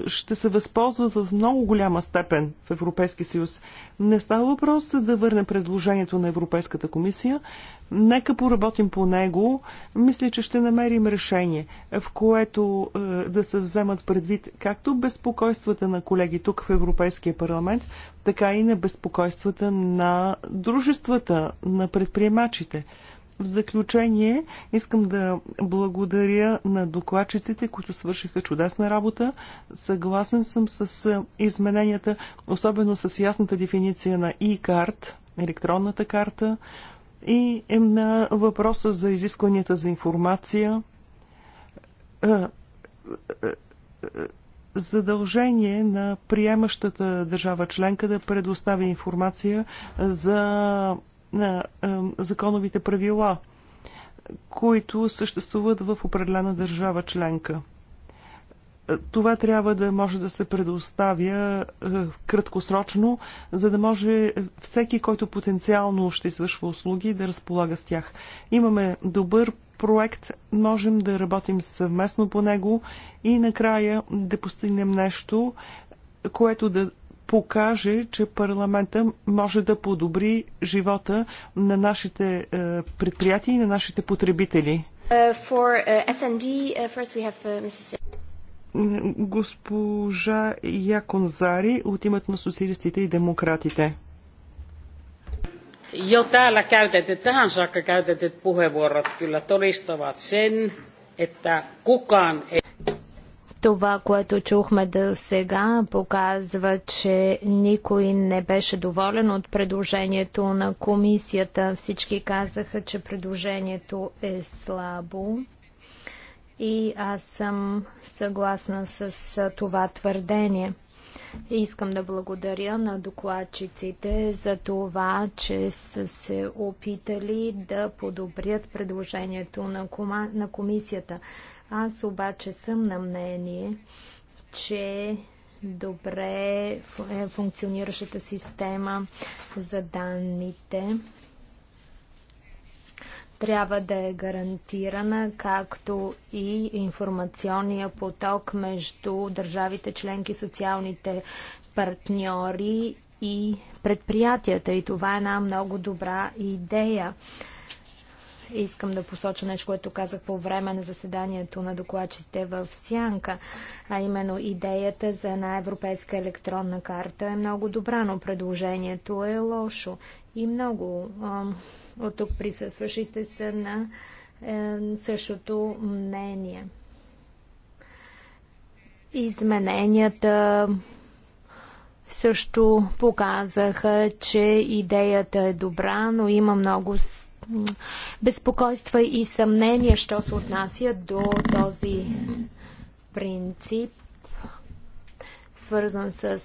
ще се възползват в много голяма степен в Европейския съюз. Не става въпрос да върне предложението на Европейската комисия. Нека поработим по него. Мисля, че ще намерим решение, в което да се вземат предвид както безпокойствата на колеги тук в Европейския парламент, така и на безпокойствата на дружествата, на предприемачите – в заключение искам да благодаря на докладчиците, които свършиха чудесна работа. Съгласен съм с измененията, особено с ясната дефиниция на e-карт, електронната карта и е, на въпроса за изискванията за информация задължение на приемащата държава членка да предостави информация за на законовите правила, които съществуват в определена държава членка. Е, това трябва да може да се предоставя е, краткосрочно, за да може всеки, който потенциално ще извършва услуги, да разполага с тях. Имаме добър проект, можем да работим съвместно по него и накрая да постигнем нещо, което да покаже, че парламента може да подобри живота на нашите е, предприятия и на нашите потребители. Uh, госпожа Яконзари от името на социалистите и демократите. Jo täällä käytetyt, tähän saakka käytetyt puheenvuorot kyllä todistavat sen, että kukaan ei... Това, което чухме до сега, показва, че никой не беше доволен от предложението на комисията. Всички казаха, че предложението е слабо. И аз съм съгласна с това твърдение. Искам да благодаря на докладчиците за това, че са се опитали да подобрят предложението на, на комисията. Аз обаче съм на мнение, че добре е, функциониращата система за данните трябва да е гарантирана, както и информационния поток между държавите членки, социалните партньори и предприятията. И това е една много добра идея искам да посоча нещо, което казах по време на заседанието на докладчите в Сянка, а именно идеята за една европейска електронна карта е много добра, но предложението е лошо. И много от тук присъстващите са на е, същото мнение. Измененията също показаха, че идеята е добра, но има много безпокойства и съмнения, що се отнася до този принцип, свързан с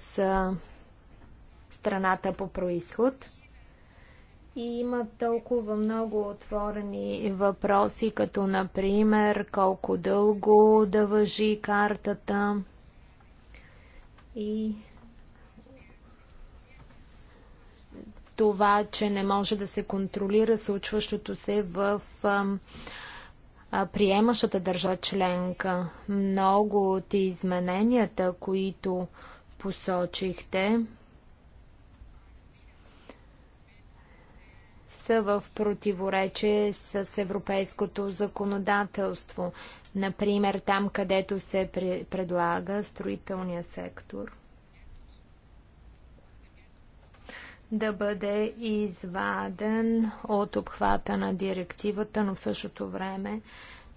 страната по происход. И има толкова много отворени въпроси, като например колко дълго да въжи картата и това, че не може да се контролира случващото се в приемащата държава членка. Много от измененията, които посочихте, са в противоречие с европейското законодателство. Например, там, където се предлага строителния сектор. да бъде изваден от обхвата на директивата, но в същото време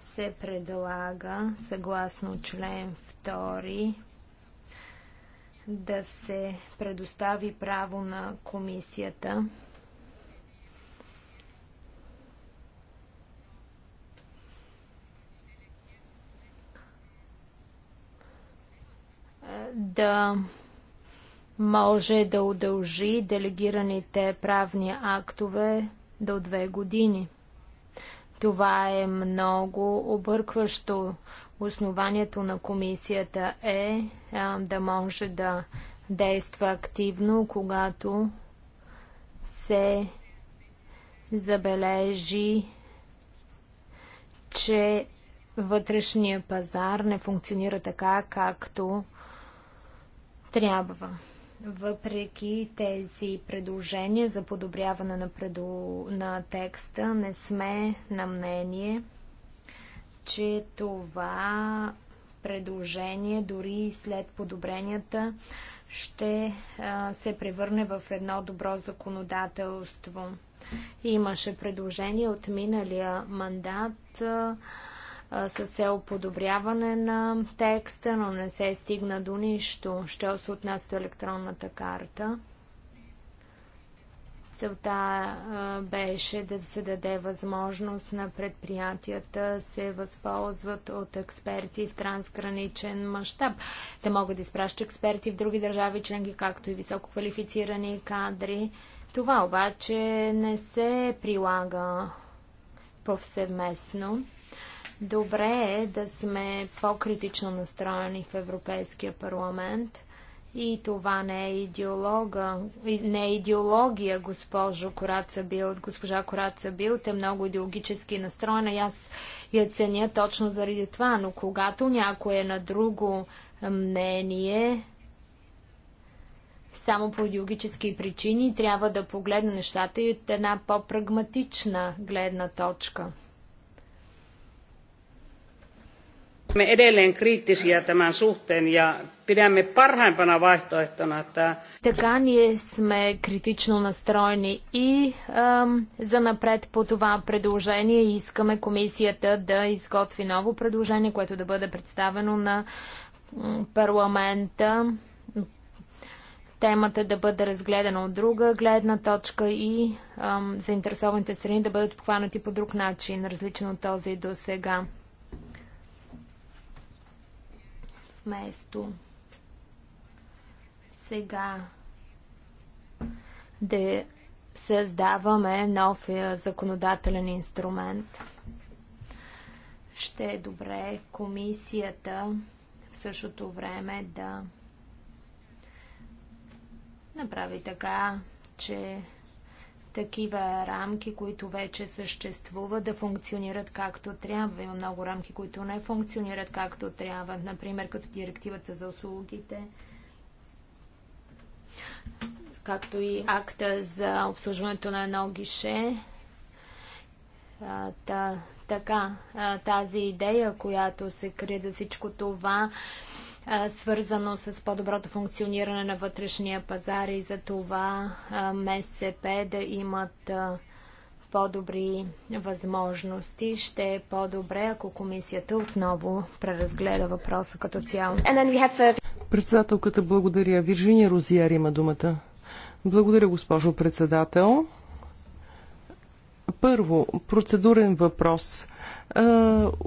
се предлага, съгласно член 2, да се предостави право на комисията е, да може да удължи делегираните правни актове до две години. Това е много объркващо. Основанието на комисията е а, да може да действа активно, когато се забележи, че вътрешния пазар не функционира така, както трябва. Въпреки тези предложения за подобряване на, преду... на текста, не сме на мнение, че това предложение, дори и след подобренията, ще а, се превърне в едно добро законодателство. Имаше предложение от миналия мандат. А, с цел подобряване на текста, но не се стигна до нищо, що се отнася до електронната карта. Целта беше да се даде възможност на предприятията се възползват от експерти в трансграничен мащаб. Те могат да изпращат експерти в други държави членки, както и висококвалифицирани кадри. Това обаче не се прилага повсеместно. Добре е да сме по-критично настроени в Европейския парламент. И това не е идеолога, не е идеология, госпожо Кораца Билт. Госпожа Кораца Билт е много идеологически настроена и аз я ценя точно заради това. Но когато някой е на друго мнение, само по идеологически причини, трябва да погледне нещата и от една по-прагматична гледна точка. Me edelleen kriittisiä tämän suhteen ja pidämme parhaimpana vaihtoehtona, että... Така ние сме критично настроени и ам, за напред по това предложение искаме комисията да изготви ново предложение, което да бъде представено на парламента темата да бъде разгледана от друга гледна точка и ам, заинтересованите страни да бъдат обхванати по друг начин, различен от този до сега. вместо сега да създаваме нов е, законодателен инструмент. Ще е добре комисията в същото време да направи така, че такива рамки, които вече съществуват, да функционират както трябва. Има много рамки, които не функционират както трябва, например като директивата за услугите, както и акта за обслужването на едно гише. та, така, тази идея, която се крие за всичко това, свързано с по-доброто функциониране на вътрешния пазар и за това МСП да имат по-добри възможности. Ще е по-добре, ако комисията отново преразгледа въпроса като цяло. Uh, Председателката благодаря. Виржиния Розияр има думата. Благодаря, госпожо председател. Първо, процедурен въпрос. Е,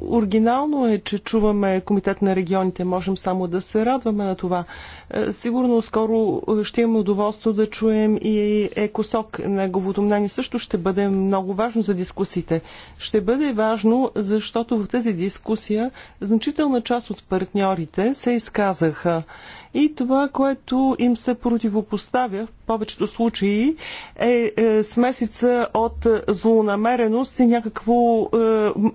оригинално е, че чуваме Комитет на регионите. Можем само да се радваме на това. Е, сигурно скоро е, ще имаме удоволство да чуем и Екосок. Неговото мнение също ще бъде много важно за дискусиите. Ще бъде важно, защото в тази дискусия значителна част от партньорите се изказаха и това, което им се противопоставя в повечето случаи е, е смесица от злонамереност и някакво е,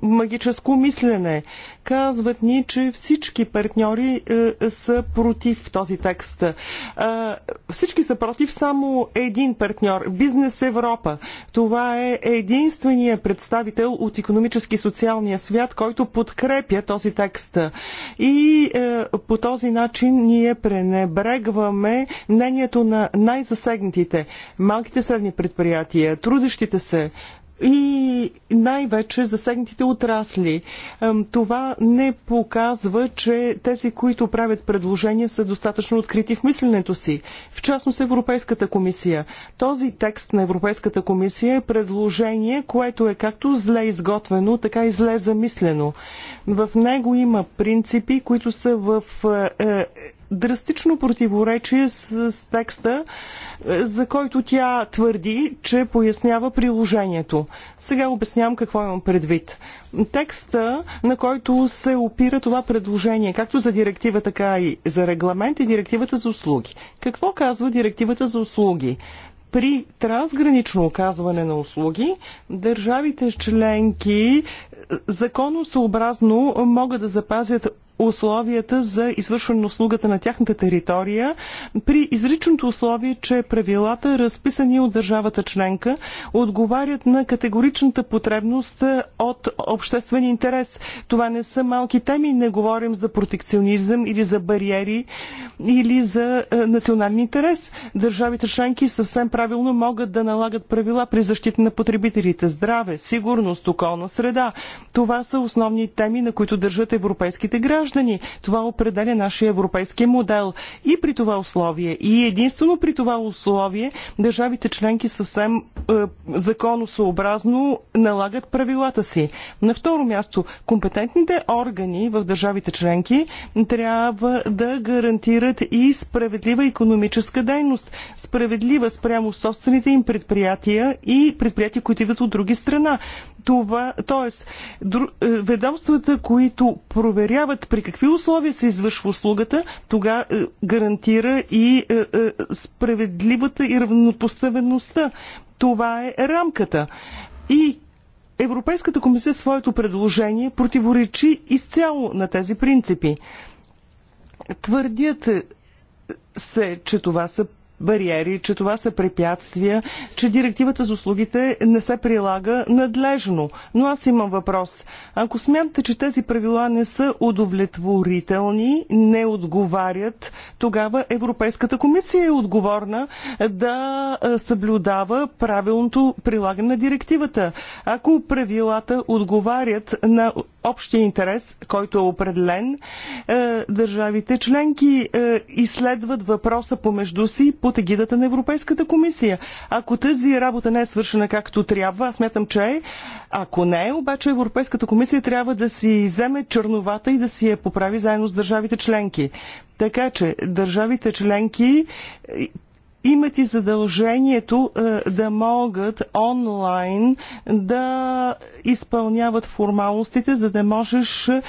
магическо мислене. Казват ни, че всички партньори е, са против този текст. Е, всички са против, само един партньор Бизнес Европа. Това е единствения представител от економически и социалния свят, който подкрепя този текст. И е, по този начин ние пренебрегваме мнението на най-засегнатите, малките средни предприятия, трудещите се, и най-вече засегнатите отрасли. Това не показва, че тези, които правят предложения, са достатъчно открити в мисленето си. В частност Европейската комисия. Този текст на Европейската комисия е предложение, което е както зле изготвено, така и зле замислено. В него има принципи, които са в е, е драстично противоречие с, с текста, за който тя твърди, че пояснява приложението. Сега обяснявам какво имам предвид. Текста, на който се опира това предложение, както за директива, така и за регламент и е директивата за услуги. Какво казва директивата за услуги? при трансгранично оказване на услуги, държавите членки законосъобразно могат да запазят условията за извършване на услугата на тяхната територия при изричното условие, че правилата, разписани от държавата членка, отговарят на категоричната потребност е, от обществен интерес. Това не са малки теми, не говорим за протекционизъм или за бариери или за е, национален интерес. Държавите членки съвсем правилно могат да налагат правила при защита на потребителите. Здраве, сигурност, околна среда. Това са основни теми, на които държат европейските граждани граждани. Това определя нашия европейски модел. И при това условие, и единствено при това условие, държавите членки съвсем е, законосообразно налагат правилата си. На второ място, компетентните органи в държавите членки трябва да гарантират и справедлива економическа дейност, справедлива спрямо собствените им предприятия и предприятия, които идват от други страна това, т.е. ведомствата, които проверяват при какви условия се извършва услугата, тога е, гарантира и е, е, справедливата и равнопоставеността. Това е рамката. И Европейската комисия своето предложение противоречи изцяло на тези принципи. Твърдят се, че това са бариери, че това са препятствия, че директивата за услугите не се прилага надлежно. Но аз имам въпрос. Ако смятате, че тези правила не са удовлетворителни, не отговарят, тогава Европейската комисия е отговорна да съблюдава правилното прилагане на директивата. Ако правилата отговарят на общия интерес, който е определен. Е, държавите членки е, изследват въпроса помежду си под егидата на Европейската комисия. Ако тази работа не е свършена както трябва, аз смятам, че е. Ако не е, обаче Европейската комисия трябва да си вземе черновата и да си я поправи заедно с държавите членки. Така че държавите членки имат и задължението е, да могат онлайн да изпълняват формалностите, за да можеш е,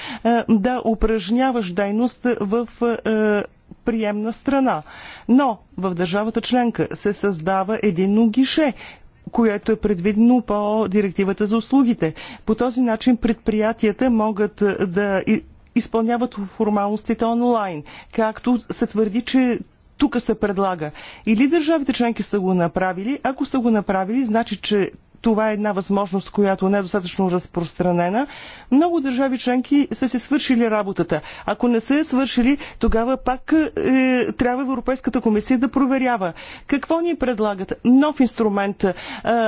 да упражняваш дейност в е, приемна страна. Но в държавата членка се създава единно гише, което е предвидено по директивата за услугите. По този начин предприятията могат да изпълняват формалностите онлайн, както се твърди, че тук се предлага. Или държавите членки са го направили, ако са го направили, значи, че това е една възможност, която не е достатъчно разпространена. Много държави членки са си свършили работата. Ако не са я свършили, тогава пак е, трябва Европейската комисия да проверява. Какво ни предлагат? Нов инструмент, е,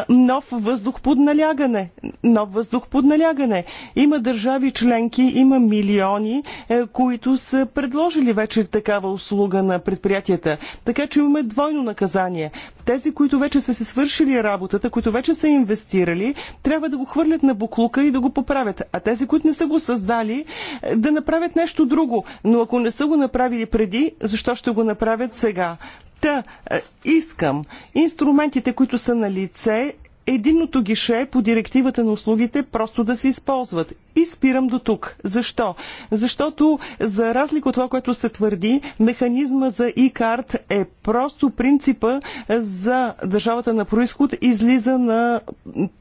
нов въздух под налягане. Нов въздух под налягане. Има държави членки, има милиони, е, които са предложили вече такава услуга на предприятията. Така че имаме двойно наказание. Тези, които вече са се свършили работата, които вече са инвестирали, трябва да го хвърлят на буклука и да го поправят. А тези, които не са го създали, е, да направят нещо друго. Но ако не са го направили преди, защо ще го направят сега? Та, е, искам инструментите, които са на лице, единното гише по директивата на услугите просто да се използват. И спирам до тук. Защо? Защото, за разлика от това, което се твърди, механизма за e-card е просто принципа за държавата на происход излиза на,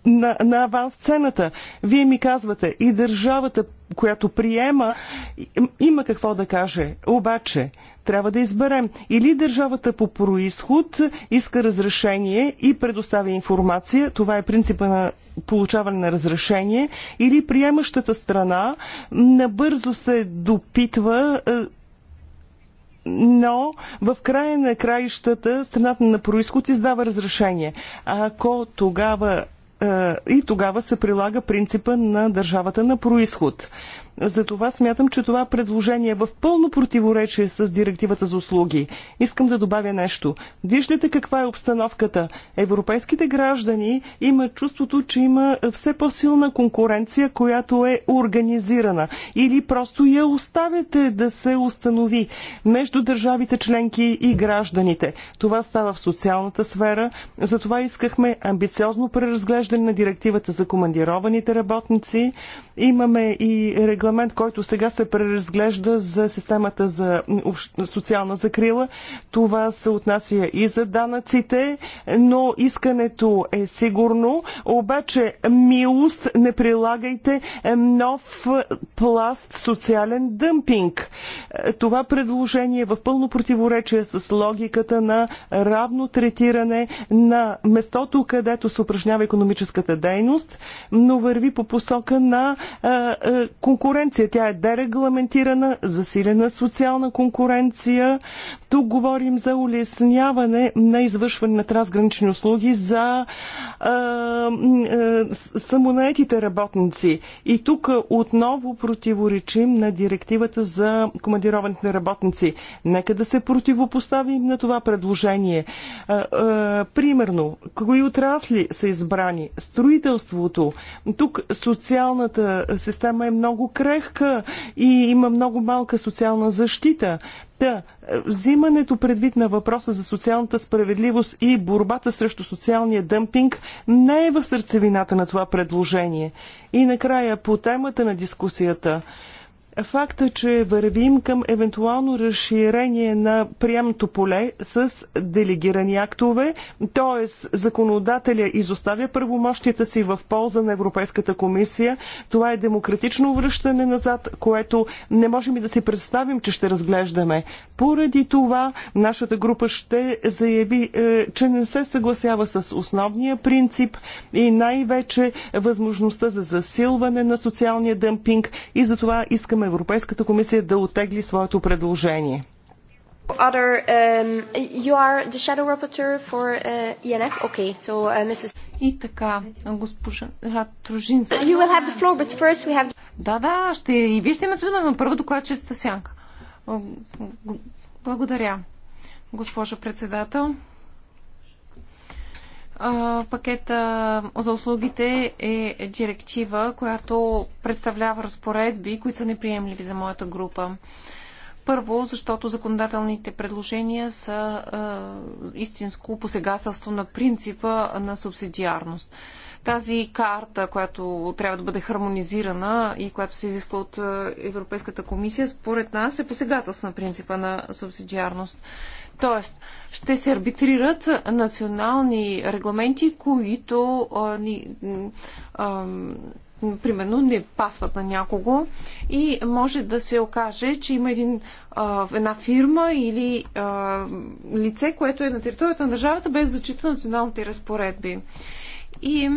на, на аванс цената. Вие ми казвате и държавата която приема, има какво да каже. Обаче, трябва да изберем. Или държавата по происход иска разрешение и предоставя информация, това е принципа на получаване на разрешение, или приемащата страна набързо се допитва е, но в края на краищата страната на происход издава разрешение. А ако тогава е, и тогава се прилага принципа на държавата на происход. Затова смятам, че това предложение е в пълно противоречие с директивата за услуги. Искам да добавя нещо. Виждате каква е обстановката. Европейските граждани имат чувството, че има все по-силна конкуренция, която е организирана. Или просто я оставяте да се установи между държавите членки и гражданите. Това става в социалната сфера. Затова искахме амбициозно преразглеждане на директивата за командированите работници. Имаме и регламент регламент, който сега се преразглежда за системата за социална закрила. Това се отнася и за данъците, но искането е сигурно. Обаче, милост, не прилагайте нов пласт социален дъмпинг. Това предложение е в пълно противоречие с логиката на равно третиране на местото, където се упражнява економическата дейност, но върви по посока на конкуренцията конкуренция. Тя е дерегламентирана, засилена социална конкуренция. Тук говорим за улесняване на извършване на трансгранични услуги за а, а, самонаетите работници. И тук отново противоречим на директивата за командированите работници. Нека да се противопоставим на това предложение. А, а, примерно, кои отрасли са избрани? Строителството. Тук социалната система е много крайна крехка и има много малка социална защита. Та, да, е, взимането предвид на въпроса за социалната справедливост и борбата срещу социалния дъмпинг не е в сърцевината на това предложение. И накрая по темата на дискусията – факта, че вървим към евентуално разширение на приемното поле с делегирани актове, т.е. законодателя изоставя правомощията си в полза на Европейската комисия. Това е демократично връщане назад, което не можем и да си представим, че ще разглеждаме. Поради това нашата група ще заяви, е, че не се съгласява с основния принцип и най-вече възможността за засилване на социалния дъмпинг и за това искаме Европейската комисия да отегли своето предложение. Other, um, you are the shadow rapporteur for uh, ENF? Okay, so uh, Mrs. И така, госпожа Тружинска. You will have the floor, but first we have... Да, да, ще и вие ще имате дума, но първо доклад докладчицата сянка. Благодаря, госпожо председател пакета за услугите е директива, която представлява разпоредби, които са неприемливи за моята група. Първо, защото законодателните предложения са е, истинско посегателство на принципа на субсидиарност. Тази карта, която трябва да бъде хармонизирана и която се изисква от Европейската комисия, според нас е посегателство на принципа на субсидиарност. Тоест, ще се арбитрират национални регламенти, които а, ни, а, примерно не пасват на някого и може да се окаже, че има един, а, една фирма или а, лице, което е на територията на държавата без зачита националните разпоредби. И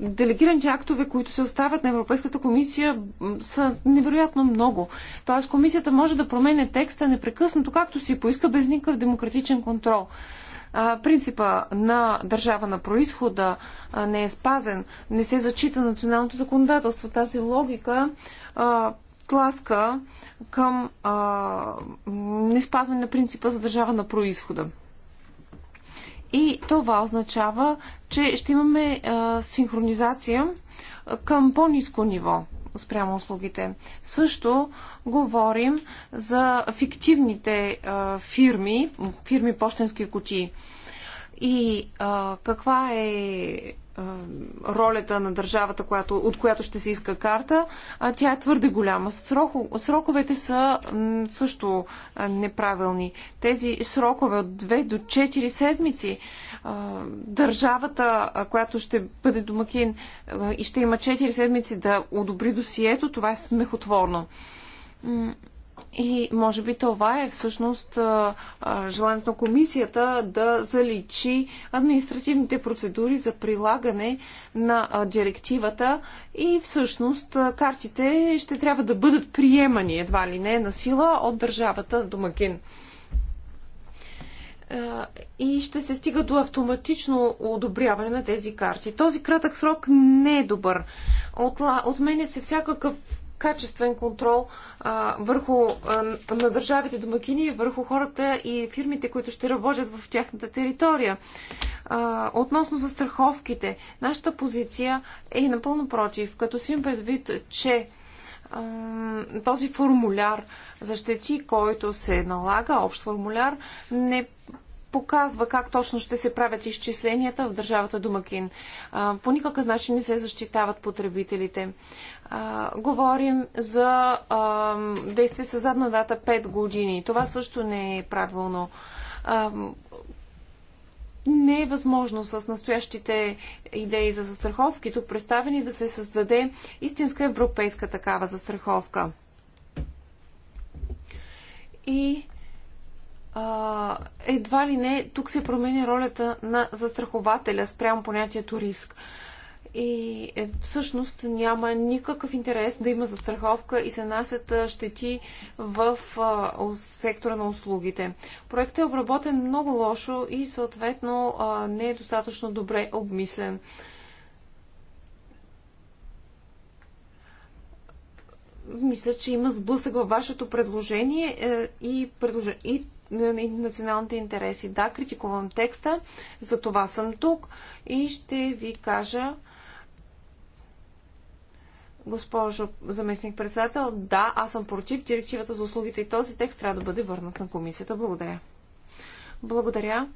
делегираните актове, които се оставят на Европейската комисия, са невероятно много. Тоест комисията може да промене текста непрекъснато, както си поиска, без никакъв демократичен контрол. Принципа на държава на происхода не е спазен, не се зачита националното законодателство. Тази логика тласка към неспазване на принципа за държава на происхода. И това означава, че ще имаме а, синхронизация към по-низко ниво спрямо услугите. Също говорим за фиктивните а, фирми, фирми почтенски кутии. И а, каква е ролята на държавата, която, от която ще се иска карта, а тя е твърде голяма. сроковете са също неправилни. Тези срокове от 2 до 4 седмици държавата, която ще бъде домакин и ще има 4 седмици да одобри досието, това е смехотворно. И може би това е всъщност желанието на комисията да заличи административните процедури за прилагане на директивата и всъщност картите ще трябва да бъдат приемани едва ли не на сила от държавата домакин. И ще се стига до автоматично одобряване на тези карти. Този кратък срок не е добър. Отменя се всякакъв качествен контрол а, върху а, на държавите домакини, върху хората и фирмите, които ще работят в тяхната територия. А, относно застраховките, нашата позиция е напълно против, като си им предвид, че а, този формуляр за щети, който се налага, общ формуляр, не показва как точно ще се правят изчисленията в държавата домакин. По никакъв начин не се защитават потребителите а, говорим за а, действие с задна дата 5 години. Това също не е правилно. А, не е възможно с настоящите идеи за застраховки тук представени да се създаде истинска европейска такава застраховка. И а, едва ли не тук се променя ролята на застрахователя спрямо понятието риск. А, и е, всъщност няма никакъв интерес да има застраховка и се насят щети в а, сектора на услугите. Проектът е обработен много лошо и съответно а, не е достатъчно добре обмислен. Мисля, че има сблъсък във вашето предложение е, и, и националните интереси. Да, критикувам текста, за това съм тук и ще ви кажа Госпожо заместник председател, да, аз съм против директивата за услугите и този текст трябва да бъде върнат на комисията. Благодаря. Благодаря.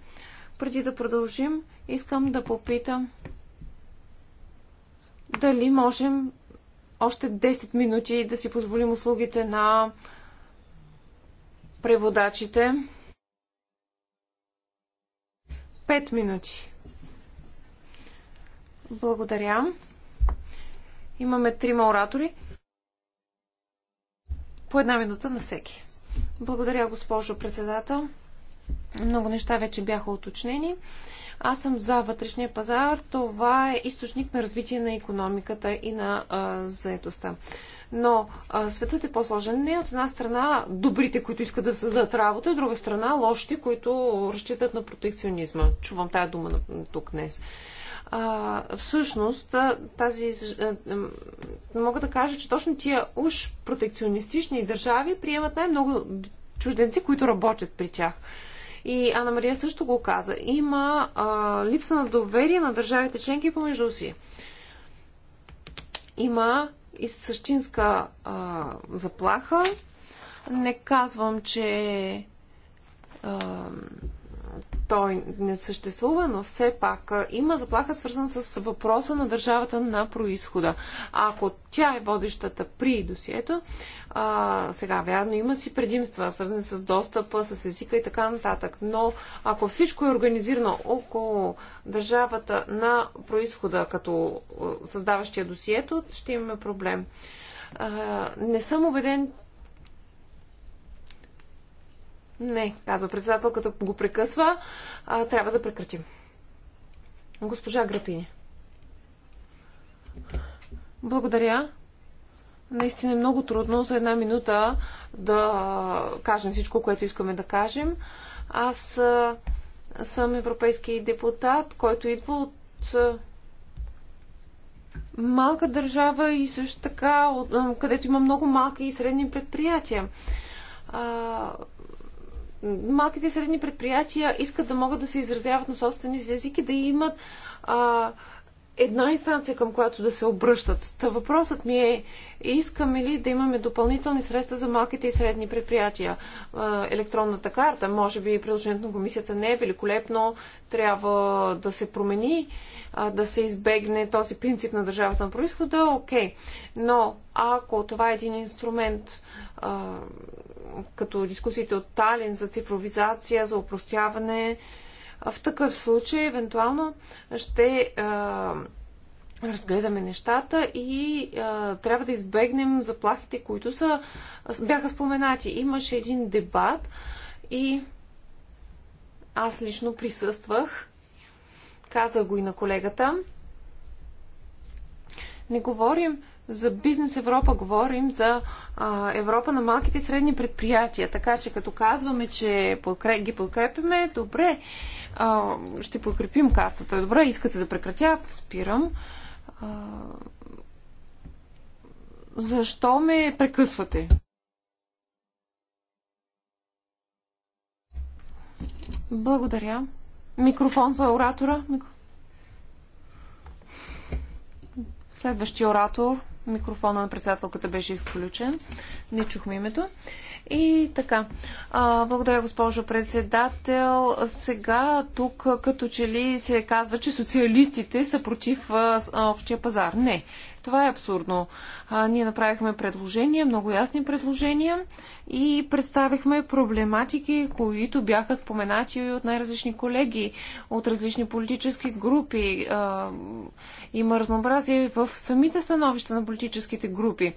Преди да продължим, искам да попитам дали можем още 10 минути да си позволим услугите на преводачите. 5 минути. Благодаря. Имаме трима оратори. По една минута на всеки. Благодаря, госпожо председател. Много неща вече бяха уточнени. Аз съм за вътрешния пазар. Това е източник на развитие на економиката и на а, заедостта. Но а, светът е по-сложен. Не от една страна добрите, които искат да създадат работа, от друга страна лошите, които разчитат на протекционизма. Чувам тая дума тук днес а, всъщност тази. А, мога да кажа, че точно тия уж протекционистични държави приемат най-много чужденци, които работят при тях. И Анна Мария също го каза. Има а, липса на доверие на държавите членки помежду си. Има и същинска а, заплаха. Не казвам, че. А, той не съществува, но все пак има заплаха свързана с въпроса на държавата на происхода. Ако тя е водещата при досието, а, сега вярно има си предимства, свързани с достъпа, с езика и така нататък, но ако всичко е организирано около държавата на происхода, като създаващия досието, ще имаме проблем. А, не съм убеден, не, казва председателката, го прекъсва. А, трябва да прекратим. Госпожа Грапини. Благодаря. Наистина е много трудно за една минута да кажем всичко, което искаме да кажем. Аз съм европейски депутат, който идва от малка държава и също така, където има много малки и средни предприятия малките и средни предприятия искат да могат да се изразяват на собствени си език и да имат а, една инстанция, към която да се обръщат. Та въпросът ми е, искаме ли да имаме допълнителни средства за малките и средни предприятия? Електронната карта, може би приложението на комисията не е великолепно, трябва да се промени, да се избегне този принцип на държавата на происхода, окей. Но ако това е един инструмент, като дискусиите от Талин за цифровизация, за упростяване. В такъв случай, евентуално, ще а, разгледаме нещата и а, трябва да избегнем заплахите, които са, бяха споменати. Имаше един дебат и аз лично присъствах. Каза го и на колегата. Не говорим за бизнес Европа говорим за а, Европа на малките и средни предприятия. Така че като казваме, че подкреп, ги подкрепяме, добре, а, ще подкрепим картата. Добре, искате да прекратя, спирам. А, защо ме прекъсвате? Благодаря. Микрофон за оратора. Следващия оратор. Микрофона на председателката беше изключен. Не чухме името. И така, а, благодаря госпожо председател. Сега тук като че ли се казва, че социалистите са против а, общия пазар. Не, това е абсурдно. А, ние направихме предложения, много ясни предложения и представихме проблематики, които бяха споменати от най-различни колеги, от различни политически групи. А, има разнообразие в самите становища на политическите групи.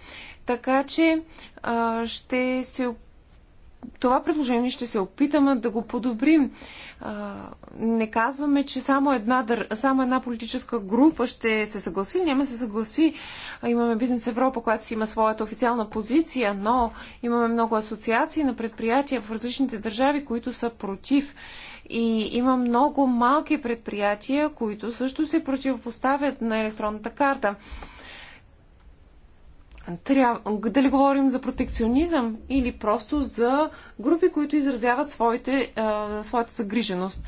Така че а, ще се. Това предложение ще се опитаме да го подобрим. А, не казваме, че само една, само една политическа група ще се съгласи, няма се съгласи. А, имаме Бизнес Европа, която си има своята официална позиция, но имаме много асоциации на предприятия в различните държави, които са против. И има много малки предприятия, които също се противопоставят на електронната карта трябва, дали говорим за протекционизъм или просто за групи, които изразяват своите, а, своята загриженост.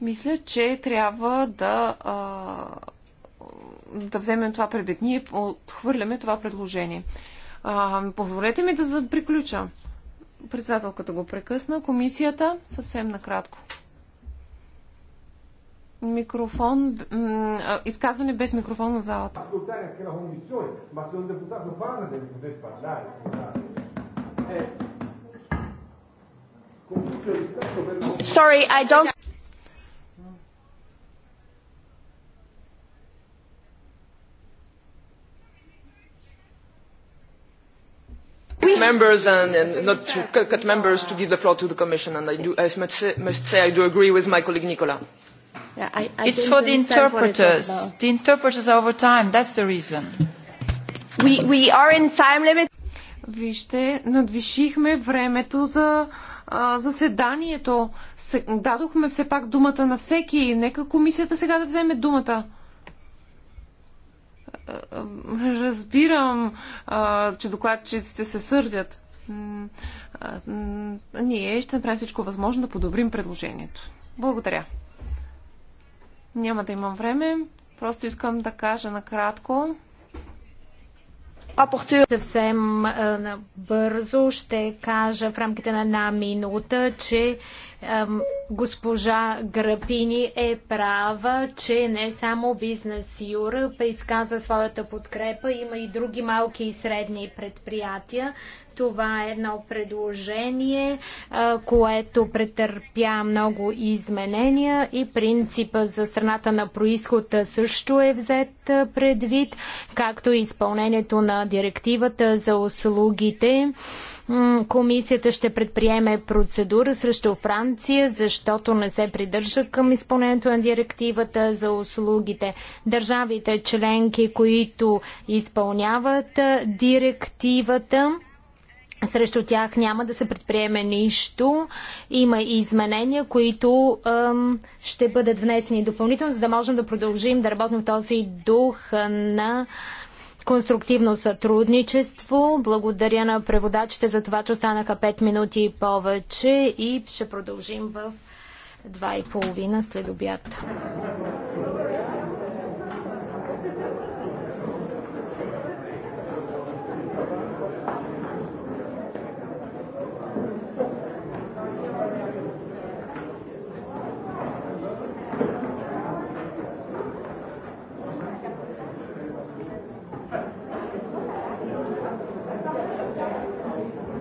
Мисля, че трябва да, а, да вземем това предвид. Ние отхвърляме това предложение. А, позволете ми да приключа. Председателката го прекъсна. Комисията съвсем накратко микрофон, изказване без микрофон на залата. Sorry, I don't... members and, and not to cut members to give the floor to the commission and I, do, I must, say, must say I do agree with my colleague Nicola Yeah, I, I it's for the interpreters. The interpreters are over time. That's the reason. We, we are in time limit. Вижте, надвишихме времето за а, заседанието. Се, дадохме все пак думата на всеки. Нека комисията сега да вземе думата. Разбирам, а, че докладчиците се сърдят. А, ние ще направим всичко възможно да подобрим предложението. Благодаря. Няма да имам време. Просто искам да кажа накратко. Съвсем бързо ще кажа в рамките на една минута, че госпожа Грапини е права, че не само бизнес Юръп изказа своята подкрепа, има и други малки и средни предприятия. Това е едно предложение, което претърпя много изменения и принципа за страната на происход също е взет предвид, както и изпълнението на директивата за услугите. Комисията ще предприеме процедура срещу Франция, защото не се придържа към изпълнението на директивата за услугите. Държавите членки, които изпълняват директивата, срещу тях няма да се предприеме нищо. Има и изменения, които ем, ще бъдат внесени допълнително, за да можем да продължим да работим в този дух на конструктивно сътрудничество. Благодаря на преводачите за това, че останаха 5 минути повече и ще продължим в 2.30 след обяд.